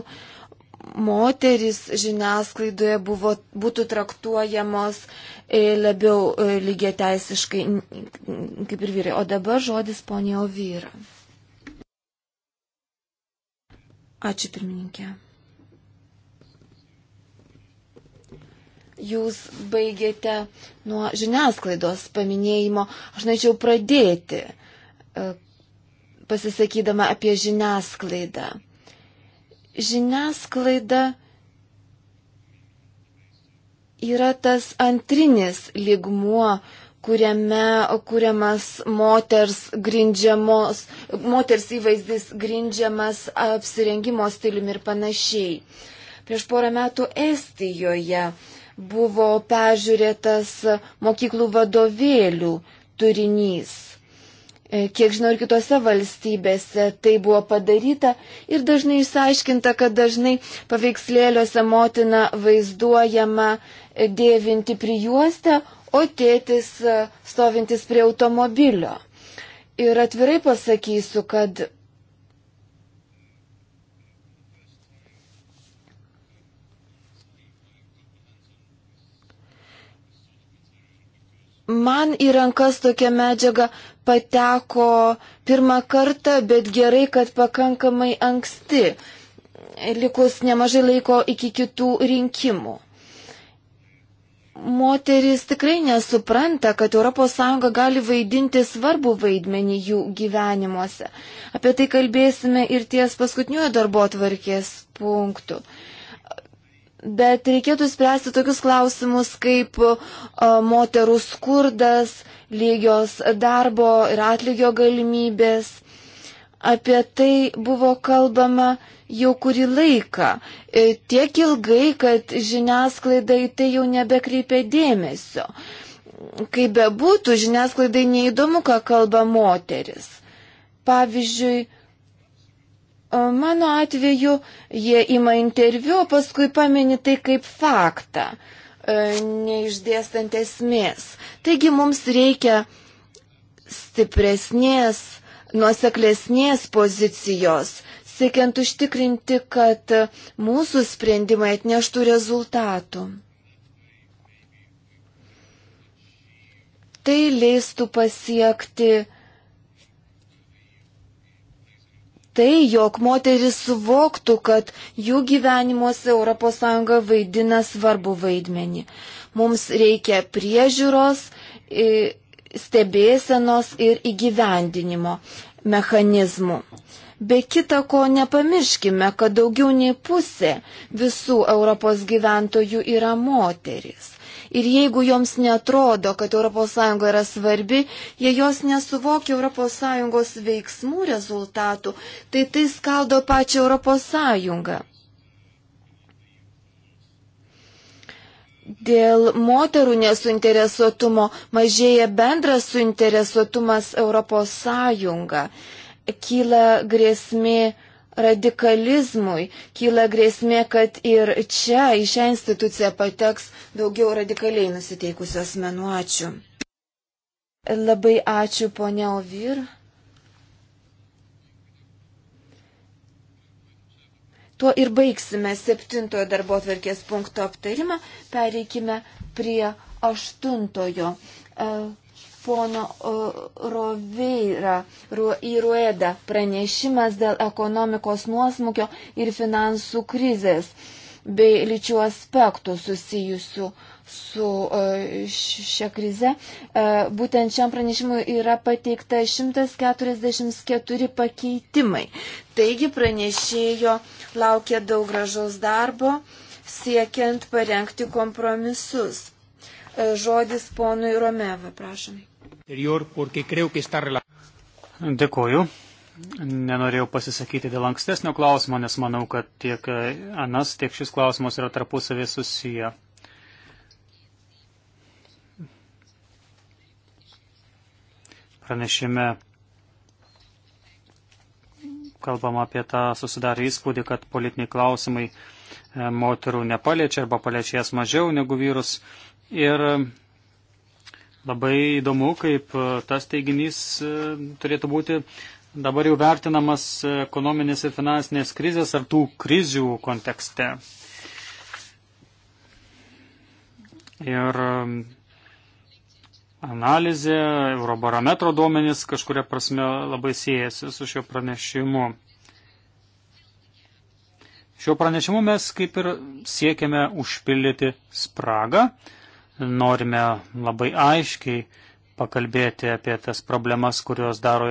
moteris žiniasklaidoje buvo, būtų traktuojamos e, labiau e, lygiai teisiškai kaip ir vyrai. O dabar žodis ponio vyra. Ačiū pirmininkė. Jūs baigėte nuo žiniasklaidos paminėjimo. Aš norėčiau pradėti E, pasisakydama apie žiniasklaidą. Žiniasklaida yra tas antrinis ligmuo, kuriame kuriamas moters grindžiamos, moters įvaizdis grindžiamas apsirengimo stiliumi ir panašiai. Prieš porą metų Estijoje buvo peržiūrėtas mokyklų vadovėlių turinys. E, kiek žinau ir kitose valstybėse tai buvo padaryta ir dažnai išsiaiškinta, kad dažnai paveikslėliuose motina vaizduojama dėvinti prijuostę, o tėtis e, stovintis prie automobilio. Ir atvirai pasakysiu, kad man į rankas tokia medžiaga pateko pirmą kartą, bet gerai, kad pakankamai anksti, likus nemažai laiko iki kitų rinkimų. Moteris tikrai nesupranta, kad ES gali vaidinti svarbų vaidmenį jų gyvenimuose. Apie tai kalbėsime ir ties paskutiniuoju darbo tvarkės punktu. Bet reikėtų spręsti tokius klausimus kaip moterų skurdas, lygios darbo ir atlygio galimybės. Apie tai buvo kalbama jau kurį laiką. E, tiek ilgai, kad žiniasklaida į tai jau nebekreipė dėmesio. Kaip bebūtų, žiniasklaidai neįdomu, ką kalba moteris. Pavyzdžiui, Mano atveju jie ima interviu, paskui pamini tai kaip faktą, e, neišdėstant esmės. Taigi mums reikia stipresnės, nuoseklesnės pozicijos, siekiant užtikrinti, kad mūsų sprendimai atneštų rezultatų. Tai leistų pasiekti tai, jog moteris suvoktų, kad jų gyvenimuose ES vaidina svarbu vaidmenį. Mums reikia priežiūros, stebėsenos ir įgyvendinimo mechanizmų. Be kita ko nepamirškime, kad daugiau nei pusė visų Europos gyventojų yra moteris. Ir jeigu joms netrodo, kad ES yra svarbi, jei jos nesuvokia ES veiksmų rezultatų, tai tai skaldo pačią ES. Dėl moterų nesuinteresuotumo mažėja bendras suinteresuotumas ES. Kyla grėsmi radikalizmui. Kyla grėsmė, kad ir čia į šią instituciją pateks daugiau radikaliai nusiteikusių asmenų. Ačiū. Labai ačiū, ponia Ovir. Tuo ir baigsime septintojo darbo atverkės punkto aptarimą. Pereikime prie aštuntojo. Uh, pono Roveira į Ruedą pranešimas dėl ekonomikos nuosmukio ir finansų krizės bei lyčių aspektų susijusių su šia krize. E, būtent šiam pranešimui yra pateikta 144 pakeitimai. Taigi pranešėjo laukia daug gražaus darbo siekiant parengti kompromisus. E, žodis ponui Romeva, prašom. Dėkuoju. Nenorėjau pasisakyti dėl ankstesnio klausimo, nes manau, kad tiek e, Anas, tiek šis klausimas yra tarpusavė susiję. Pranešime kalbama apie tą susidarę įspūdį, kad politiniai klausimai e, moterų nepaliečia arba paliečia jas mažiau negu vyrus. Ir Labai įdomu, kaip e, tas teiginys e, turėtų būti dabar jau vertinamas ekonominės ir finansinės krizės ar tų krizių kontekste. Ir e, analizė, Eurobarometro duomenys kažkuria prasme labai siejasi su šiuo pranešimu. Šiuo pranešimu mes kaip ir siekiame užpildyti spragą, norime labai aiškiai pakalbėti apie tas problemas, kurios daro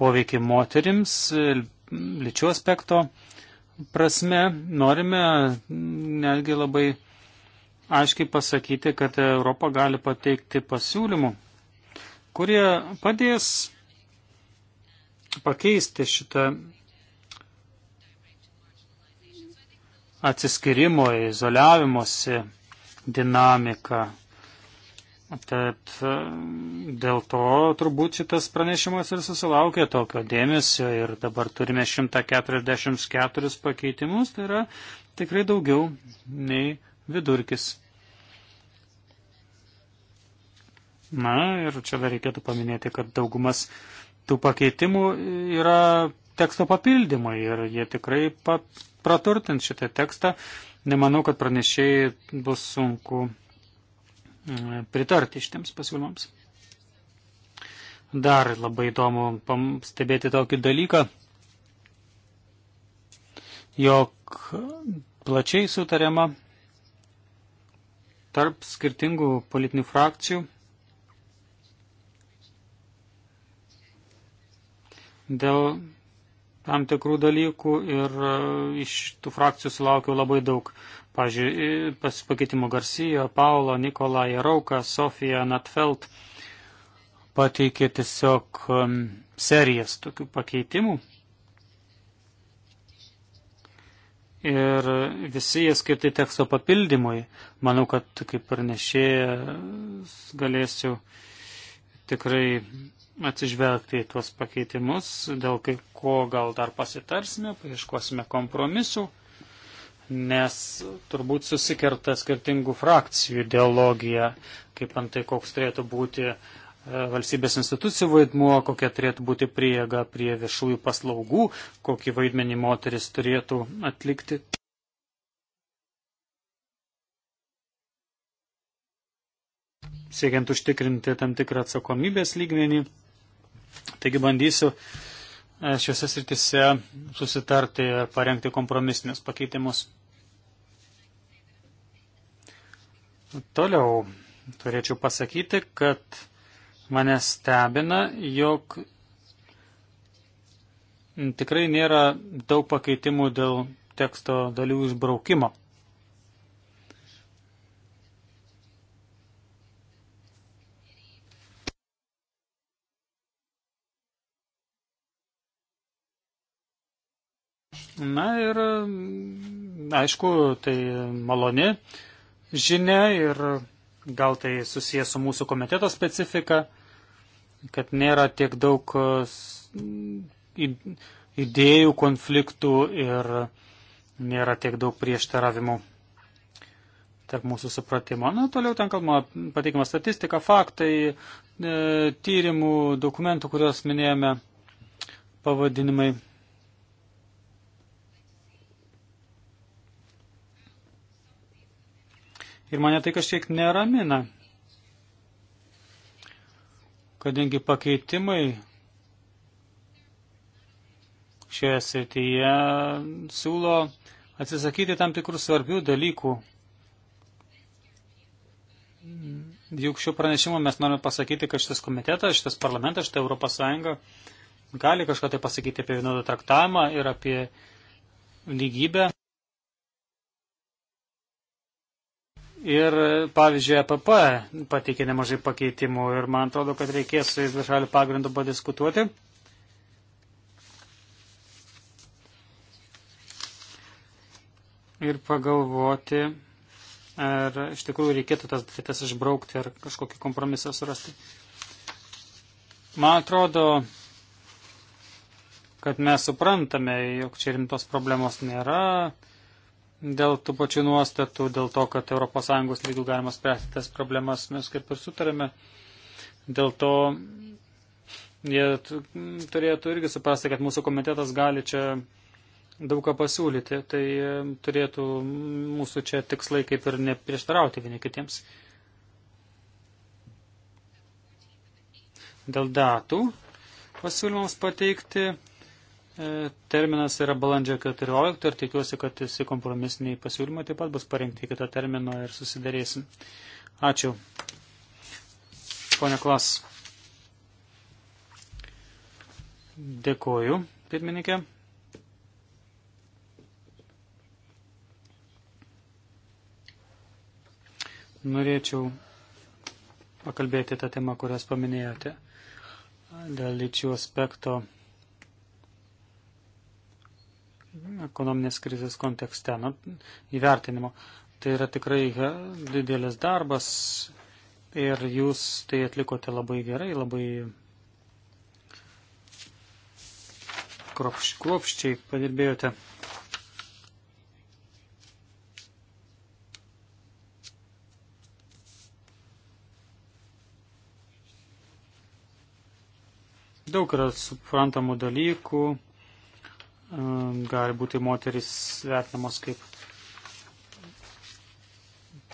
poveikį moterims, lyčių aspekto prasme. Norime netgi labai aiškiai pasakyti, kad Europa gali pateikti pasiūlymų, kurie padės pakeisti šitą atsiskirimo, izoliavimuose dinamika. Tad e, dėl to turbūt šitas pranešimas ir susilaukė tokio dėmesio ir dabar turime 144 pakeitimus, tai yra tikrai daugiau nei vidurkis. Na ir čia dar reikėtų paminėti, kad daugumas tų pakeitimų yra teksto papildymai ir jie tikrai praturtint šitą tekstą Nemanau, kad pranešėjai bus sunku e, pritarti šitiems pasiūlymams. Dar labai įdomu stebėti tokį dalyką, jog plačiai sutariama tarp skirtingų politinių frakcijų dėl tam tikrų dalykų ir e, iš tų frakcijų sulaukiau labai daug. Pavyzdžiui, pasipakeitimų Garcijo, Paulo, Nikola, Jarauka, Sofija, Natfeld pateikė tiesiog serijas tokių pakeitimų. Ir visi jie skirti teksto papildymui. Manau, kad kaip pranešėjas galėsiu tikrai atsižvelgti į tuos pakeitimus, dėl kai ko gal dar pasitarsime, paieškosime kompromisų, nes turbūt susikerta skirtingų frakcijų ideologija, kaip antai koks turėtų būti e, valstybės institucijų vaidmuo, kokia turėtų būti prieiga prie viešųjų paslaugų, kokį vaidmenį moteris turėtų atlikti. Siekiant užtikrinti tam tikrą atsakomybės lygmenį Taigi bandysiu e, šiuose sritise susitarti ir parengti kompromisinius pakeitimus. Toliau turėčiau pasakyti, kad mane stebina, jog tikrai nėra daug pakeitimų dėl teksto dalių išbraukimo. Na ir aišku, tai maloni žinia ir gal tai susijęs su mūsų komiteto specifika, kad nėra tiek daug idėjų, konfliktų ir nėra tiek daug prieštaravimų tarp mūsų supratimo. Na, toliau ten kalbama, pateikima statistika, faktai, e, tyrimų, dokumentų, kuriuos minėjome, pavadinimai. Ir mane tai kažkiek neramina, kadangi pakeitimai šioje srityje siūlo atsisakyti tam tikrų svarbių dalykų. Juk šiuo pranešimu mes norime pasakyti, kad šitas komitetas, šitas parlamentas, šitą Europos Sąjungą gali kažką tai pasakyti apie vienodą traktavimą ir apie lygybę. Ir, pavyzdžiui, EPP pateikė nemažai pakeitimų ir man atrodo, kad reikės su jais dvišalių pagrindų padiskutuoti. Ir pagalvoti, ar iš tikrųjų reikėtų tas dvitas išbraukti ar kažkokį kompromisą surasti. Man atrodo, kad mes suprantame, jog čia rimtos problemos nėra dėl tų pačių nuostatų, dėl to, kad ES lygių galima spręsti tas problemas, mes kaip ir sutarėme. Dėl to jie turėtų irgi suprasti, kad mūsų komitetas gali čia daug ką pasiūlyti. Tai e, turėtų mūsų čia tikslai kaip ir neprieštarauti vieni kitiems. Dėl datų pasiūlymams pateikti E, terminas yra balandžio 14 ir tikiuosi, kad visi kompromisiniai pasiūlymai taip pat bus parengti kitą terminą ir susidarėsim. Ačiū. Pone Klas. Dėkoju, pirmininkė. Norėčiau pakalbėti tą temą, kurias paminėjote, dėl lyčių aspekto ekonominės krizės kontekste, nu, įvertinimo. Tai yra tikrai didelis darbas ir jūs tai atlikote labai gerai, labai kruopš, kruopščiai padirbėjote. Daug yra suprantamų dalykų, gali būti moteris vertinamos kaip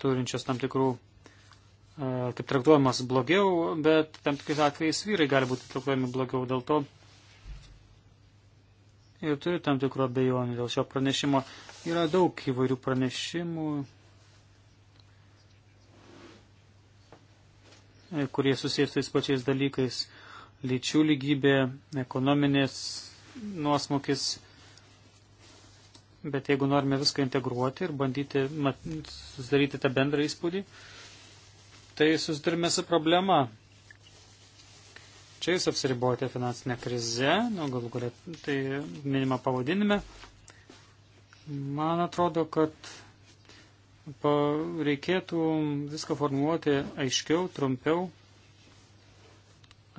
turinčios tam tikrų, taip e, traktuojamas blogiau, bet tam tikrais atvejais vyrai gali būti traktuojami blogiau dėl to. Ir turiu tam tikrų abejonių dėl šio pranešimo. Yra daug įvairių pranešimų, e, kurie susijęs tais pačiais dalykais - lyčių lygybė, ekonominės nuosmukis bet jeigu norime viską integruoti ir bandyti mat, susidaryti tą bendrą įspūdį, tai susidurime su problema. Čia jūs apsiribuojate finansinę krizę, nu, galų galia tai minima pavadinime. Man atrodo, kad reikėtų viską formuoti aiškiau, trumpiau,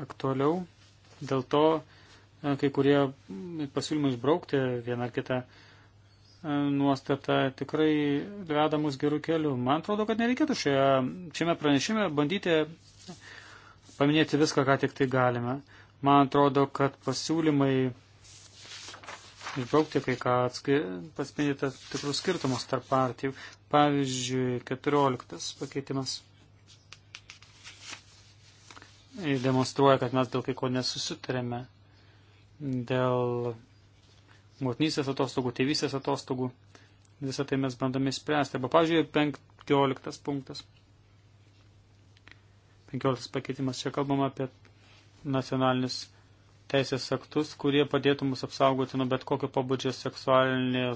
aktualiau. Dėl to e, kai kurie pasiūlymai išbraukti vieną ar kitą nuostata tikrai veda mus gerų kelių. Man atrodo, kad nereikėtų šioje, šiame pranešime bandyti paminėti viską, ką tik tai galime. Man atrodo, kad pasiūlymai išbraukti kai ką atskir... paspindėti tikrus skirtumus tarp partijų. Pavyzdžiui, 14 pakeitimas demonstruoja, kad mes dėl kai ko nesusitarėme. Dėl motinysės atostogų, tėvysės atostogų. Visą tai mes bandome spręsti. Arba, pavyzdžiui, 15 punktas. 15 pakeitimas. Čia kalbama apie nacionalinius teisės aktus, kurie padėtų mus apsaugoti nuo bet kokio pabudžio seksualinio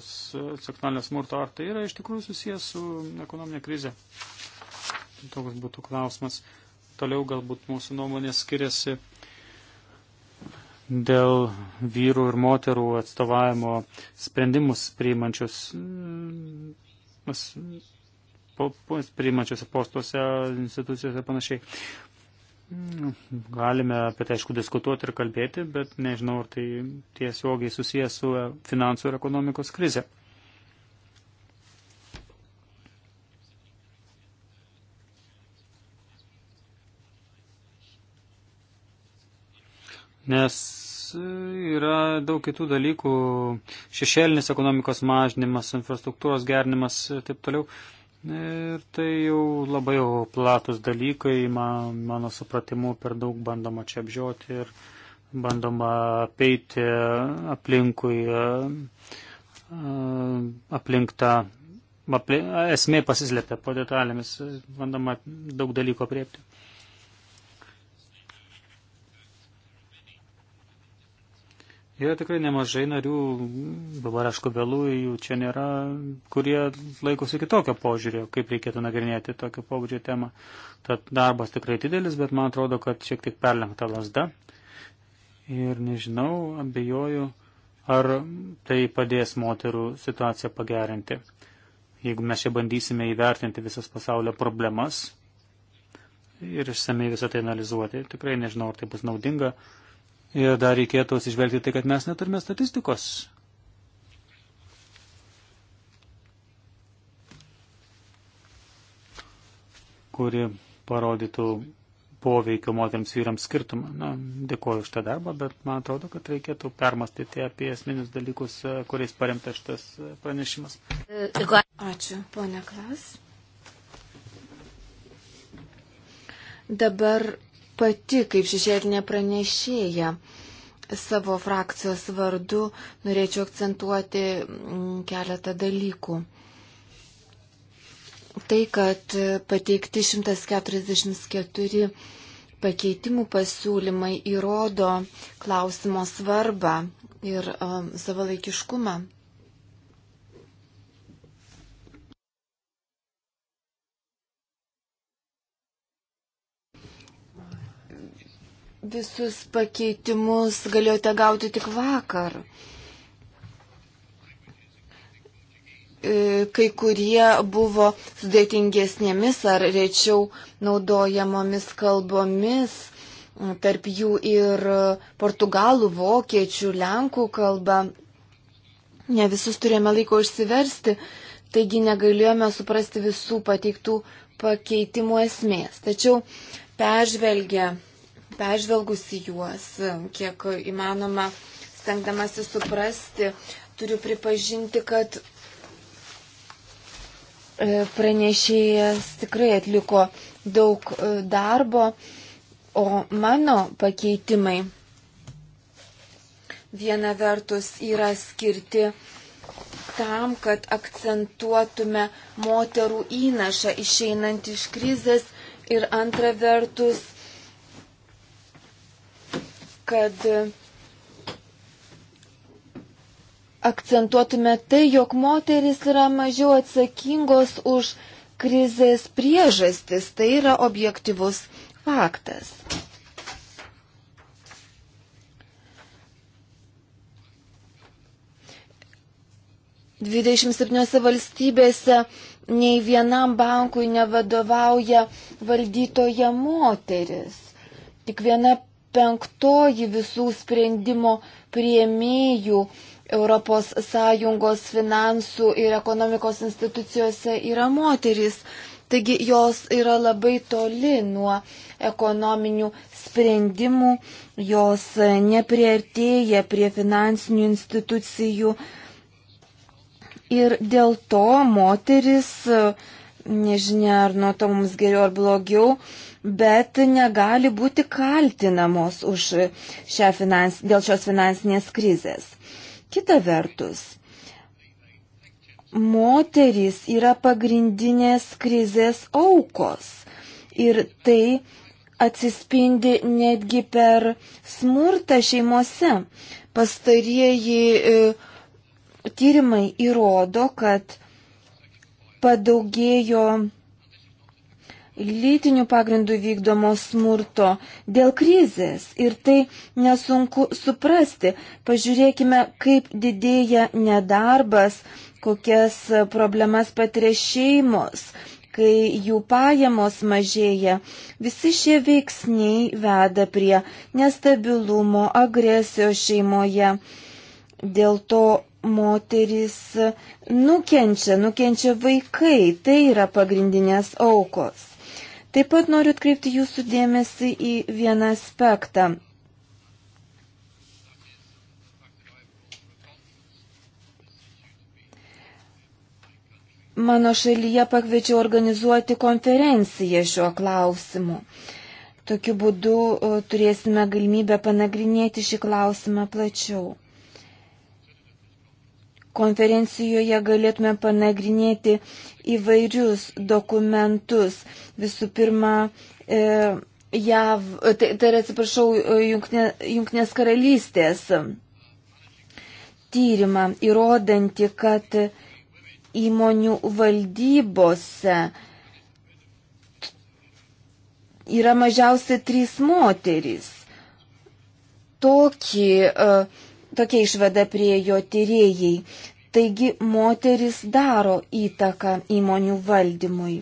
smurto. Ar tai yra iš tikrųjų susijęs su ekonominė krize? Toks būtų klausimas. Toliau galbūt mūsų nuomonės skiriasi dėl vyrų ir moterų atstovavimo sprendimus priimančius, priimančiuose postuose, institucijose ir panašiai. Galime apie tai, aišku, diskutuoti ir kalbėti, bet nežinau, ar tai tiesiogiai susijęs su finansų ir ekonomikos krize. nes yra daug kitų dalykų, šešėlinis ekonomikos mažinimas, infrastruktūros gerinimas ir taip toliau. Ir tai jau labai jau platus dalykai, man, mano supratimu, per daug bandoma čia apžioti ir bandoma apeiti aplinkui, e, e, aplink tą, aplink, esmė pasislėpia po detalėmis, bandoma daug dalykų apriepti. Yra tikrai nemažai narių, dabar aišku, vėlų jų čia nėra, kurie laikosi kitokio požiūrio, kaip reikėtų nagrinėti tokio pobūdžio temą. Tad darbas tikrai didelis, bet man atrodo, kad šiek tiek perlenkta lasda. Ir nežinau, abejoju, ar tai padės moterų situaciją pagerinti. Jeigu mes čia bandysime įvertinti visas pasaulio problemas ir išsamei visą tai analizuoti, tikrai nežinau, ar tai bus naudinga Ir dar reikėtų atsižvelgti tai, kad mes neturime statistikos. kuri parodytų poveikio moteriams vyrams skirtumą. Na, dėkuoju už tą darbą, bet man atrodo, kad reikėtų permastyti apie esminius dalykus, e, kuriais paremtas šitas e, pranešimas. Ačiū, ponia Klas. Dabar pati kaip šešėlinė pranešėja savo frakcijos vardu norėčiau akcentuoti mm, keletą dalykų. Tai, kad pateikti 144 pakeitimų pasiūlymai įrodo klausimo svarbą ir um, savalaikiškumą. Visus pakeitimus galėjote gauti tik vakar. E, kai kurie buvo sudėtingesnėmis ar rečiau naudojamomis kalbomis, tarp jų ir portugalų, vokiečių, lenkų kalba. Ne visus turėjome laiko išsiversti, taigi negalėjome suprasti visų pateiktų pakeitimų esmės. Tačiau peržvelgę peržvelgusi juos, kiek įmanoma, stengdamasi suprasti, turiu pripažinti, kad e, pranešėjas tikrai atliko daug e, darbo, o mano pakeitimai viena vertus yra skirti tam, kad akcentuotume moterų įnašą išeinant iš krizės ir antra vertus kad akcentuotume tai, jog moteris yra mažiau atsakingos už krizės priežastis. Tai yra objektivus faktas. Dvidešimt septyniose valstybėse nei vienam bankui nevadovauja valdytoja moteris. Tik viena penktoji visų sprendimo prieimėjų ES finansų ir ekonomikos institucijose yra moteris. Taigi jos yra labai toli nuo ekonominių sprendimų, jos nepriartėja prie finansinių institucijų. Ir dėl to moteris, nežinia ar nuo to mums geriau ar blogiau, bet negali būti kaltinamos už šią finans, dėl šios finansinės krizės. Kita vertus, moterys yra pagrindinės krizės aukos ir tai atsispindi netgi per smurtą šeimose. Pastarieji e, tyrimai įrodo, kad padaugėjo lytinių pagrindų vykdomo smurto dėl krizės. Ir tai nesunku suprasti. Pažiūrėkime, kaip didėja nedarbas, kokias problemas patiria šeimos, kai jų pajamos mažėja. Visi šie veiksniai veda prie nestabilumo, agresijos šeimoje. Dėl to moteris nukenčia, nukenčia vaikai, tai yra pagrindinės aukos. Taip pat noriu atkreipti jūsų dėmesį į vieną aspektą. Mano šalyje pakviečiau organizuoti konferenciją šiuo klausimu. Tokiu būdu turėsime galimybę panagrinėti šį klausimą plačiau konferencijoje galėtume panagrinėti įvairius dokumentus. Visų pirma, e, JAV, tai, tai yra, atsiprašau, jungtinė, Jungtinės karalystės tyrimą įrodantį, kad įmonių valdybose yra mažiausiai trys moterys. Tokį uh, tokia išvada prie jo tyrėjai. Taigi moteris daro įtaką įmonių valdymui.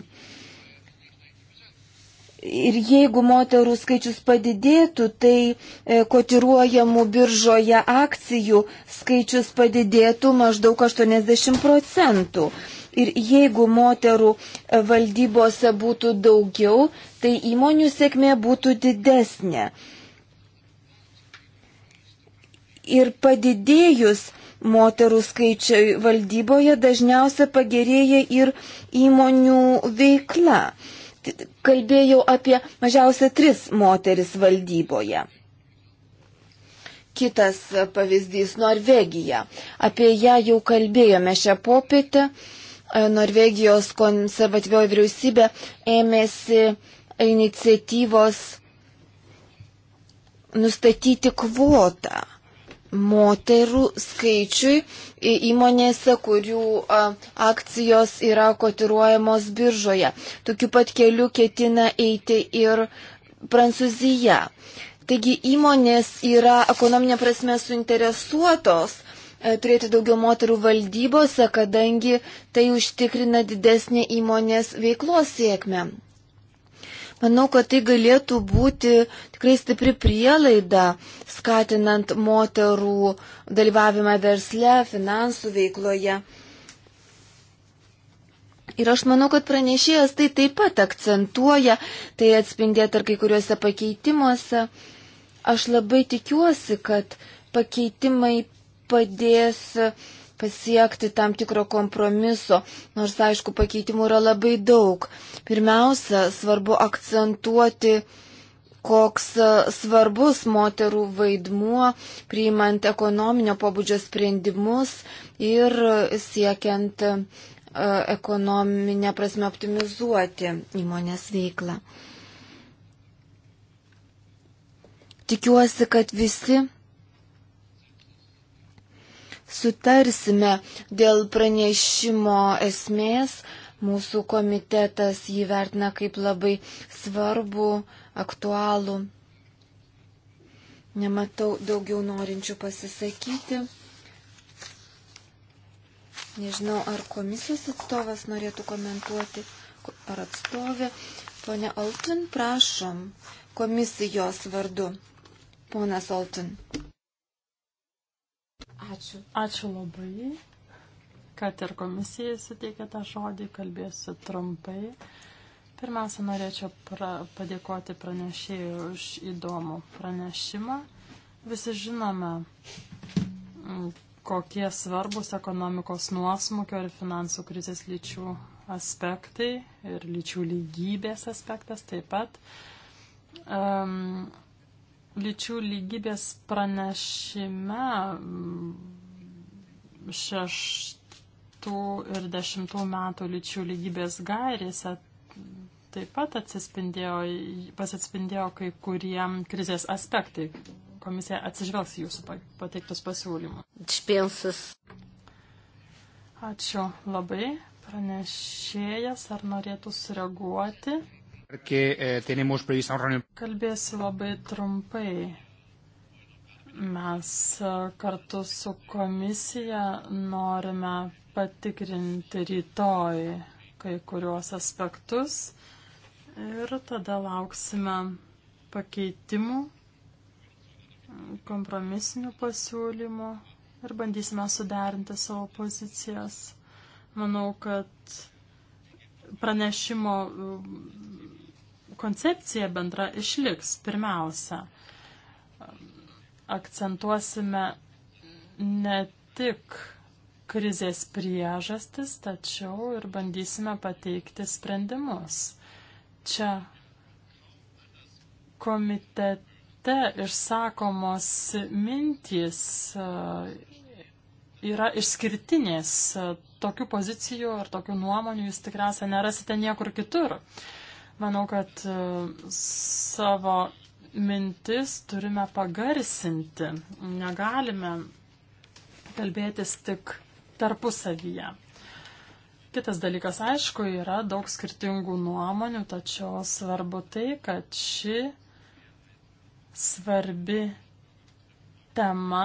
Ir jeigu moterų skaičius padidėtų, tai e, kotiruojamų biržoje akcijų skaičius padidėtų maždaug 80 procentų. Ir jeigu moterų e, valdybose būtų daugiau, tai įmonių sėkmė būtų didesnė ir padidėjus moterų skaičiai valdyboje dažniausia pagerėja ir įmonių veikla. Kalbėjau apie mažiausia tris moteris valdyboje. Kitas pavyzdys - Norvegija. Apie ją jau kalbėjome šią popietę. E, Norvegijos konservatyvioji vyriausybė ėmėsi iniciatyvos nustatyti kvotą moterų skaičiui įmonėse, kurių akcijos yra kotiruojamos biržoje. Tokiu pat keliu ketina eiti ir Prancūzija. Taigi įmonės yra ekonominė prasme suinteresuotos e, turėti daugiau moterų valdybose, kadangi tai užtikrina didesnį įmonės veiklos sėkmę. Manau, kad tai galėtų būti tikrai stipri prielaida, skatinant moterų dalyvavimą versle, finansų veikloje. Ir aš manau, kad pranešėjas tai taip pat akcentuoja, tai atspindėta ir kai kuriuose pakeitimuose. Aš labai tikiuosi, kad pakeitimai padės uh, pasiekti tam tikro kompromiso, nors aišku pakeitimų yra labai daug. Pirmiausia, svarbu akcentuoti, koks e, svarbus moterų vaidmuo priimant ekonominio pobūdžio sprendimus ir siekiant e, ekonominę prasme optimizuoti įmonės veiklą. Tikiuosi, kad visi sutarsime dėl pranešimo esmės. Mūsų komitetas jį vertina kaip labai svarbu, aktualų. Nematau daugiau norinčių pasisakyti. Nežinau, ar komisijos atstovas norėtų komentuoti, ar atstovė. Pone Altin, prašom, komisijos vardu. Ponas Altin. Ačiū. Ačiū labai, kad ir komisijai suteikė tą žodį, kalbėsiu trumpai. Pirmiausia, norėčiau pra, padėkoti pranešėjui už įdomų pranešimą. Visi žinome, mm, kokie svarbus ekonomikos nuosmukio ir finansų krizės lyčių aspektai ir lyčių lygybės aspektas taip pat. Um, lyčių lygybės pranešime mm, šeštų ir dešimtų metų lyčių lygybės gairėse taip pat atsispindėjo, pasispindėjo kai kurie krizės aspektai. Komisija atsižvelgs jūsų pateiktus pasiūlymus. Džpilsus. Ačiū labai. Pranešėjas, ar norėtų sureaguoti? Eh, Kalbėsiu labai trumpai. Mes e, kartu su komisija norime patikrinti rytoj kai kuriuos aspektus ir tada lauksime pakeitimų, kompromisinių pasiūlymų ir bandysime suderinti savo pozicijas. Manau, kad pranešimo koncepcija bendra išliks pirmiausia. Akcentuosime ne tik krizės priežastis, tačiau ir bandysime pateikti sprendimus. Čia komitete išsakomos mintys e, yra išskirtinės. Tokių pozicijų ar tokių nuomonių jūs tikriausiai nerasite niekur kitur. Uh, Manau, kad e, savo mintis turime pagarsinti. Negalime kalbėtis tik tarpusavyje. Kitas dalykas, aišku, yra daug skirtingų nuomonių, tačiau svarbu tai, kad ši svarbi tema,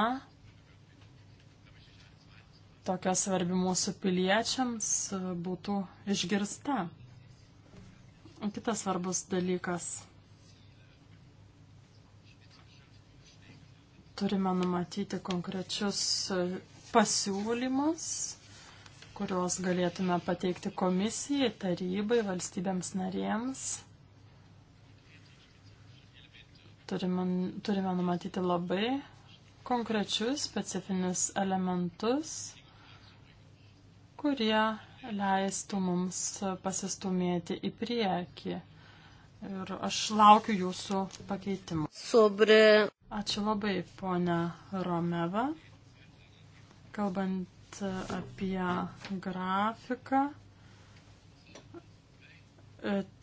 tokia svarbi mūsų piliečiams, būtų išgirsta. Kitas svarbus dalykas. Turime numatyti konkrečius e, pasiūlymus, kuriuos galėtume pateikti komisijai, tarybai, valstybėms narėms. Turime, turime numatyti labai konkrečius specifinius elementus, kurie leistų mums pasistumėti į priekį. Ir aš laukiu jūsų pakeitimų. Sobre... Ačiū labai, ponia Romeva. Kalbant apie grafiką,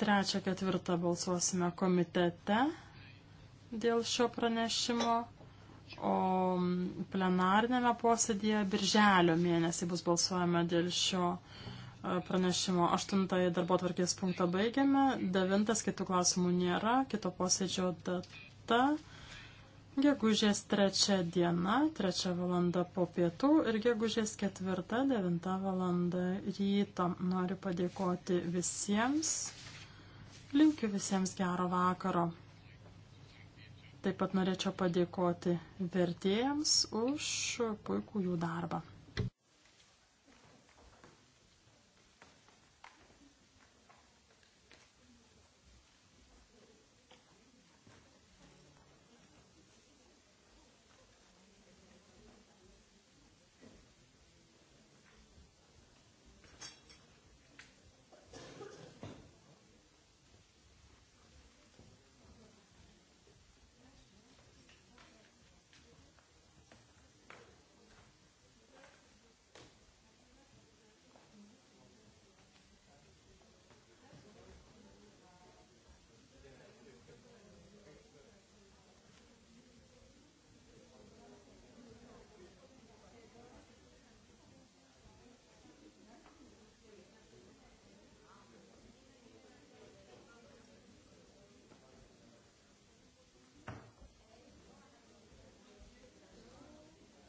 trečią ketvirtą balsuosime komitete dėl šio pranešimo. O plenarnėme posėdėje birželio mėnesį bus balsuojama dėl šio e, pranešimo. Aštuntąjį darbo tvarkės punktą baigiame. Devintas kitų klausimų nėra. Kito posėdžio data. Gegužės trečia diena, trečia valanda po pietų ir gegužės ketvirta, devinta valanda ryto. Noriu padėkoti visiems. Linkiu visiems gero vakaro. Taip pat norėčiau padėkoti vertėjams už puikų jų darbą.